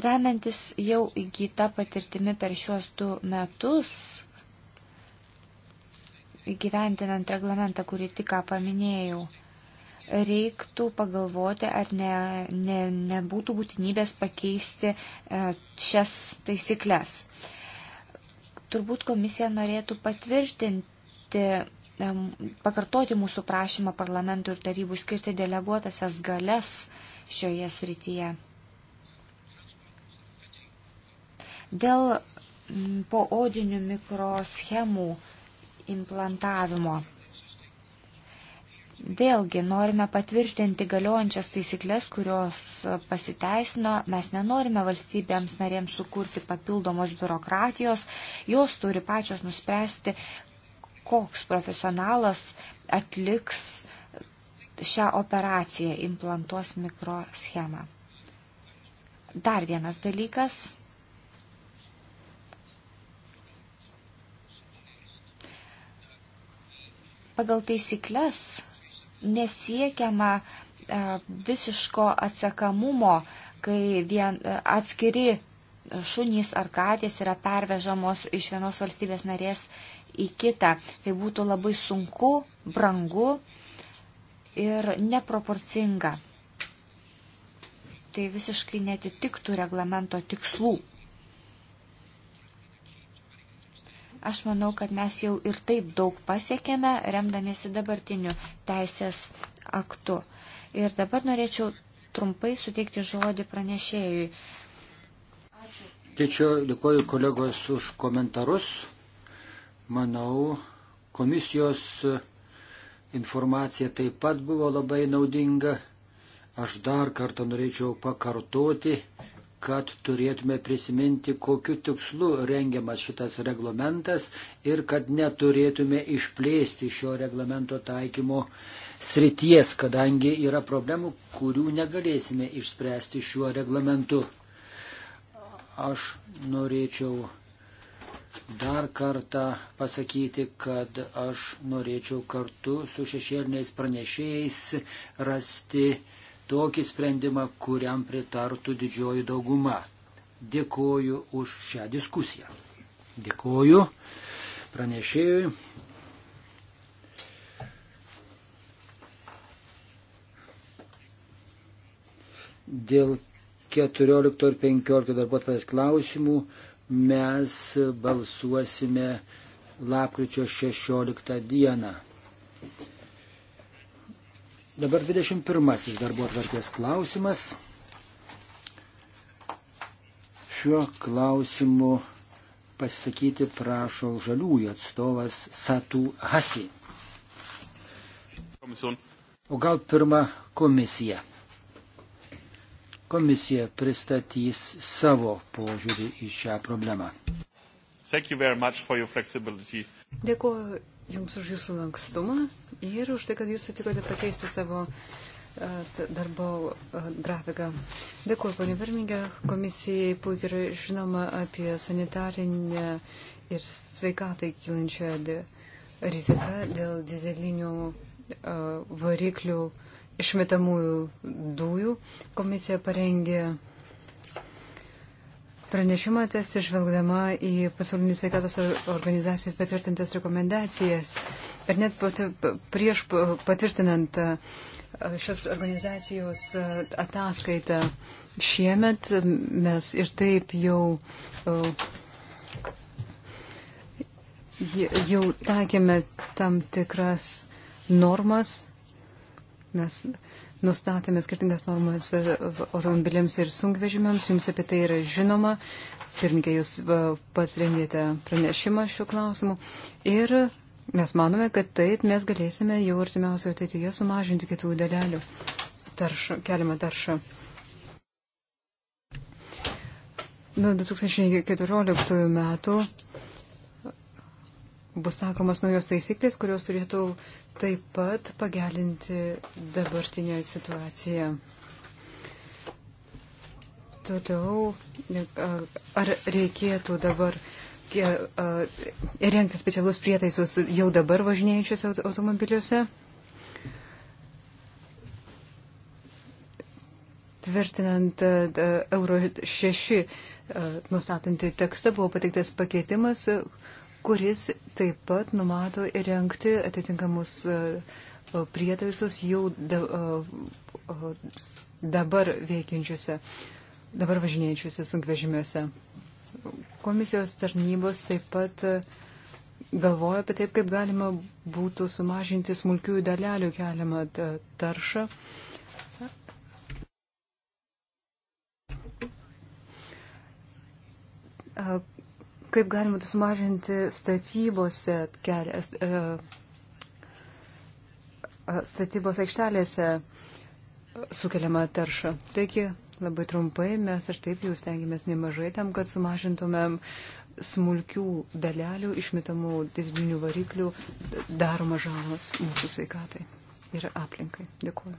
Remiantis jau įgyta patirtimi per šiuos du metus, įgyvendinant reglamentą, kurį tik ką paminėjau, reiktų pagalvoti, ar ne, ne, nebūtų būtinybės pakeisti e, šias taisyklės. Turbūt komisija norėtų patvirtinti, e, pakartoti mūsų prašymą parlamentų ir tarybų skirti deleguotasias galias šioje srityje. Dėl mm, poodinių mikroschemų implantavimo. Vėlgi norime patvirtinti galiojančias taisyklės, kurios pasiteisino. Mes nenorime valstybėms narėms sukurti papildomos biurokratijos. Jos turi pačios nuspręsti, koks profesionalas atliks šią operaciją, implantuos mikroschemą. Dar vienas dalykas pagal taisyklės nesiekiama e, visiško atsekamumo, kai vien e, atskiri šunys ar katės yra pervežamos iš vienos valstybės narės į kitą. Tai būtų labai sunku, brangu ir neproporcinga. Tai visiškai netitiktų reglamento tikslų. Aš manau, kad mes jau ir taip daug pasiekėme, remdamiesi dabartiniu teisės aktu. Ir dabar norėčiau trumpai suteikti žodį pranešėjui. Ačiū. Tačiau dėkoju kolegos už komentarus. Manau, komisijos informacija taip pat buvo labai naudinga. Aš dar kartą norėčiau pakartoti kad turėtume prisiminti, kokiu tikslu rengiamas šitas reglamentas ir kad neturėtume išplėsti šio reglamento taikymo srities, kadangi yra problemų, kurių negalėsime išspręsti šiuo reglamentu. Aš norėčiau dar kartą pasakyti, kad aš norėčiau kartu su šešėliniais pranešėjais rasti tokį sprendimą, kuriam pritartų didžioji dauguma. Dėkoju už šią diskusiją. Dėkoju pranešėjui. Dėl 14 ir 15 darbo atvarės klausimų mes balsuosime lapkričio 16 dieną. Dabar 21 darbo atvarkės klausimas. Šiuo klausimu pasisakyti prašo žaliųjų atstovas Satu Hasi. Komisjon. O gal pirmą komisiją. Komisija pristatys savo požiūrį į šią problemą. Dėkuoju Jums už Jūsų lankstumą ir už tai, kad Jūs sutikote pakeisti savo darbo grafiką. Dėkuoju, ponė Vermingė, komisijai puikiai yra žinoma apie sanitarinę ir sveikatai kilančią riziką dėl dizelinių variklių išmetamųjų dujų. Komisija parengė pranešimą atsižvelgdama į pasaulinį sveikatos organizacijos patvirtintas rekomendacijas. Ir net pat, prieš patvirtinant šios organizacijos ataskaitą šiemet mes ir taip jau jau taikėme tam tikras normas, mes nustatėme skirtingas normas e, automobiliams ir sunkvežimiams. Jums apie tai yra žinoma. Pirmininkė, jūs e, pats rengėte pranešimą šiuo klausimu. Ir mes manome, kad taip mes galėsime jau artimiausioje ateityje sumažinti kitų dalelių taršą, keliamą taršą. Nuo 2014 metų bus sakomas naujos taisyklės, kurios turėtų taip pat pagelinti dabartinę situaciją. Toliau, ar reikėtų dabar įrengti specialus prietaisus jau dabar važinėjančius automobiliuose? Tvirtinant Euro 6 nustatantį tekstą buvo pateiktas pakeitimas, kuris taip pat numato įrengti atitinkamus e, e, prietaisus jau e, dabar veikiančiuose, dabar važinėjančiuose sunkvežimiuose. Komisijos tarnybos taip pat galvoja apie taip, kaip galima būtų sumažinti smulkiųjų dalelių keliamą taršą. Uh, kaip galima sumažinti statybose kelias, e, e, statybos aikštelėse sukeliamą taršą. Taigi, labai trumpai, mes ir taip jau stengiamės nemažai tam, kad sumažintumėm smulkių dalelių išmetamų dizelinių variklių daromą žalos mūsų sveikatai ir aplinkai. Dėkuoju.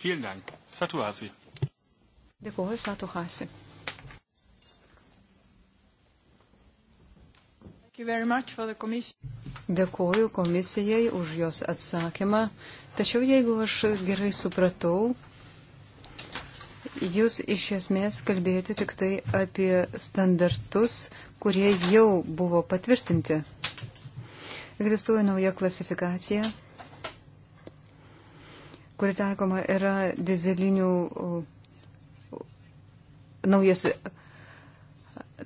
Dėkuoju, Satuhasi. Dėkuoju komisijai už jos atsakymą. Tačiau jeigu aš gerai supratau, jūs iš esmės kalbėjote tik tai apie standartus, kurie jau buvo patvirtinti. Egzistuoja nauja klasifikacija, kuri taikoma yra dizelinių naujas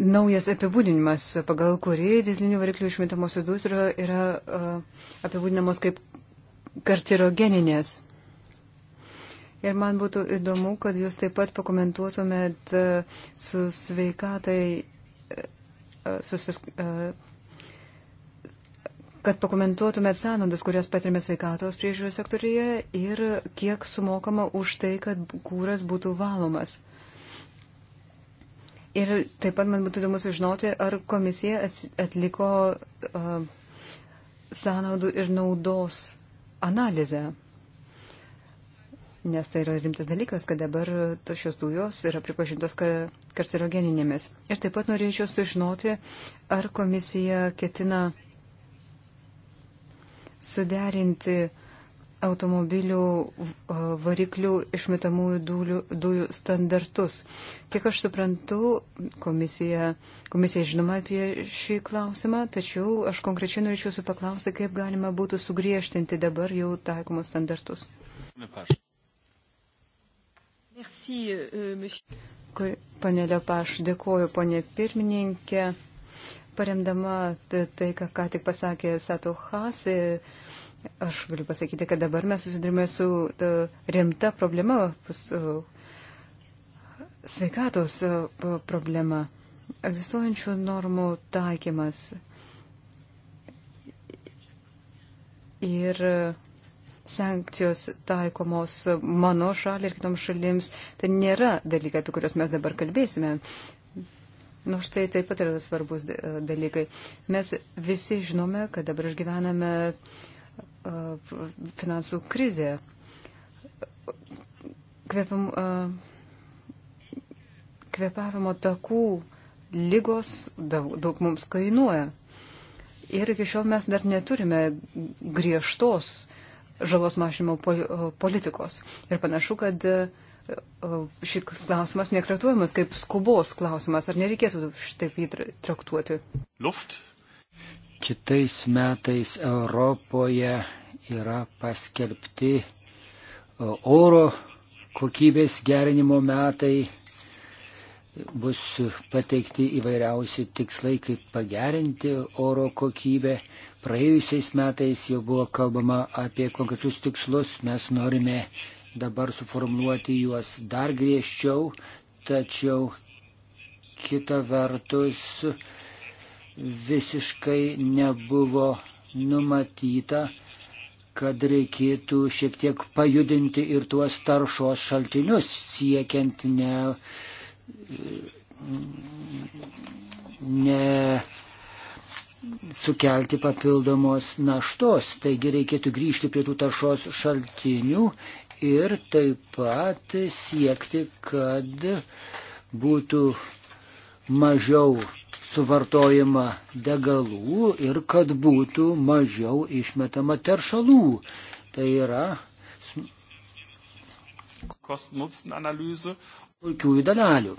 naujas apibūdinimas, pagal kurį dizelinių variklių išmetamosios dujos yra, yra uh, apibūdinamos kaip karterogeninės. Ir man būtų įdomu, kad jūs taip pat pakomentuotumėt uh, su sveikatai, uh, su, uh, kad pakomentuotumėt sąnaudas, kurias patirime sveikatos priežiūros sektorijoje ir kiek sumokama už tai, kad kūras būtų valomas. Uh, Ir taip pat man būtų įdomu sužinoti, ar komisija atliko uh, sąnaudų ir naudos analizę. Nes tai yra rimtas dalykas, kad dabar šios dujos yra pripažintos karcerogeninėmis. Ir taip pat norėčiau sužinoti, ar komisija ketina suderinti uh, automobilių variklių išmetamųjų dūlių, dujų standartus. Kiek aš suprantu, komisija, komisija žinoma apie šį klausimą, tačiau aš konkrečiai norėčiau jūsų paklausti, kaip galima būtų sugriežtinti dabar jau taikomus standartus. Merci, uh, Pane Lepaš, dėkoju, ponė pirmininkė. Paremdama tai, ką, ką tik pasakė Sato Hasi, uh, Aš galiu pasakyti, kad dabar mes susidurime su e, rimta problema, e, sveikatos e, problema, egzistuojančių normų taikymas. Ir sankcijos taikomos mano šaliai ir kitoms šalims, tai nėra dalykai, apie kuriuos mes dabar kalbėsime. Nors nu, tai taip pat yra svarbus dalykai. Mes visi žinome, kad dabar išgyvename uh, finansų krizė. Kvepam, kvepavimo takų lygos daug, daug mums kainuoja. Ir iki šiol mes dar neturime griežtos žalos mažinimo politikos. Ir panašu, kad šis klausimas nekretuojamas kaip skubos klausimas. Ar nereikėtų šitaip jį traktuoti? Luft kitais metais Europoje yra paskelbti e, oro kokybės gerinimo metai, bus pateikti įvairiausi tikslai, kaip pagerinti oro kokybę. Praėjusiais metais jau buvo kalbama apie konkrečius tikslus, mes norime dabar suformuoluoti juos dar griežčiau, tačiau kita vertus visiškai nebuvo numatyta, kad reikėtų šiek tiek pajudinti ir tuos taršos šaltinius, siekiant ne, ne sukelti papildomos naštos. Taigi reikėtų grįžti prie tų taršos šaltinių ir taip pat siekti, kad būtų mažiau suvartojama degalų ir kad būtų mažiau išmetama teršalų. Tai yra puikiųjų dalelių.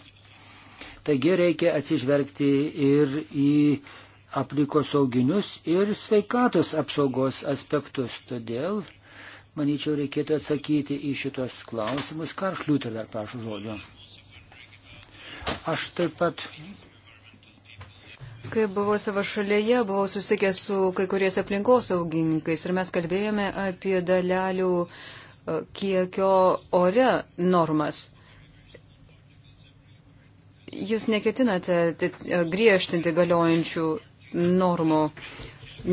Taigi reikia atsižvelgti ir į aplikosauginius ir sveikatos apsaugos aspektus. Todėl, manyčiau, reikėtų atsakyti į šitos klausimus. Karšliūtė dar prašau žodžio. Aš taip pat Kai buvau savo šalyje, buvau susikęs su kai kuriais aplinkosaugininkais ir mes kalbėjome apie dalelių e, kiekio ore normas. Jūs neketinate e, griežtinti galiojančių normų,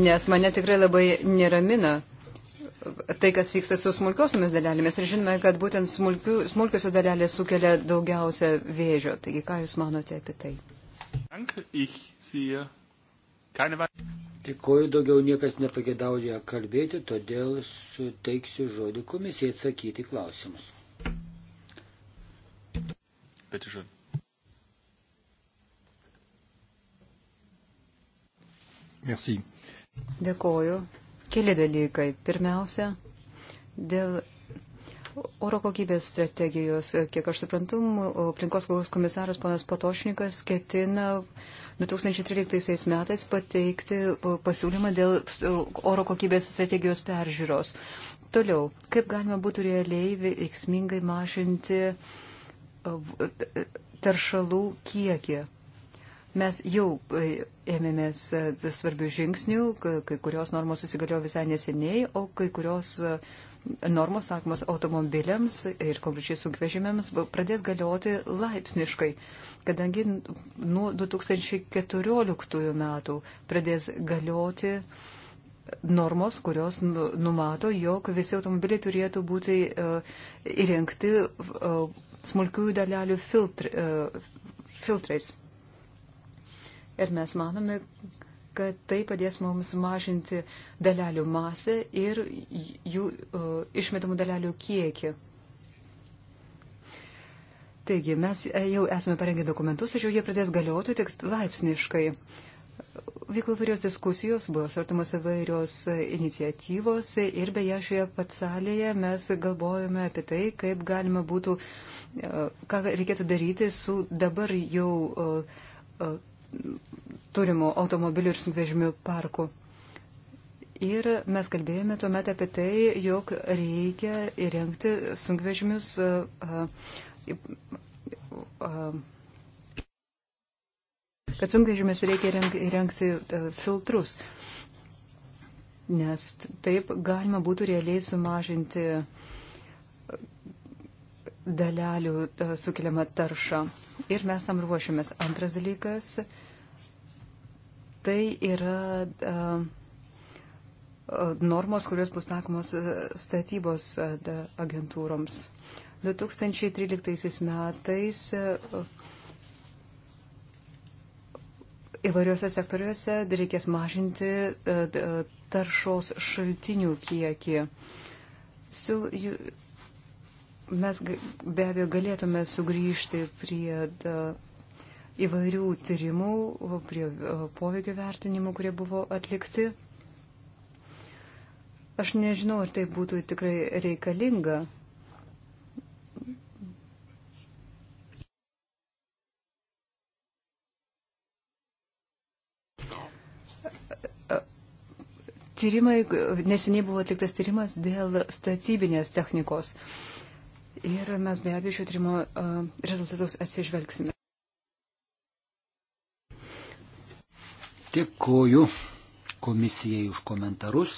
nes mane tikrai labai neramina tai, kas vyksta su smulkiosiomis dalelėmis. Ir žinome, kad būtent smulkiu, smulkiosios dalelės sukelia daugiausia vėžio. Taigi, ką Jūs manote apie tai? Dank, ich Dėkuoju, daugiau niekas nepagėdauja kalbėti, todėl suteiksiu žodį komisijai atsakyti klausimus. Bitte schön. Merci. Dėkuoju. Keli dalykai. Pirmiausia, dėl oro kokybės strategijos, kiek aš suprantu, aplinkos komisaras ponas Patošnikas ketina uh, 2013 metais pateikti pasiūlymą dėl oro kokybės strategijos peržiūros. Toliau, kaip galima būtų realiai veiksmingai mažinti e, taršalų kiekį? Mes jau e, ėmėmės e, svarbių žingsnių, kai kurios normos įsigaliojo visai neseniai, o kai kurios uh, normos sakomos automobiliams ir konkrečiai sunkvežimėms pradės galioti laipsniškai, kadangi nuo 2014 metų pradės galioti normos, kurios nu, numato, jog visi automobiliai turėtų būti uh, įrengti uh, smulkiųjų dalelių filtr, uh, filtrais. Ir mes manome, kad tai padės mums mažinti dalelių masę ir jų uh, išmetamų dalelių kiekį. Taigi, mes e, jau esame parengę dokumentus, tačiau jie pradės galioti tik laipsniškai. Vyko įvairios diskusijos, buvo svartamos įvairios e, iniciatyvos ir beje šioje pat salėje mes galvojame apie tai, kaip galima būtų, ką reikėtų daryti su dabar jau uh, uh, turimų automobilių ir sunkvežimių parkų. Ir mes kalbėjome tuomet apie tai, jog reikia įrengti sunkvežimius kad sunkvežimės reikia įrengti filtrus, nes taip galima būtų realiai sumažinti dalelių sukeliamą taršą. Ir mes tam ruošiamės. Antras dalykas Tai yra e, e, normos, kurios bus takomos e, statybos agentūroms. 2013 metais įvairiuose sektoriuose reikės mažinti taršos šaltinių kiekį. Su, mes be abejo galėtume sugrįžti prie įvairių tyrimų, prie poveikio vertinimų, kurie buvo atlikti. Aš nežinau, ar tai būtų tikrai reikalinga. Tyrimai, neseniai buvo atliktas tyrimas dėl statybinės technikos. Ir mes be abejo šio tyrimo rezultatus atsižvelgsime. Dėkoju komisijai už komentarus.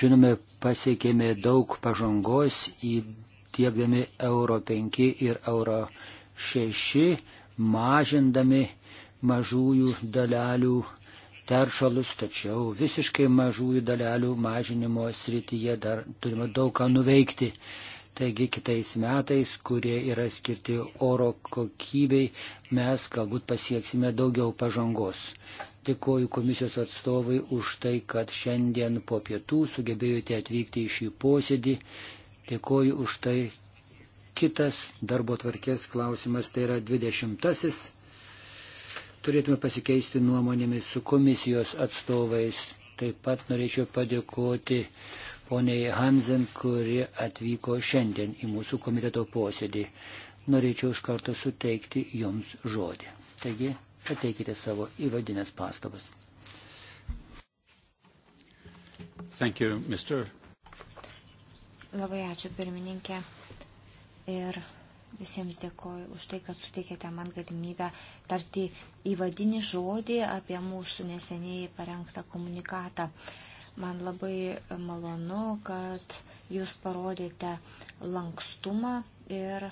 Žinome, pasiekėme daug pažangos įtiekdami Euro 5 ir Euro 6, mažindami mažųjų dalelių teršalus, tačiau visiškai mažųjų dalelių mažinimo srityje dar turime daug ką nuveikti. Taigi kitais metais, kurie yra skirti oro kokybei, mes galbūt pasieksime daugiau pažangos. Dėkuoju komisijos atstovai už tai, kad šiandien po pietų sugebėjote atvykti į šį posėdį. Dėkuoju už tai. Kitas darbo tvarkės klausimas tai yra 20. Turėtume pasikeisti nuomonėmis su komisijos atstovais. Taip pat norėčiau padėkoti poniai Hansen, kuri atvyko šiandien į mūsų komiteto posėdį. Norėčiau iš karto suteikti jums žodį. Taigi, pateikite savo įvadinės pastabas. Thank you, Mr. Labai ačiū pirmininkė ir visiems dėkoju už tai, kad suteikėte man galimybę tarti įvadinį žodį apie mūsų neseniai parengtą komunikatą. Uh, Man labai malonu, kad jūs parodėte lankstumą ir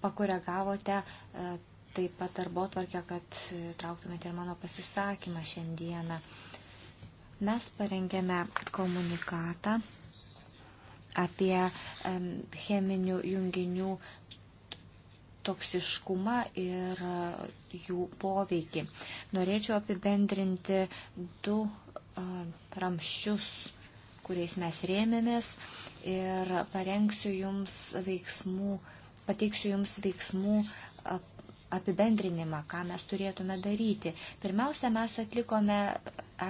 pakoregavote e, taip pat darbo tvarkę, kad trauktumėte ir mano pasisakymą šiandieną. Mes parengėme komunikatą apie cheminių junginių toksiškumą ir jų poveikį. Norėčiau apibendrinti du ramščius, kuriais mes rėmėmės ir parengsiu jums veiksmų, pateiksiu jums veiksmų apibendrinimą, ką mes turėtume daryti. Pirmiausia, mes atlikome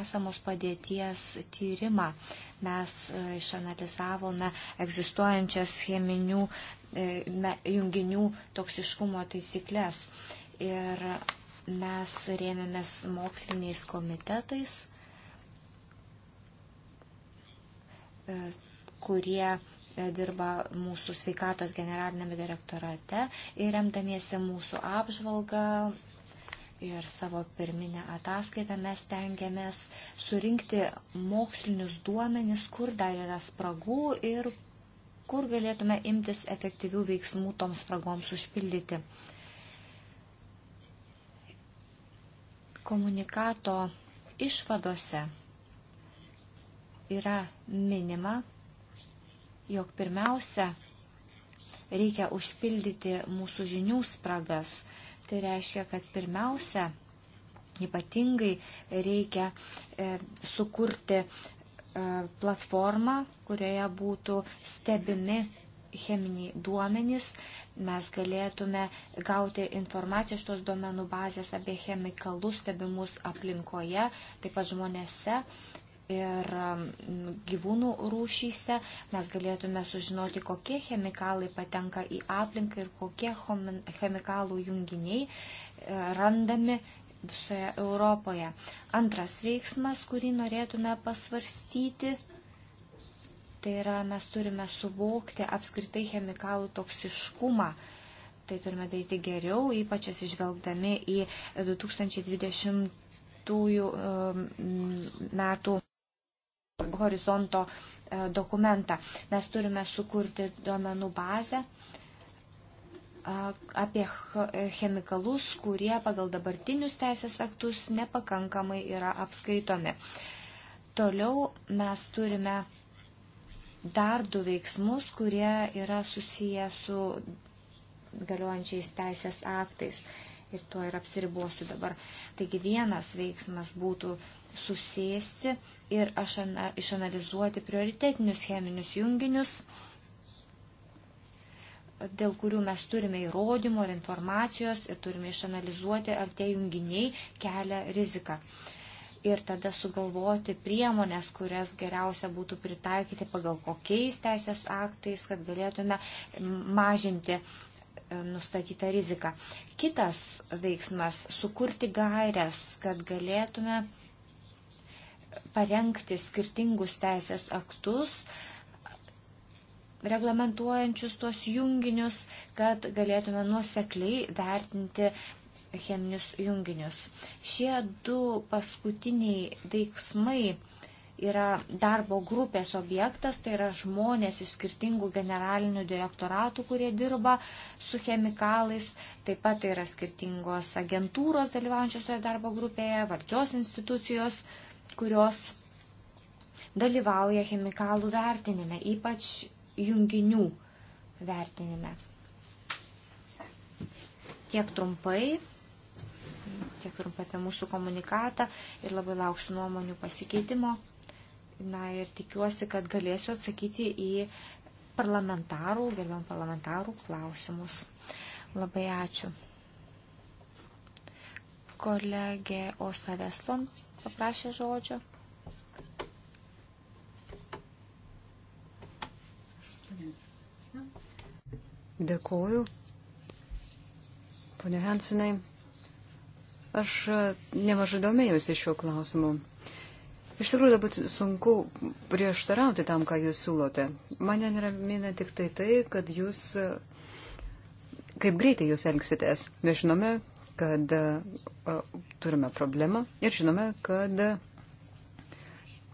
esamos padėties tyrimą. Mes išanalizavome egzistuojančias cheminių E, junginių toksiškumo taisyklės. Ir mes rėmėmės moksliniais komitetais, e, kurie e, dirba mūsų sveikatos generalinėme direktorate ir remdamiesi mūsų apžvalgą ir savo pirminę ataskaitą mes tengiamės surinkti mokslinius duomenis, kur dar yra spragų ir kur galėtume imtis efektyvių veiksmų toms spragoms užpildyti. Komunikato išvadose yra minima, jog pirmiausia reikia užpildyti mūsų žinių spragas. Tai reiškia, kad pirmiausia ypatingai reikia e, sukurti E, platformą, kurioje būtų stebimi cheminiai duomenys, mes galėtume gauti informaciją iš tos duomenų bazės apie chemikalus stebimus aplinkoje, taip pat žmonėse ir gyvūnų rūšyse. Mes galėtume sužinoti, kokie chemikalai patenka į aplinką ir kokie chemikalų junginiai e, randami visoje Europoje. Antras veiksmas, kurį norėtume pasvarstyti, tai yra mes turime suvokti apskritai chemikalų toksiškumą. Tai turime daryti geriau, ypač atsižvelgdami į 2020 metų horizonto e, dokumentą. Mes turime sukurti duomenų bazę apie chemikalus, kurie pagal dabartinius teisės aktus nepakankamai yra apskaitomi. Toliau mes turime dar du veiksmus, kurie yra susiję su galiojančiais teisės aktais. Ir tuo ir apsiribuosiu dabar. Taigi vienas veiksmas būtų susėsti ir aš ana, išanalizuoti prioritetinius cheminius junginius dėl kurių mes turime įrodymų ir informacijos ir turime išanalizuoti, ar tie junginiai kelia riziką. Ir tada sugalvoti priemonės, kurias geriausia būtų pritaikyti pagal kokiais teisės aktais, kad galėtume mažinti e, nustatytą riziką. Kitas veiksmas - sukurti gairias, kad galėtume parengti skirtingus teisės aktus, uh, reglamentuojančius tuos junginius, kad galėtume nuosekliai vertinti cheminius junginius. Šie du paskutiniai veiksmai yra darbo grupės objektas, tai yra žmonės iš skirtingų generalinių direktoratų, kurie dirba su chemikalais, taip pat tai yra skirtingos agentūros dalyvaujančios toje darbo grupėje, valdžios institucijos, kurios dalyvauja chemikalų vertinime, ypač junginių vertinime. Tiek trumpai, tiek trumpai apie mūsų komunikatą ir labai lauksiu nuomonių pasikeitimo. Na ir tikiuosi, kad galėsiu atsakyti į parlamentarų, gerbiam parlamentarų klausimus. Labai ačiū. Kolegė Osa Veslon paprašė žodžio. Dėkuoju. Pone Hansinai, aš e, nemažai domėjausi šiuo klausimu. Iš tikrųjų, dabar sunku prieštarauti tam, ką jūs siūlote. Mane neramina tik tai tai, kad jūs, e, kaip greitai jūs elgsitės. Mes žinome, kad uh, turime problemą ir žinome, kad uh,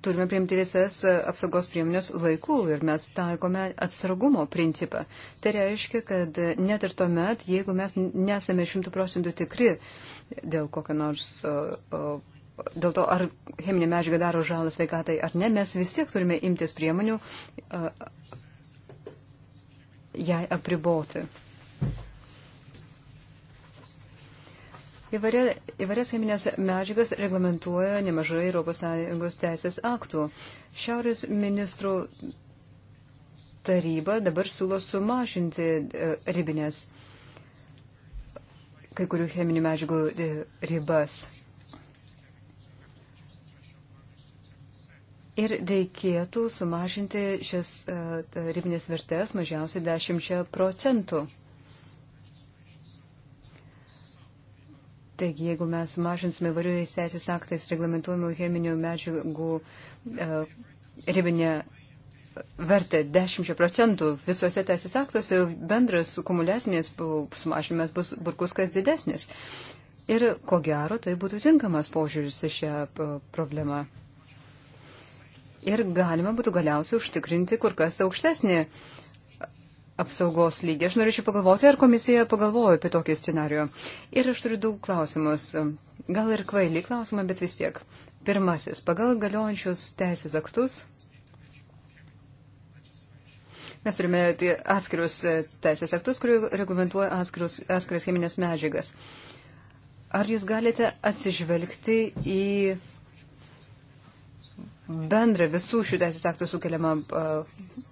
turime priimti visas e, apsaugos priemonės laikų ir mes taikome atsargumo principą. Tai reiškia, kad net ir tuomet, jeigu mes nesame šimtų procentų tikri dėl kokio nors, dėl to, ar cheminė medžiaga daro žalą sveikatai ar ne, mes vis tiek turime imtis priemonių e, jai apriboti. Įvairias cheminės medžiagas reglamentuoja nemažai ES teisės aktų. Šiaurės ministrų taryba dabar siūlo sumažinti e, ribinės kai kurių cheminių medžiagų e, ribas. Ir reikėtų sumažinti šias e, ribinės vertės mažiausiai 10 procentų. Taigi, jeigu mes mažinsime įvairiais teisės aktais reglamentuojamų cheminių medžiagų uh, ribinę vertę 10 procentų visuose teisės aktuose, bendras kumuliacinės sumažinimas bus burkus kas didesnis. Ir ko gero, tai būtų tinkamas požiūris į šią e, problemą. Ir galima būtų galiausiai užtikrinti kur kas aukštesnį uh, apsaugos lygį. Aš norėčiau pagalvoti, ar komisija pagalvojo apie tokį scenarių. Ir aš turiu daug klausimus. Gal ir kvaili klausimai, bet vis tiek. Pirmasis, pagal galiojančius teisės aktus. Mes turime tai atskirius teisės aktus, kurie reglamentuoja atskirius, atskiras cheminės medžiagas. Ar jūs galite atsižvelgti į bendrą visų šių teisės aktų sukeliamą uh,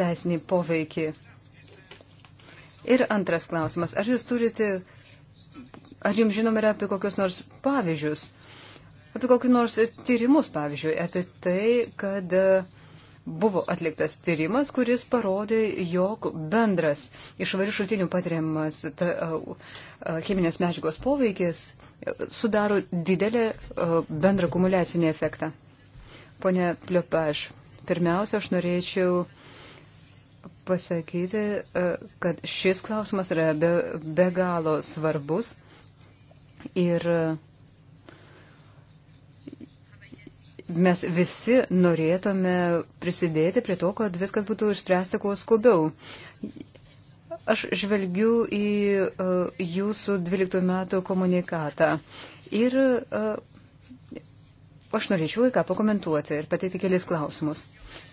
teisinį poveikį. Ir antras klausimas. Ar jūs turite, ar jums žinoma yra apie kokius nors pavyzdžius, apie kokius nors tyrimus, pavyzdžiui, apie tai, kad e, buvo atliktas tyrimas, kuris parodė, jog bendras iš varių šaltinių patiriamas ta, e, e, cheminės medžiagos poveikis sudaro didelį bendrą kumulacinį efektą. Pone Pliopaž, pirmiausia, aš norėčiau pasakyti, e, kad šis klausimas yra be, be galo svarbus ir e, mes visi norėtume prisidėti prie to, kad viskas būtų išspręsta kuo skubiau. Aš žvelgiu į uh, jūsų 12 metų komunikatą ir uh, Aš norėčiau ką pakomentuoti ir pateikti kelis klausimus.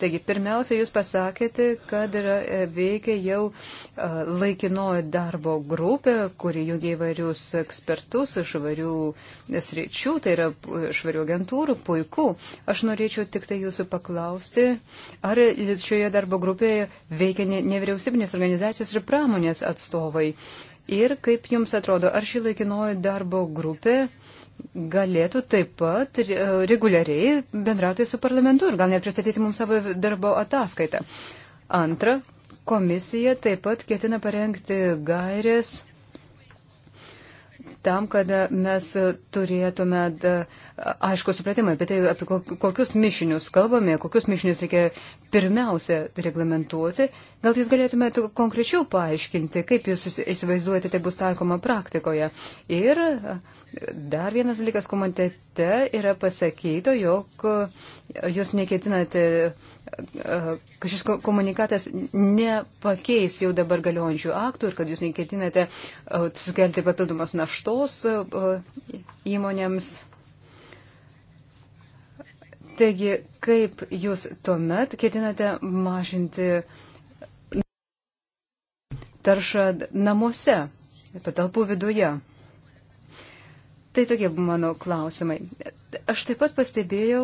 Taigi, pirmiausia, jūs pasakėte, kad yra, e, veikia jau uh, laikinoji darbo grupė, kuri jungia įvairius ekspertus iš įvairių sričių, tai yra švarių agentūrų, puiku. Aš norėčiau tik tai jūsų paklausti, ar šioje darbo grupėje veikia nevyriausybinės organizacijos ir pramonės atstovai. Ir kaip jums atrodo, ar ši laikinoji darbo grupė uh, galėtų taip pat reguliariai bendrauti su parlamentu ir gal net pristatyti mums savo darbo ataskaitą. Antra, komisija taip pat ketina parengti gairės tam, kad mes turėtume aišku supratimą apie tai, apie kokius mišinius kalbame, kokius mišinius reikia pirmiausia reglamentuoti. Gal jūs galėtumėte konkrečiau paaiškinti, kaip jūs įsivaizduojate, tai bus taikoma praktikoje. Ir e, dar vienas dalykas komitete yra pasakyto, jog e, jūs neketinate, kad e, šis komunikatas nepakeis jau dabar galiojančių aktų ir kad jūs neketinate sukelti papildomas naštos įmonėms Taigi, kaip jūs tuomet ketinate mažinti taršą namuose, patalpų viduje? Tai tokie mano klausimai. Aš taip pat pastebėjau,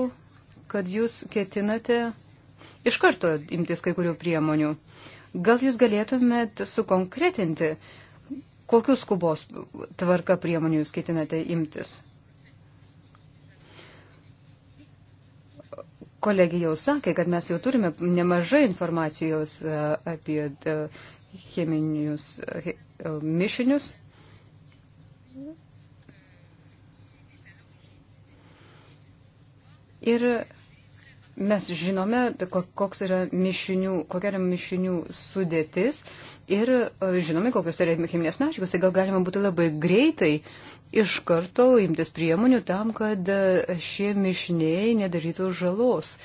kad jūs ketinate iš karto imtis kai kurių priemonių. Gal jūs galėtumėt sukonkretinti, kokius skubos tvarka priemonių jūs ketinate imtis? kolegė jau sakė, kad mes jau turime nemažai informacijos e, apie e, cheminius e, mišinius. Ir mes žinome, koks yra mišinių, kokia yra mišinių sudėtis ir žinome, kokios yra cheminės medžiagos. Tai gal galima būtų labai greitai iš karto imtis priemonių tam, kad šie mišiniai nedarytų žalos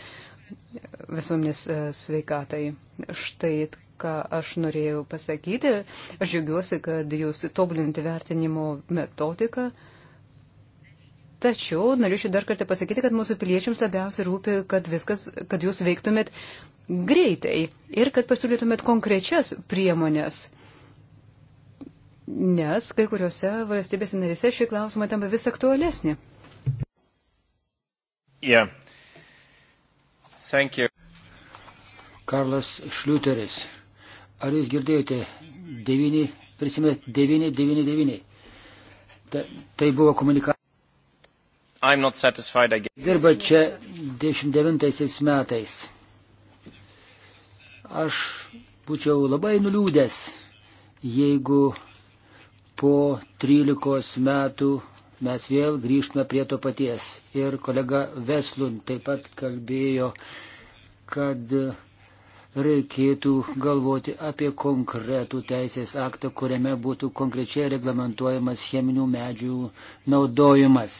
visuomenės e, sveikatai. Štai ką aš norėjau pasakyti. Aš džiaugiuosi, kad jūs tobulinti vertinimo metodiką. Tačiau norėčiau dar kartą pasakyti, kad mūsų piliečiams labiausiai rūpi, kad, viskas, kad jūs veiktumėt greitai ir kad pasiūlytumėt konkrečias priemonės nes kai kuriuose valstybėse narėse šį klausimą tampa vis aktualesnį. Yeah. Karlas Šliuteris, ar jūs girdėjote 9, prisimėt 999? Ta, tai buvo komunikacija. Dirba čia 19 metais. Aš būčiau labai nuliūdęs, jeigu po 13 metų mes vėl grįžtume prie to paties. Ir kolega Veslun taip pat kalbėjo, kad reikėtų galvoti apie konkretų teisės aktą, kuriame būtų konkrečiai reglamentuojamas cheminių medžių naudojimas.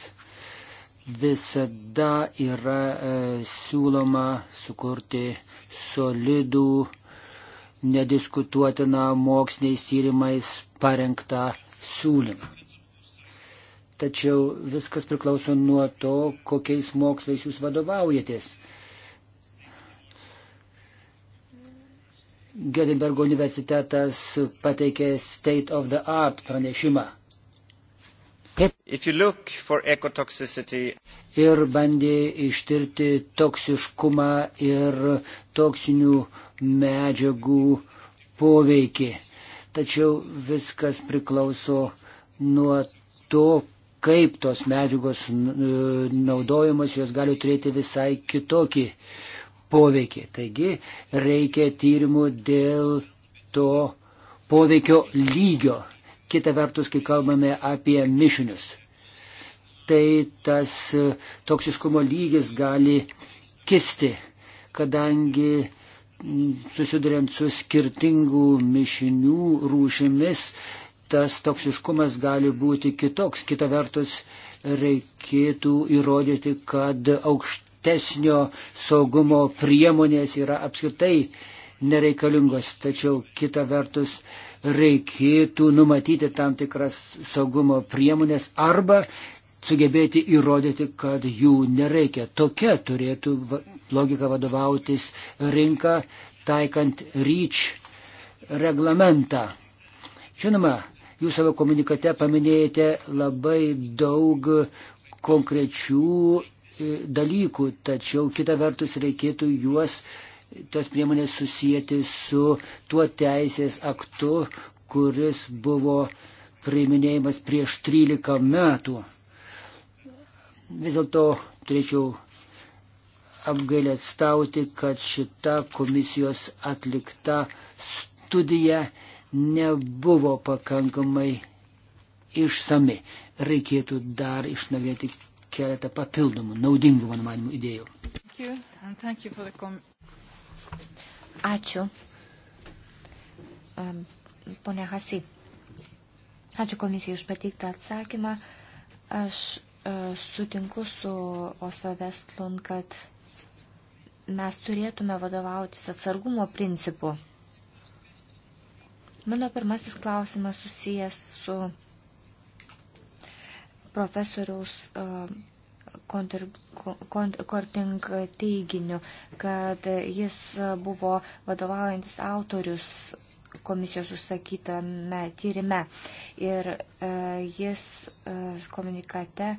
Visada yra e, siūloma sukurti solidų, nediskutuotiną moksliniais tyrimais parengtą siūlymą. Tačiau viskas priklauso nuo to, kokiais mokslais jūs vadovaujatės. Gedinbergo universitetas pateikė State of the Art pranešimą. Kaip? Ir bandė ištirti toksiškumą ir toksinių medžiagų poveikį tačiau viskas priklauso nuo to, kaip tos medžiagos e, naudojamos, jos gali turėti visai kitokį poveikį. Taigi reikia tyrimų dėl to poveikio lygio. Kita vertus, kai kalbame apie mišinius, tai tas e, toksiškumo lygis gali kisti, kadangi susidurint su skirtingų mišinių rūšimis, tas toksiškumas gali būti kitoks. Kita vertus, reikėtų įrodyti, kad aukštesnio saugumo priemonės yra apskritai nereikalingos. Tačiau kita vertus, reikėtų numatyti tam tikras saugumo priemonės arba sugebėti įrodyti, kad jų nereikia. Tokia turėtų logiką vadovautis rinką, taikant ryč reglamentą. Žinoma, jūs savo komunikate paminėjate labai daug konkrečių e, dalykų, tačiau kita vertus reikėtų juos, tos priemonės susijęti su tuo teisės aktu, kuris buvo priiminėjimas prieš 13 metų. Vis dėlto turėčiau apgailėstauti, kad šita komisijos atlikta studija nebuvo pakankamai išsami. Reikėtų dar išnagrinėti keletą papildomų, naudingų, man manimų, idėjų. Thank you, thank you Ačiū. Um, pone Hasi, ačiū komisijai už pateiktą atsakymą. Aš uh, sutinku su Oso Vestlun, kad mes turėtume vadovautis atsargumo principu. Mano pirmasis klausimas susijęs su profesoriaus e, Korting teiginiu, kad jis buvo vadovaujantis autorius komisijos užsakytame tyrime ir e, jis e, komunikate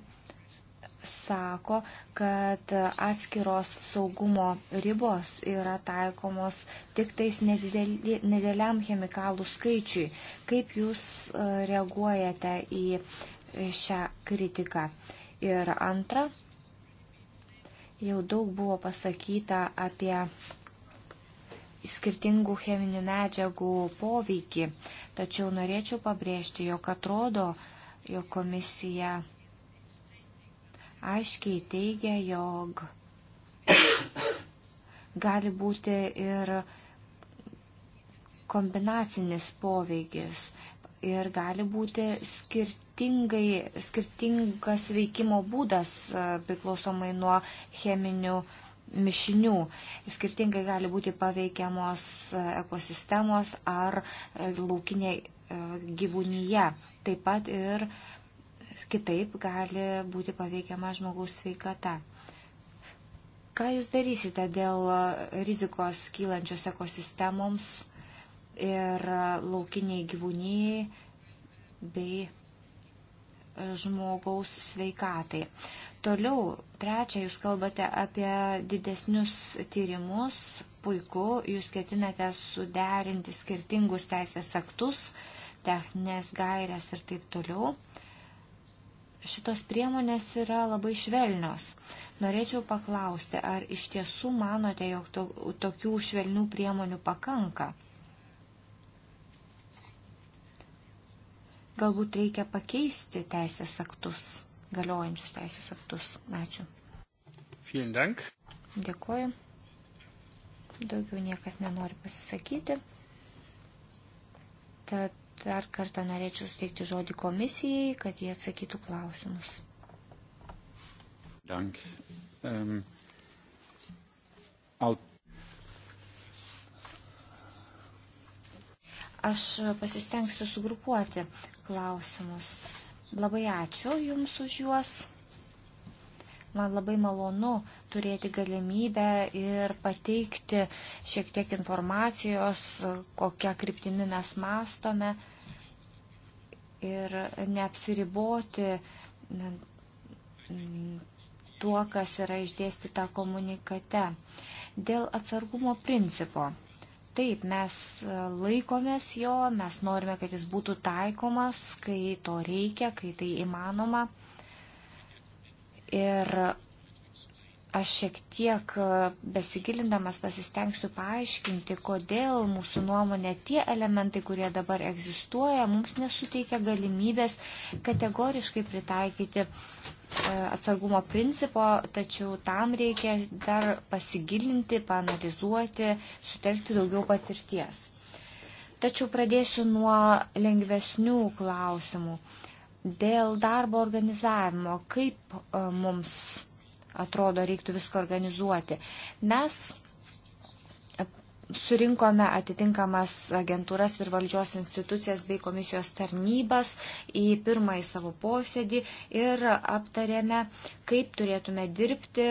sako, kad atskiros saugumo ribos yra taikomos tik tais nedėliam chemikalų skaičiui. Kaip Jūs e, reaguojate į šią kritiką? Ir antra, jau daug buvo pasakyta apie skirtingų cheminių medžiagų poveikį, tačiau norėčiau pabrėžti, jog atrodo, jog komisija aiškiai teigia, jog gali būti ir kombinacinis poveikis ir gali būti skirtingai, skirtingas veikimo būdas e, priklausomai nuo cheminių mišinių. Skirtingai gali būti paveikiamos e, ekosistemos ar e, laukinė gyvūnyje. Taip pat ir uh, kitaip gali būti paveikiama žmogaus sveikata. Ką jūs darysite dėl rizikos kylančios ekosistemoms ir laukiniai gyvūnijai bei žmogaus sveikatai? Toliau, trečia, jūs kalbate apie didesnius tyrimus. Puiku, jūs ketinate suderinti skirtingus teisės aktus, techninės gairias ir taip toliau šitos priemonės yra labai švelnios. Norėčiau paklausti, ar iš tiesų manote, jog to, tokių švelnių priemonių pakanka? Galbūt reikia pakeisti teisės aktus, galiojančius teisės aktus. Ačiū. Vielen Dank. Dėkuoju. Daugiau niekas nenori pasisakyti. Tad Dar kartą norėčiau steigti žodį komisijai, kad jie atsakytų klausimus. Dank. Um, ähm, out. Aš pasistengsiu sugrupuoti klausimus. Labai ačiū Jums už juos. Man labai malonu uh, turėti galimybę ir pateikti šiek tiek informacijos, kokią kryptimį mes mastome ir neapsiriboti tuo, kas yra išdėstyta komunikate. Dėl atsargumo principo. Taip, mes laikomės jo, mes norime, kad jis būtų taikomas, kai to reikia, kai tai įmanoma. Ir Aš šiek tiek e, besigilindamas pasistengsiu paaiškinti, kodėl mūsų nuomonė tie elementai, kurie dabar egzistuoja, mums nesuteikia galimybės kategoriškai pritaikyti e, atsargumo principo, tačiau tam reikia dar pasigilinti, panalizuoti, sutelkti daugiau patirties. Tačiau pradėsiu nuo lengvesnių klausimų. Dėl darbo organizavimo, kaip e, mums atrodo reiktų viską organizuoti. Mes surinkome atitinkamas agentūras ir valdžios institucijas bei komisijos tarnybas į pirmąjį savo posėdį ir aptarėme, kaip turėtume dirbti,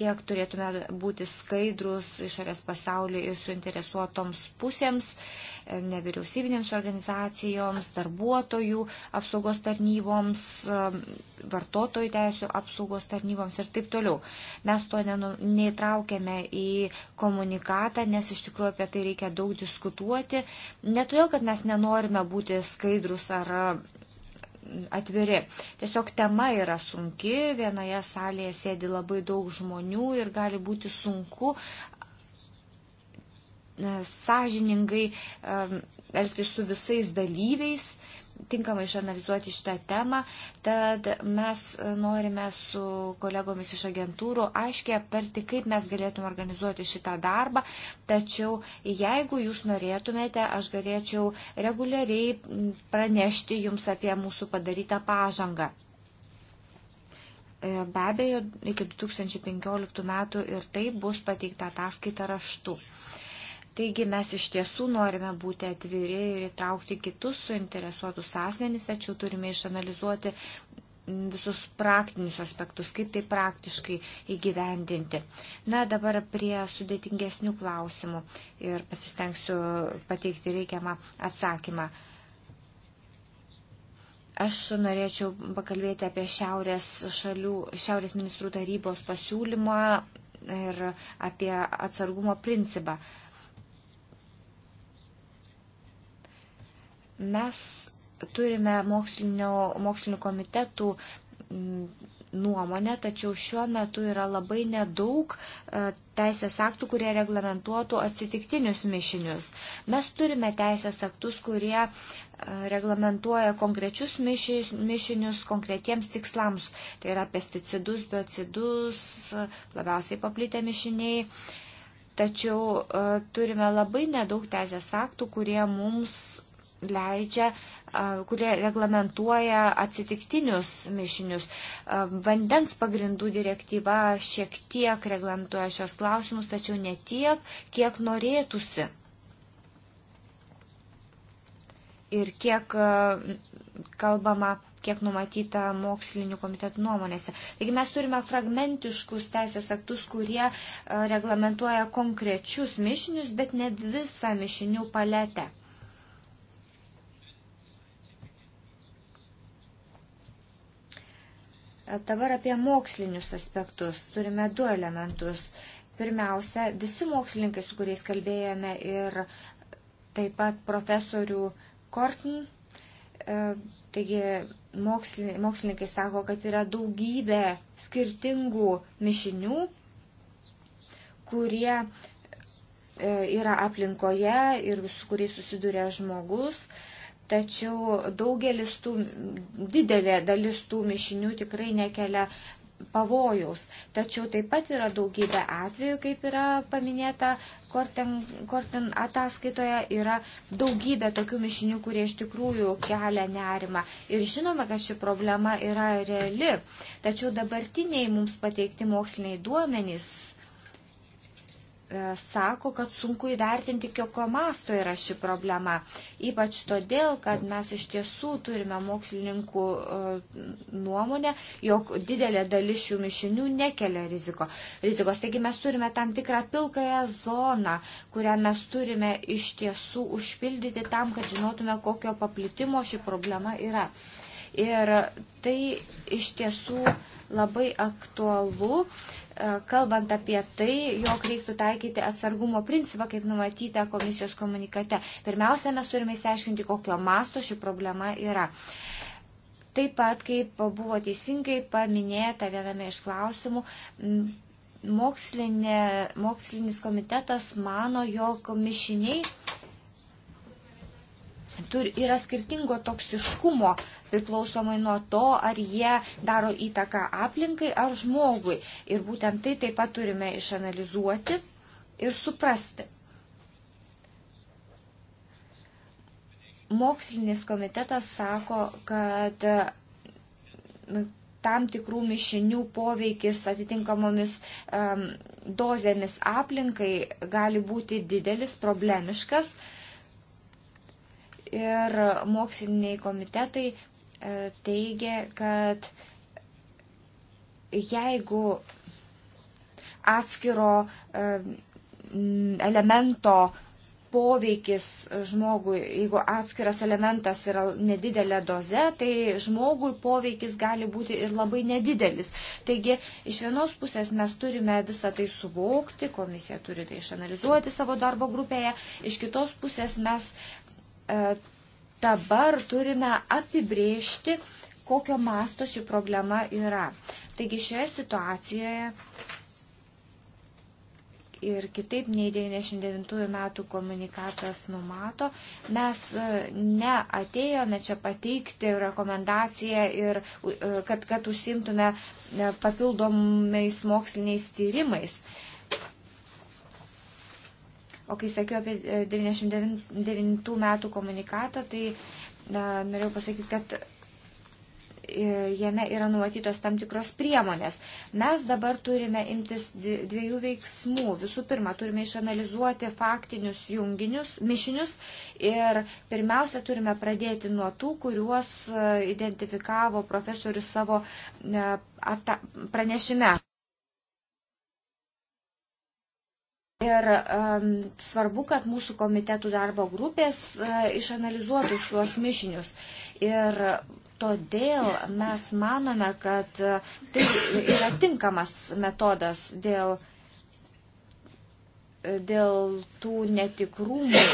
kiek turėtume būti skaidrus išorės pasauliui ir suinteresuotoms pusėms, e, nevyriausybinėms organizacijoms, darbuotojų apsaugos tarnyboms, e, vartotojų teisų apsaugos tarnyboms ir taip toliau. Mes to neįtraukėme į komunikatą, nes iš tikrųjų apie tai reikia daug diskutuoti. Ne todėl, kad mes nenorime būti skaidrus ar atviri. Tiesiog tema yra sunki, vienoje salėje sėdi labai daug žmonių ir gali būti sunku e, sąžiningai e, elgtis su visais dalyviais. Uh, tinkamai išanalizuoti šitą temą, tad mes norime su kolegomis iš agentūrų aiškiai aptarti, kaip mes galėtume organizuoti šitą darbą, tačiau jeigu jūs norėtumėte, aš galėčiau reguliariai pranešti jums apie mūsų padarytą pažangą. E, be abejo, iki 2015 metų ir tai bus pateikta ataskaita raštu. Taigi mes iš tiesų norime būti atviri ir įtraukti kitus suinteresuotus asmenys, tačiau turime išanalizuoti visus praktinius aspektus, kaip tai praktiškai įgyvendinti. Na, dabar prie sudėtingesnių klausimų ir pasistengsiu pateikti reikiamą atsakymą. Aš norėčiau pakalbėti apie šiaurės, šalių, šiaurės ministrų tarybos pasiūlymą ir apie atsargumo principą. Mes turime mokslinių komitetų mm, nuomonę, tačiau šiuo metu yra labai nedaug e, teisės aktų, kurie reglamentuotų atsitiktinius mišinius. Mes turime teisės aktus, kurie e, reglamentuoja konkrečius mišinius konkretiems tikslams. Tai yra pesticidus, biocidus, labiausiai paplitę mišiniai. Tačiau e, turime labai nedaug teisės aktų, kurie mums leidžia, kurie reglamentuoja atsitiktinius mišinius. Vandens pagrindų direktyva šiek tiek reglamentuoja šios klausimus, tačiau ne tiek, kiek norėtųsi. Ir kiek kalbama kiek numatyta mokslinių komitetų nuomonėse. Taigi mes turime fragmentiškus teisės aktus, kurie reglamentuoja konkrečius mišinius, bet ne visą mišinių paletę. E, dabar apie mokslinius aspektus. Turime du elementus. Pirmiausia, visi mokslininkai, su kuriais kalbėjome ir taip pat profesorių Kortnį, e, taigi mokslininkai sako, kad yra daugybė skirtingų mišinių, kurie e, yra aplinkoje ir su kuriais susiduria žmogus. Uh, tačiau daugelis tų, didelė dalis tų mišinių tikrai nekelia pavojaus. Tačiau taip pat yra daugybė atvejų, kaip yra paminėta Korten, Korten ataskaitoje, yra daugybė tokių mišinių, kurie iš tikrųjų kelia nerimą. Ir žinoma, kad ši problema yra reali. Tačiau dabartiniai mums pateikti moksliniai duomenys E, sako, kad sunku įvertinti, kokio masto yra ši problema. Ypač todėl, kad mes iš tiesų turime mokslininkų e, nuomonę, jog didelė dalis šių mišinių nekelia riziko. rizikos. Taigi mes turime tam tikrą pilkąją zoną, kurią mes turime iš tiesų užpildyti tam, kad žinotume, kokio paplitimo ši problema yra. Ir tai iš tiesų labai aktualu E, kalbant apie tai, jog reiktų taikyti atsargumo principą, kaip numatyta komisijos komunikate. Pirmiausia, mes turime įsiaiškinti, kokio masto ši problema yra. Taip pat, kaip buvo teisingai paminėta viename iš klausimų, mokslinė, mokslinis komitetas mano, jog mišiniai turi, yra skirtingo toksiškumo priklausomai nuo to, ar jie daro įtaką aplinkai ar žmogui. Ir būtent tai taip pat turime išanalizuoti ir suprasti. Mokslinis komitetas sako, kad tam tikrų mišinių poveikis atitinkamomis um, dozėmis aplinkai gali būti didelis, problemiškas. Uh, ir moksliniai komitetai e, teigia, kad jeigu atskiro e, elemento poveikis žmogui, jeigu atskiras elementas yra nedidelė doze, tai žmogui poveikis gali būti ir labai nedidelis. Taigi, iš vienos pusės mes turime visą tai suvokti, komisija turi tai išanalizuoti savo darbo grupėje, iš kitos pusės mes E, dabar turime apibrėžti, kokio masto ši problema yra. Taigi šioje situacijoje ir kitaip nei 99 metų komunikatas numato, mes e, neatėjome čia pateikti rekomendaciją ir e, kad, kad užsimtume papildomais moksliniais tyrimais. Uh, O kai sakiau apie 99 e, metų komunikatą, tai na, norėjau pasakyti, kad e, jame yra numatytos tam tikros priemonės. Mes dabar turime imtis dviejų veiksmų. Visų pirma, turime išanalizuoti faktinius junginius, mišinius ir pirmiausia, turime pradėti nuo tų, kuriuos e, identifikavo profesorius savo pranešime. Ir um, svarbu, kad mūsų komitetų darbo grupės uh, išanalizuotų šiuos mišinius. Ir todėl mes manome, kad uh, tai yra tinkamas metodas dėl, e, dėl tų netikrumų.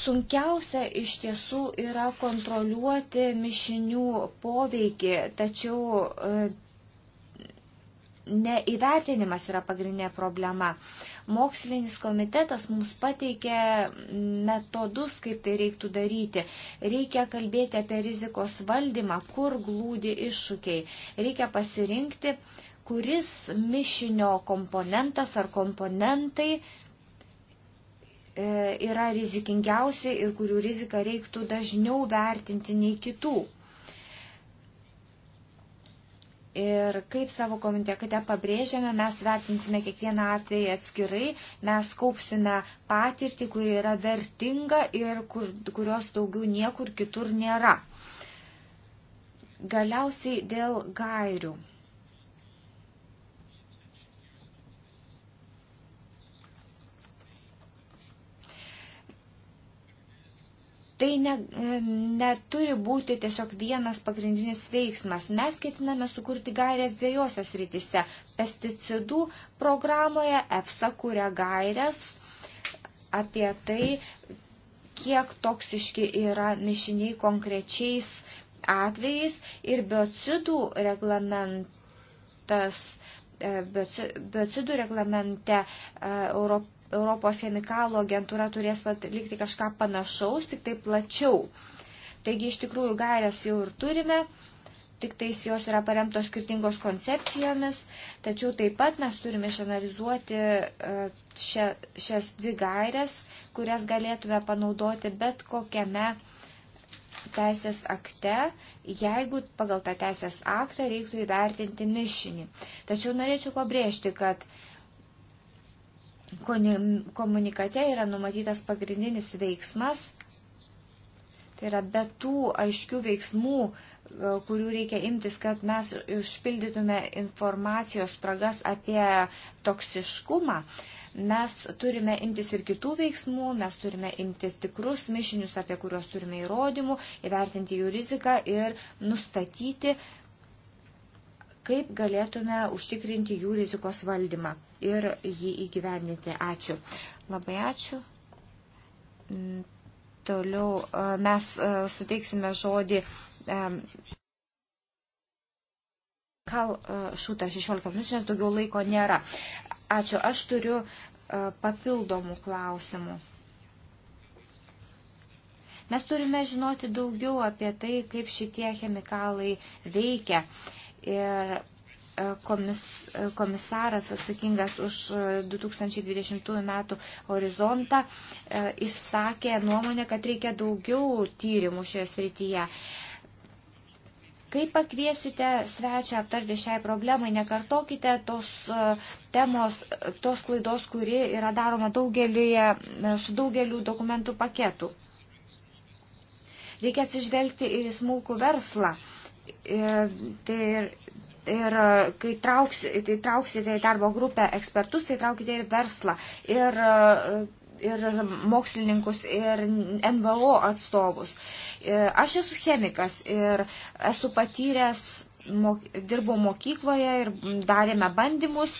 Sunkiausia iš tiesų yra kontroliuoti mišinių poveikį, tačiau uh, neįvertinimas yra pagrindinė problema. Mokslinis komitetas mums pateikė metodus, kaip tai reiktų daryti. Reikia kalbėti apie rizikos valdymą, kur glūdi iššūkiai. Reikia pasirinkti, kuris mišinio komponentas ar komponentai e, yra rizikingiausi ir kurių riziką reiktų dažniau vertinti nei kitų. Ir kaip savo komitekate pabrėžiame, mes vertinsime kiekvieną atvejį atskirai, mes kaupsime patirtį, kuri yra vertinga ir kur, kurios daugiau niekur kitur nėra. Galiausiai dėl gairių. Tai ne, neturi būti tiesiog vienas pagrindinis veiksmas. Mes ketiname sukurti gairias dviejose srityse. Pesticidų programoje EFSA kūrė gairias apie tai, kiek toksiški yra mišiniai konkrečiais atvejais ir biocidų reglamentas e, biocidų reglamente e, Europ, Europos chemikalų agentūra turės atlikti kažką panašaus, tik tai plačiau. Taigi iš tikrųjų gairias jau ir turime, tik tais jos yra paremtos skirtingos koncepcijomis, tačiau taip pat mes turime išanalizuoti e, šia, šias dvi gairias, kurias galėtume panaudoti bet kokiame teisės akte, jeigu pagal tą teisės aktą reiktų įvertinti mišinį. Tačiau norėčiau pabrėžti, kad uh, komunikate yra numatytas pagrindinis veiksmas, tai yra be tų aiškių veiksmų, e, kurių reikia imtis, kad mes išpildytume informacijos spragas apie toksiškumą. Mes turime imtis ir kitų veiksmų, mes turime imtis tikrus mišinius, apie kuriuos turime įrodymų, įvertinti jų riziką ir nustatyti, kaip galėtume užtikrinti jų rizikos valdymą ir jį įgyvendinti. Ačiū. Labai ačiū. Mm, toliau e, mes e, suteiksime žodį. Kal šūta 16 minučių, nes daugiau laiko nėra. Ačiū. Aš turiu e, papildomų klausimų. Mes turime žinoti daugiau apie tai, kaip šitie chemikalai veikia. Uh, ir e, komis, e, komisaras atsakingas už 2020 e, metų horizontą išsakė nuomonę, kad reikia daugiau tyrimų šioje srityje. Kai pakviesite svečią aptarti šiai problemai, nekartokite tos temos, tos klaidos, kuri yra daroma daugeliu, su daugeliu dokumentų paketų. Reikia atsižvelgti ir į smulkų verslą. Uh, Tai ir, tai ir kai trauks, tai trauksite į darbo grupę ekspertus, tai traukite ir verslą, ir, ir mokslininkus, ir NVO atstovus. E, aš esu chemikas ir esu patyręs, mok, dirbau mokykloje ir darėme bandymus.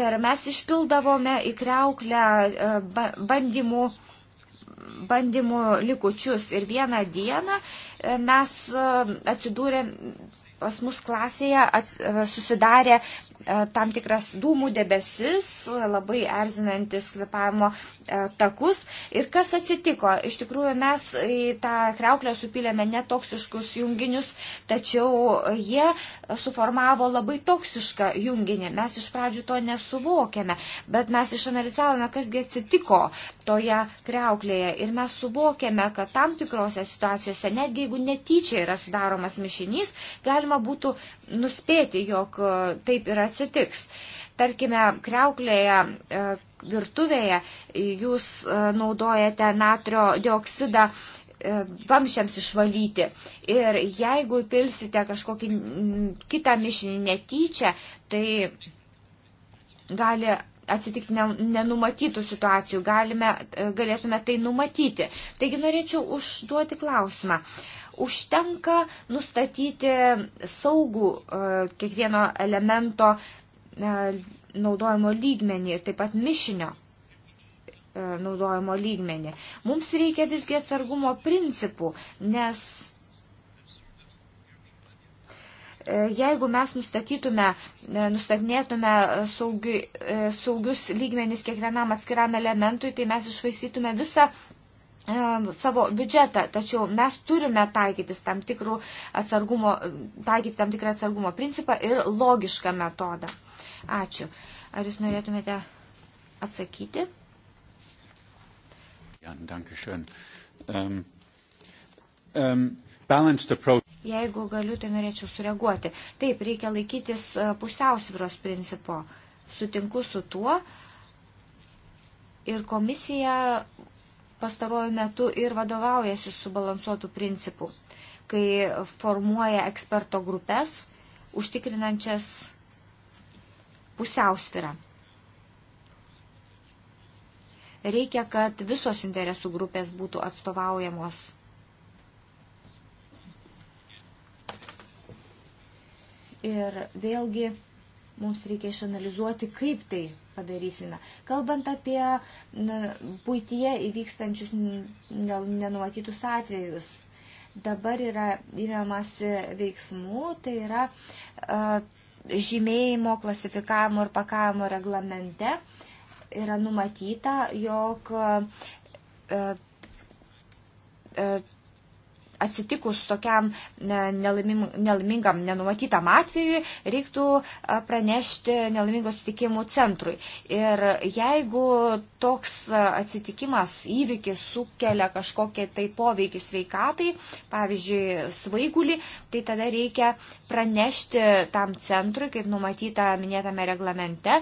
Ir mes išpildavome į kreuklę e, bandymų bandymų likučius ir vieną dieną e, mes e, atsidūrėm, pas mus klasėje at, e, susidarė E, tam tikras dūmų debesis, labai erzinantis kvepavimo e, takus. Ir kas atsitiko? Iš tikrųjų, mes į tą kreuklę supylėme netoksiškus junginius, tačiau jie suformavo labai toksišką junginį. Mes iš pradžių to nesuvokėme, bet mes išanalizavome, kasgi atsitiko toje kreuklėje. Ir mes suvokėme, kad tam tikrose situacijose, netgi jeigu netyčia yra sudaromas mišinys, galima būtų nuspėti, jog taip yra atsitiks. Tarkime, kreuklėje, e, virtuvėje jūs e, naudojate natrio dioksidą e, vamšiams išvalyti. Ir jeigu pilsite kažkokį kitą mišinį netyčia, tai gali atsitikti nenumatytų situacijų, galime, galėtume tai numatyti. Taigi norėčiau užduoti klausimą užtenka nustatyti saugų e, kiekvieno elemento e, naudojimo lygmenį ir taip pat mišinio e, naudojimo lygmenį. Mums reikia visgi atsargumo principų, nes jeigu mes nustatytume, nustatinėtume saugi, saugius lygmenis kiekvienam atskiram elementui, tai mes išvaistytume visą savo biudžetą, tačiau mes turime taikytis tam, tikrų atsargumo, taikyti tam tikrą atsargumo principą ir logišką metodą. Ačiū. Ar jūs norėtumėte atsakyti? Ja, um, um, Jeigu galiu, tai norėčiau sureaguoti. Taip, reikia laikytis e, pusiausvyros principo. Sutinku su tuo, ir komisija pastaruoju metu ir vadovaujasi subalansuotų principų, kai formuoja eksperto grupės, užtikrinančias pusiausvirą. Reikia, kad visos interesų grupės būtų atstovaujamos. Ir vėlgi Mums reikia išanalizuoti, kaip tai padarysime. Kalbant apie na, puityje įvykstančius gal nenumatytus atvejus, dabar yra įmamasi veiksmų, tai yra a, žymėjimo, klasifikavimo ir pakavimo reglamente yra numatyta, jog a, a, atsitikus tokiam nelaimingam, nenumatytam atvejui, reiktų pranešti nelaimingo atsitikimų centrui. Ir jeigu toks atsitikimas, įvykis sukelia kažkokią tai poveikį sveikatai, pavyzdžiui, svaigulį, tai tada reikia pranešti tam centrui, kaip numatyta minėtame reglamente,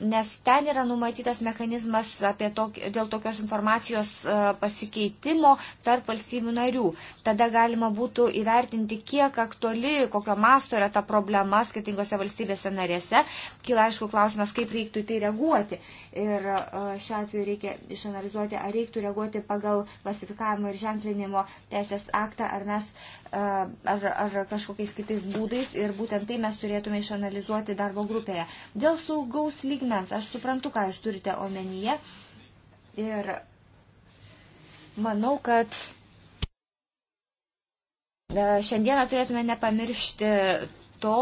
nes ten yra numatytas mechanizmas tok, dėl tokios informacijos e, pasikeitimo tarp valstybių narių. Tada galima būtų įvertinti, kiek aktuali, kokio masto yra ta problema skirtingose valstybėse narėse. Kila aišku klausimas, kaip reiktų į tai reaguoti. Ir e, šiuo atveju reikia išanalizuoti, ar reiktų reaguoti pagal klasifikavimo ir ženklinimo teisės aktą, ar mes uh, ar, ar kažkokiais kitais būdais ir būtent tai mes turėtume išanalizuoti darbo grupėje. Dėl saugaus lygmens aš suprantu, ką jūs turite omenyje ir manau, kad šiandieną turėtume nepamiršti to,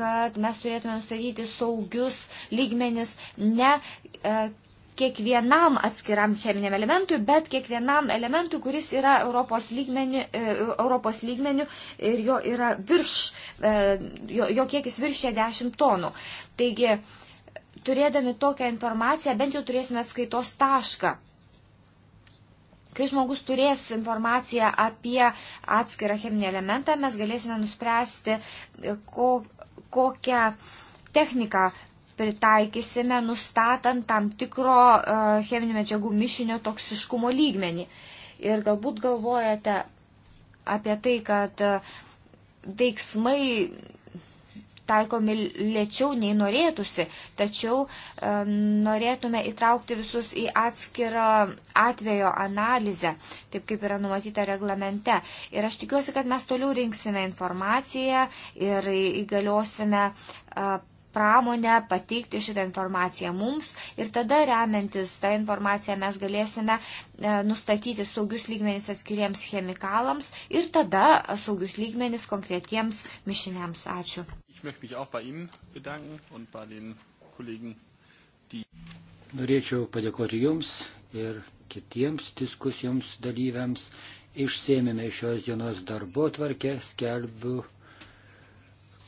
kad mes turėtume nustatyti saugius lygmenis ne kiekvienam atskiram cheminiam elementui, bet kiekvienam elementui, kuris yra Europos lygmenių, e, Europos lygmenių ir jo, yra virš, e, jo, jo kiekis viršė 10 tonų. Taigi, turėdami tokią informaciją, bent jau turėsime skaitos tašką. Kai žmogus turės informaciją apie atskirą cheminį elementą, mes galėsime nuspręsti, ko, kokią techniką pritaikysime, nustatant tam tikro e, cheminių medžiagų mišinio toksiškumo lygmenį. Ir galbūt galvojate apie tai, kad e, veiksmai taikomi lėčiau nei norėtųsi, tačiau e, norėtume įtraukti visus į atskirą atvejo analizę, taip kaip yra numatyta reglamente. Ir aš tikiuosi, kad mes toliau rinksime informaciją ir įgaliosime e, pramonę pateikti šitą informaciją mums ir tada remiantis tą informaciją mes galėsime e, nustatyti saugius lygmenis atskiriems chemikalams ir tada saugius lygmenis konkretiems mišiniams. Ačiū. Norėčiau padėkoti Jums ir kitiems diskusijoms dalyviams. Išsėmėme šios dienos darbo tvarkę, skelbiu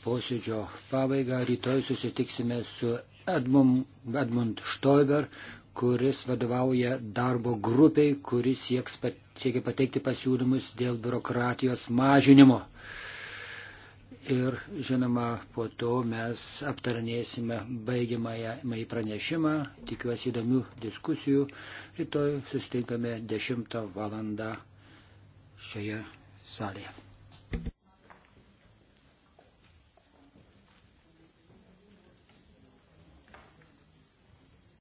posėdžio pabaigą. Rytoj susitiksime su Edmund, Edmund Stoiber, kuris vadovauja darbo grupiai, kuris sieks pat, siekia pateikti pasiūlymus dėl biurokratijos mažinimo. Ir žinoma, po to mes aptarinėsime baigiamąją pranešimą. Tikiuosi įdomių diskusijų. Rytoj susitinkame 10 val. šioje salėje.